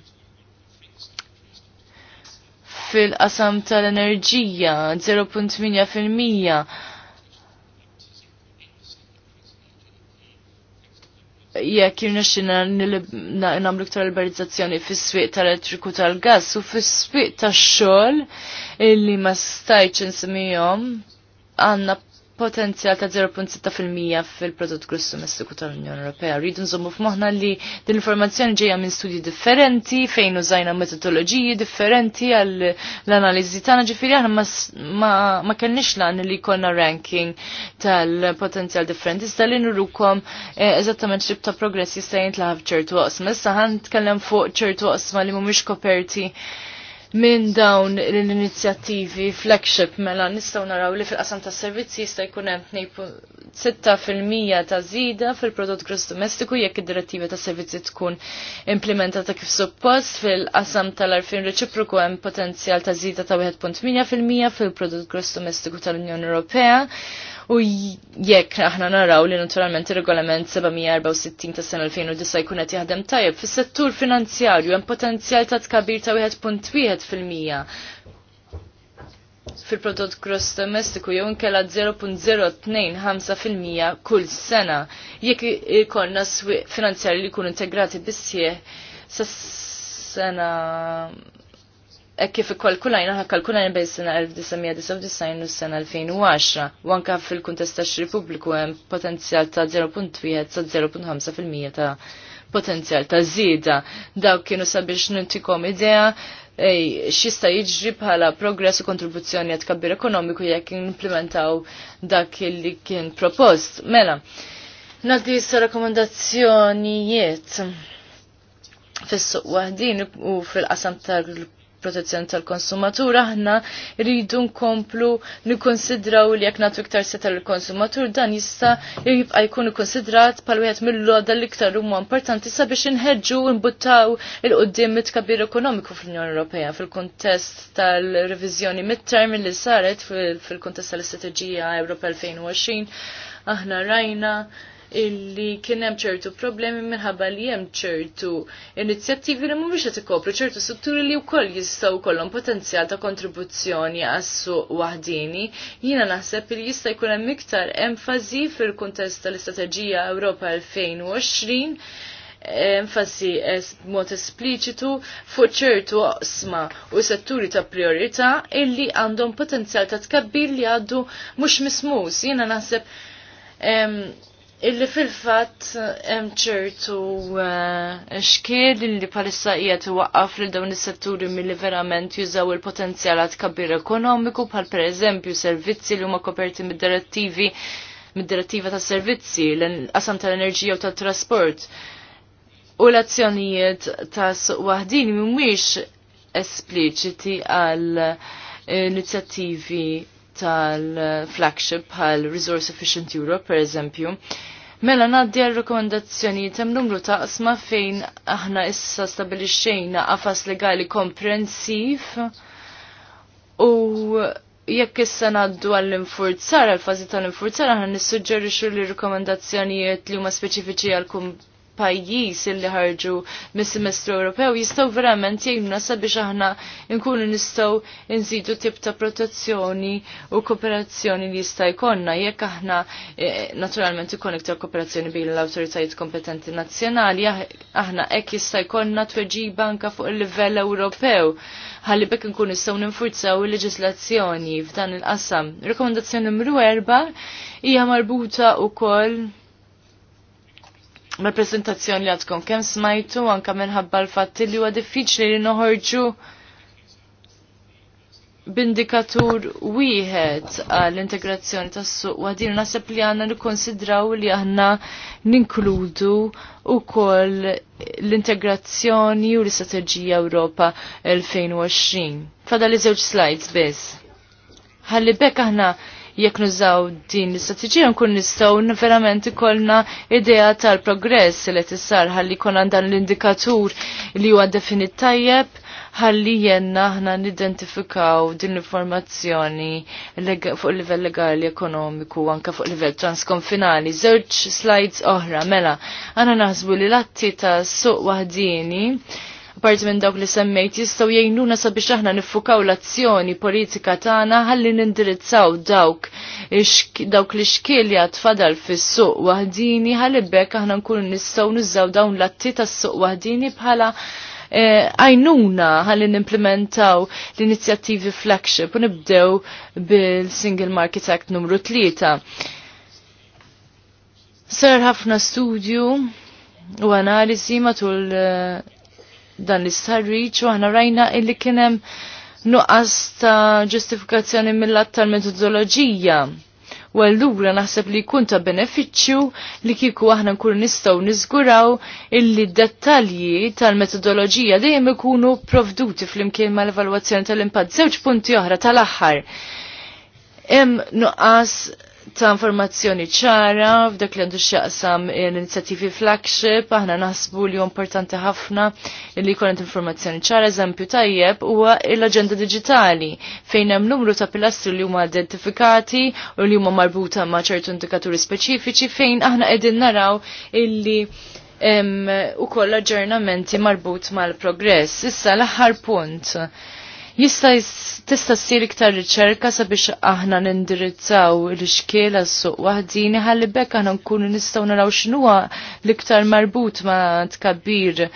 fil-qasam tal-enerġija 0.8% jekk jirnexxina nagħmlu iktar liberalizzazzjoni fis-swieq tal-elettriku tal-gass u fis-swieq tax-xogħol illi ma stajtx insemmihom għandna potenzjal ta' 0.6% fil-prodott gross domestiku tal-Unjoni Ewropea. Rridu nżommu f'moħħna li din informazzjoni ġejja minn studji differenti fejn użajna metodoloġiji differenti għall-analiżi tagħna ġifieri aħna ma kellniex lan li jkollna ranking tal-potenzjal differenti. Iżda li nurukom eh, eżattament xrib ta' progress jista' jintlaħ f'ċertu qosma. Issa ħan tkellem fuq ċertu qosma li mhumiex koperti minn dawn l-inizjattivi flagship mela nistgħu naraw li fil-qasam tas servizzi jista' jkun hemm 6% ta' żida fil-prodott gross domestiku jekk id-direttiva ta' servizzi tkun implementata kif suppost fil-qasam tal-arfin reċiproku hemm potenzjal ta' żida ta' 1.8% fil-mija fil-prodott gross domestiku tal-Unjoni Ewropea U jekk aħna naraw li naturalment ir-regolament 764 ta' sena 2009 jkun qed jaħdem tajjeb fis-settur finanzjarju hemm potenzjal ta' tkabir ta' 1.1 fil-mija fil-prodott gross domestiku jew inkella 0.025% kull sena jekk ikollna swieq finanzjarji li jkunu integrati bissieħ sa sena E kif ikkalkulajna ħakkalkulajna bejn sena 1999 u s-sena 2010. U anka fil-kuntest ta' xri pubbliku hemm potenzjal ta' 0.1 sa 0.5% ta' potenzjal ta' zida. Dawk kienu sabiex nintikom idea ej, xista jiġri bħala progress u kontribuzzjoni għat kabbir ekonomiku jekk implementaw dak li kien propost. Mela, nadi sa rakomandazzjonijiet fis-suq waħdin u fil-qasam tal protezzjoni tal-konsumatur, aħna rridu nkomplu nikkonsidraw li jekk nagħtu iktar seta l-konsumatur dan jista' jibqa' jkun ikkonsidrat bħal wieħed mill-loda l-iktar huma importanti sabiex inħeġġu nbuttaw il-qudiem mit-kabir ekonomiku fl-Unjoni Ewropea fil-kuntest tal-reviżjoni mid-term li saret fil-kuntest tal-Istrateġija Ewropea 2020 aħna rajna illi kien hemm ċertu problemi minħabba li hemm ċertu inizjattivi li mhumiex qed ikopru ċertu strutturi li wkoll jistgħu jkollhom potenzjal ta' kontribuzzjoni għas-suq waħdini. Jiena naħseb li jista' jkun hemm iktar enfasi fil-kuntest tal-Istrateġija Ewropa 2020 enfasi mod espliċitu fuq ċertu oqsma u setturi ta' priorità illi għandhom potenzjal ta' tkabbir li għaddu mhux mismus. Jiena naħseb illi fil-fat hemm ċertu eh, xkiel illi palissa qiegħed iwaqqaf lil dawn is-setturi milli verament jużaw il-potenzjalat kabbir ekonomiku bħal pereżempju servizzi li huma koperti mid-direttivi mid-direttiva tas servizzi l-qasam tal-enerġija u tat-trasport. U l-azzjonijiet ta' suq waħdin mhumiex espliċiti għal eh, inizjattivi tal-flagship bħal Resource Efficient Europe, per eżempju, Mela naddi għal rekomendazzjonijiet hemm numru ta' qasma fejn aħna issa stabilixxejna qafas legali komprensiv u jekk issa naddu għall-infurzar, għall-fazi tal-infurzar, aħna nissuġġerixu li rekomendazzjonijiet li huma speċifiċi għal pajjiż illi ħarġu mis-semestru Ewropew jistgħu verament jgħinna sabiex aħna nkunu nistgħu nżidu tip ta' protezzjoni u kooperazzjoni li jista' jkollna jekk aħna eh, naturalment ikun iktar kooperazzjoni bejn l-awtoritajiet kompetenti nazzjonali aħna hekk jista' jkollna tweġiba anke fuq il-livell Ewropew ħalli bekk nkun nistgħu ninfurzaw il-leġislazzjoni f'dan il-qasam. Rekomendazzjoni numru erba' hija marbuta wkoll mal-presentazzjoni li għadkom kemm smajtu anka minħabba l-fatti li huwa diffiċli li noħorġu b'indikatur wieħed għall-integrazzjoni tas-suq din naħseb li għandna nikkonsidraw li aħna ninkludu wkoll l-integrazzjoni u l-istrateġija Ewropa 2020. Fada li żewġ slides biss. Ħalli bekk aħna jekk nużaw din l-istrateġija nkun nistgħu verament ikollna idea tal-progress li qed issar ħalli jkollna dan l-indikatur li huwa definit tajjeb ħalli jenna ħna nidentifikaw din l-informazzjoni fuq livell legali ekonomiku anka fuq livell transkonfinali. Zewġ slides oħra, mela, għana naħsbu li l-atti ta' suq wahdini Parti minn dawk li semmejt jistgħu jgħinuna sabiex aħna niffukaw l-azzjoni politika tagħna ħalli nindirizzaw dawk dawk li xkielja tfadal fis-suq waħdini ħalli bekk aħna nkunu nistgħu nużaw dawn l-atti tas-suq waħdini bħala eh, għajnuna e, għalli n-implementaw l-inizjattivi flagship u nibdew bil-Single Market Act numru 3. Ser ħafna studju u analizi matul eh, dan l-istarriċ u aħna rajna illi kienem nuqqas ta' ġustifikazzjoni mill-att tal-metodoloġija. U allura naħseb li jkun ta' benefiċċju li kieku aħna nkun nistgħu niżguraw illi dettalji tal-metodoloġija dejjem ikunu provduti flimkien mal-evalwazzjoni tal-impatt. Żewġ punti oħra tal-aħħar. Hemm nuqqas ta' informazzjoni ċara f'dak li għandu x'jaqsam l-inizjattivi flagship, aħna naħsbu li importanti ħafna li jkun informazzjoni ċara, eżempju tajjeb huwa l-aġenda Digitali fejn hemm numru ta' pilastri li huma identifikati u li huma marbuta ma' ċertu indikaturi speċifiċi fejn aħna qegħdin naraw illi u koll aġġornamenti marbut mal-progress. Issa l-aħħar punt Jista' tista' ssir iktar riċerka sabiex aħna nindirizzaw l-xkiela s-suq waħdini ħalli bekk aħna nkunu nistgħu naraw x'inhuwa l-iktar marbut ma' tkabbir e,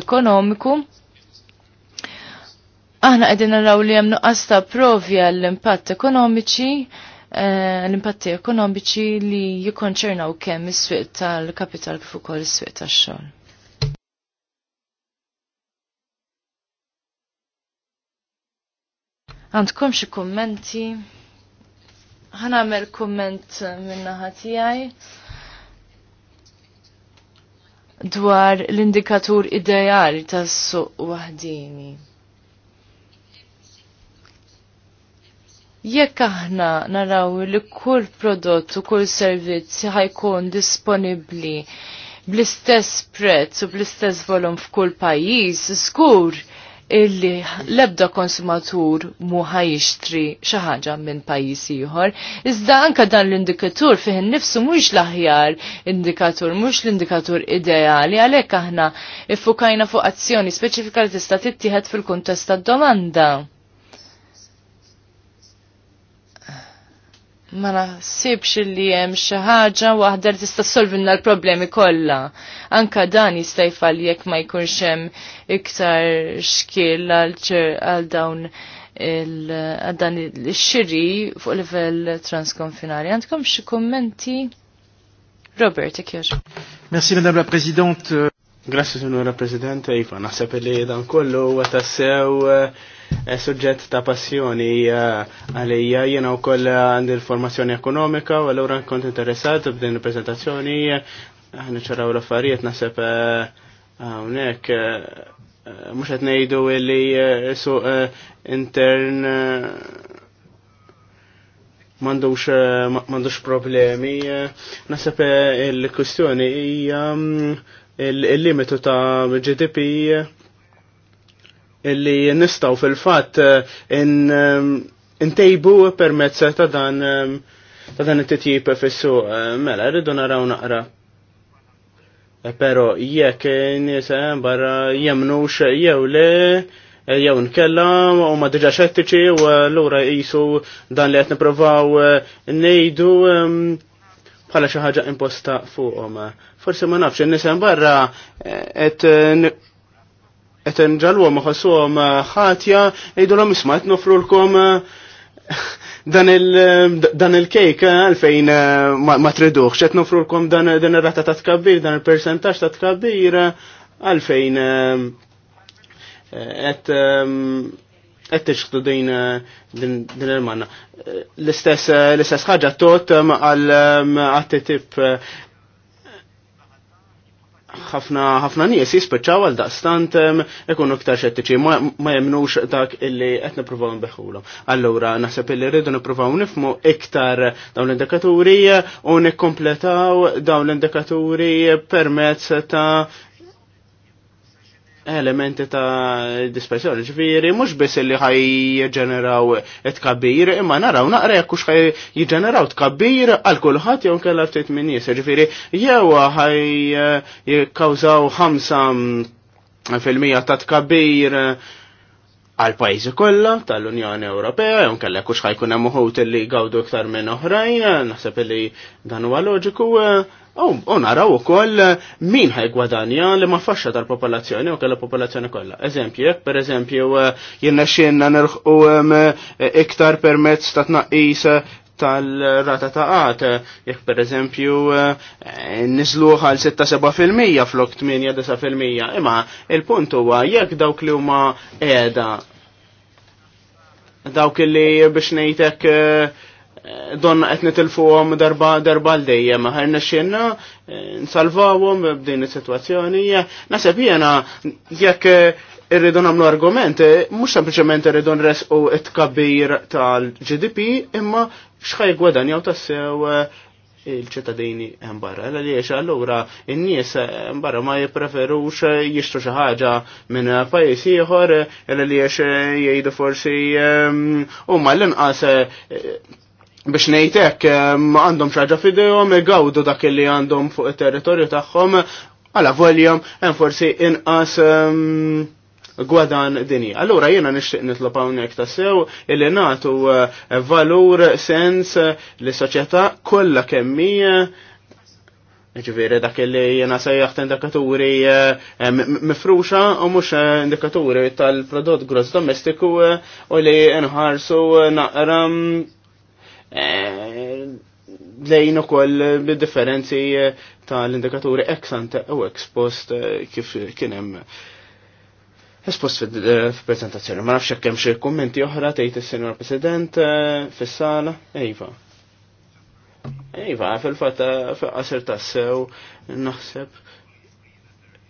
ekonomiku. Aħna qegħdin naraw li hemm nuqqas ta' provi għall-impatt ekonomiċi e, l-impatti ekonomiċi li jikonċernaw kemm is-swieq tal-kapital kif ukoll is-swieq tax-xogħol. Għandkom xi kummenti? Ħanamel kumment minna tiegħi dwar l-indikatur ideali tas-suq waħdini. Jekk aħna naraw li kull prodott u kull servizz ħajkun disponibbli bl-istess prezz u bl-istess volum f'kull pajjiż, skur illi lebda konsumatur muħa jishtri xi ħaġa minn pajjiż ieħor. Iżda anka dan l-indikatur fih innifsu mhux l-aħjar indikatur, mhux l-indikatur ideali għalhekk aħna iffukajna fuq azzjoni speċifika li tista' tittieħed fil-kuntest tad-domanda. ma naħsibx li hemm xi ħaġa waħda li tista' solvilna l-problemi kollha. Anka dan jista' jfall jekk ma jkunx hemm iktar xkiel għal dawn għal dan ix-xiri fuq livell transkonfinari. Għandkom xi kummenti? Robert, ikkjer. Merci, Madame la Presidente. Grazie, Signora Presidente. ifa. naħseb li dan kollu għatassew. Uh, suġġett ta' passjoni eh, għalija jiena wkoll għandi l-formazzjoni ekonomika u allura kont interessat b'din il-preżentazzjoni prezentazzjoni ċaraw l-affarijiet naħseb eh, hawnhekk eh, mhux qed ngħidu li su intern mandux mandux problemi. nasib il-kustjoni mm, il-limitu ta' GDP illi nistaw fil-fat eh, eh, intejbu permezz ta' dan eh, ta' dan it-titjib fissu Mela, rridu naraw naqra Pero jekk nisa barra jemnux jew le jew nkella u ma diġa xettiċi u l-ura jisu dan li qed nippruvaw ngħidu bħala xi ħaġa imposta fuqhom. Forsi ma nafx in-nisa barra qed qed maħassu għom eh, ħatja ngħidulhom isma' qed nofrulkom eh, dan il-kejk eh, għalfejn ma triduħx, qed nofrulkom dan il rata ta' tkabbir, dan il-persentaġġ ta' tkabbir għalfejn et t-iġtu din din il-manna. L-istess ħagġa tot għal għattitib ħafna ħafna nies jispeċċaw għal daqstant ikunu iktar xettiċi ma jemnux dak illi qed nippruvaw nbeħħulhom. Allura naħseb illi rridu nippruvaw nifmu iktar dawn l-indikaturi u nikkompletaw dawn l-indikaturi permezz ta' elementi ta' dispersjoni Ġifiri, mux biss li ħaj jġeneraw tkabbir, imma naraw naqra jekkux ħaj jġeneraw tkabbir għal kulħadd jew kellha ftit minn nies, ġviri jew ħaj eh, jikkawżaw ħamsa fil-mija ta' tkabbir eh, għal pajjiżi kollha tal-Unjoni Ewropea, jew kella kux ħajkun hemm uħut li gawdu iktar minn oħrajn, eh, naħseb li dan huwa loġiku, Oh U naraw ukoll eh, min ħajgwadanja li ma faxxa tal-popolazzjoni u kellha popolazzjoni kollha. Eżempju, jekk pereżempju eh, jirna xienna nerħu eh, iktar permezz ta' tnaqqis tal-rata ta' għat, jekk per eżempju nizlu għal 6 7 flok 8-9%, imma il-punt huwa jekk dawk li huma qiegħda dawk li biex ngħidlek donna qed nitilfuhom darba darba l dejjem ħarna xienna eh, nsalvawhom b'din is-sitwazzjoni. Naħseb jiena jekk irridu nagħmlu argument, eh, mhux sempliċement irridu nresqu it-kabbir tal-GDP, imma x'ħaj gwadanjaw tassew eh, il-ċittadini barra. Għaliex allura in-nies barra ma jippreferux jixtru xi ħaġa minn pajjiż ieħor għaliex jgħidu forsi huma l-inqas biex nejtek għandhom xaġa me gawdu dak li għandhom fuq it-territorju tagħhom għala voljom hemm forsi inqas għadan dini. Allura jiena nixtieq nitlob hawnhekk tassew illi nagħtu eh, valur sens li soċjetà kollha kemm eh, ġiviri dak li jena sejjaħ indikaturi eh, mifruxa u mux indikaturi tal-prodott gross domestiku u li nħarsu naqram mm, Eh, lejn ukoll bid-differenzi eh, tal-indikaturi ex ante u ex post eh, kif kien hemm Espost fil-prezentazzjoni, ma nafx hemm xi kummenti oħra tgħid is-Senjor President fis-sala, Ejva. Ejva, fil fil qasir tassew naħseb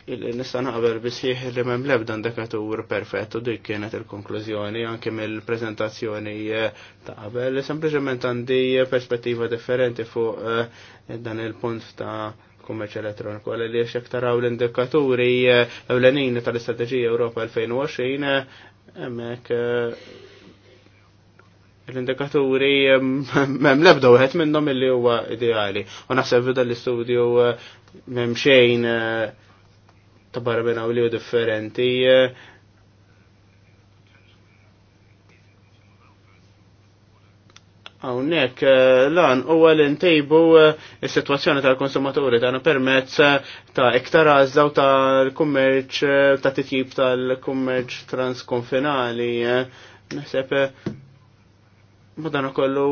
Nista' naqber bisħieħ li m'hemm l-ebda indikatur perfett u dik kienet il-konklużjoni anke mill-preżentazzjoni eh, ta' qabel. Sempliċement għandi perspettiva differenti fuq eh, dan il-punt ta' kummerċ elettroniku għal li xek taraw l-indikaturi eh, ewlenin tal-Istrateġija Ewropa 2020 hemmhekk l-indikaturi mem lebda wieħed minnhom illi huwa ideali. U naħseb l-istudju m'hemm xejn ta' barra bejn awliju differenti. Eh, hawnhekk eh, lan huwa l ntejbu eh, is-sitwazzjoni tal-konsumaturi tagħna permezz ta' iktar għażla u tal-kummerċ ta' titjib tal-kummerċ transkonfinali. Naħseb madana kollu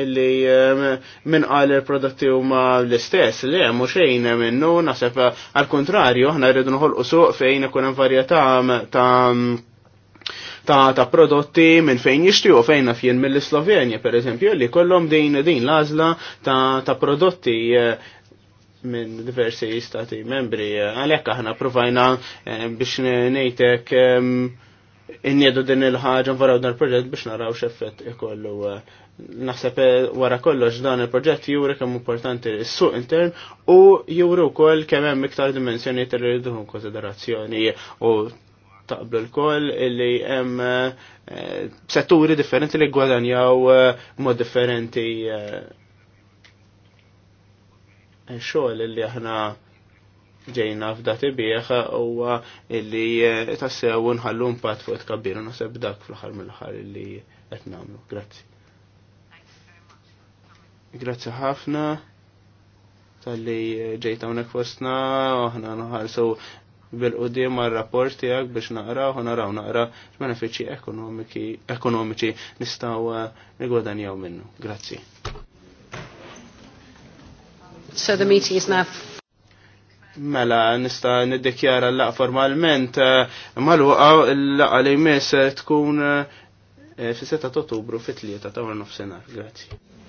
li minn għal il-prodotti huma l-istess, li mhu xejn minnu naħseb għal kontrarju aħna rridu noħolqu suq fejn ikun hemm varjetà ta' ta' ta' prodotti minn fejn jixtiju fejn naf mill-Slovenja per eżempju li kollhom din din l-għażla ta', ta prodotti eh, minn diversi stati membri għalhekk aħna provajna eh, biex ngħidlek inniedu din il-ħaġa nvaraw dan il-proġett biex naraw x'effett ikollu eh, naħseb eh, wara kollox dan il-proġett juri kemm importanti s-suq intern u juri wkoll kemm hemm iktar dimensjoni li rridu konsiderazzjoni u taqblu l-koll hemm eh, setturi differenti li gwadanjaw eh, mod differenti xogħol illi aħna ġejna f'dati bieħ u illi tassew nħallu impatt fuq it u naħseb dak fl-aħħar mill-aħħar li qed nagħmlu. Grazzi. Grazzi ħafna tal-li eh, ġejta unek fostna, uħna so bil-qoddim għal-rapport tijak biex naqra, u naraw naqra x-benefiċi ekonomiċi nistaw eh, nigwadanjaw minnu. Grazzi. So the meeting is now Mela, nista niddikjara l-laq formalment, eh, mal-waqa l laq li jmiss tkun fi 6 ottubru fit-tlieta ta' nofsenar. Grazzi.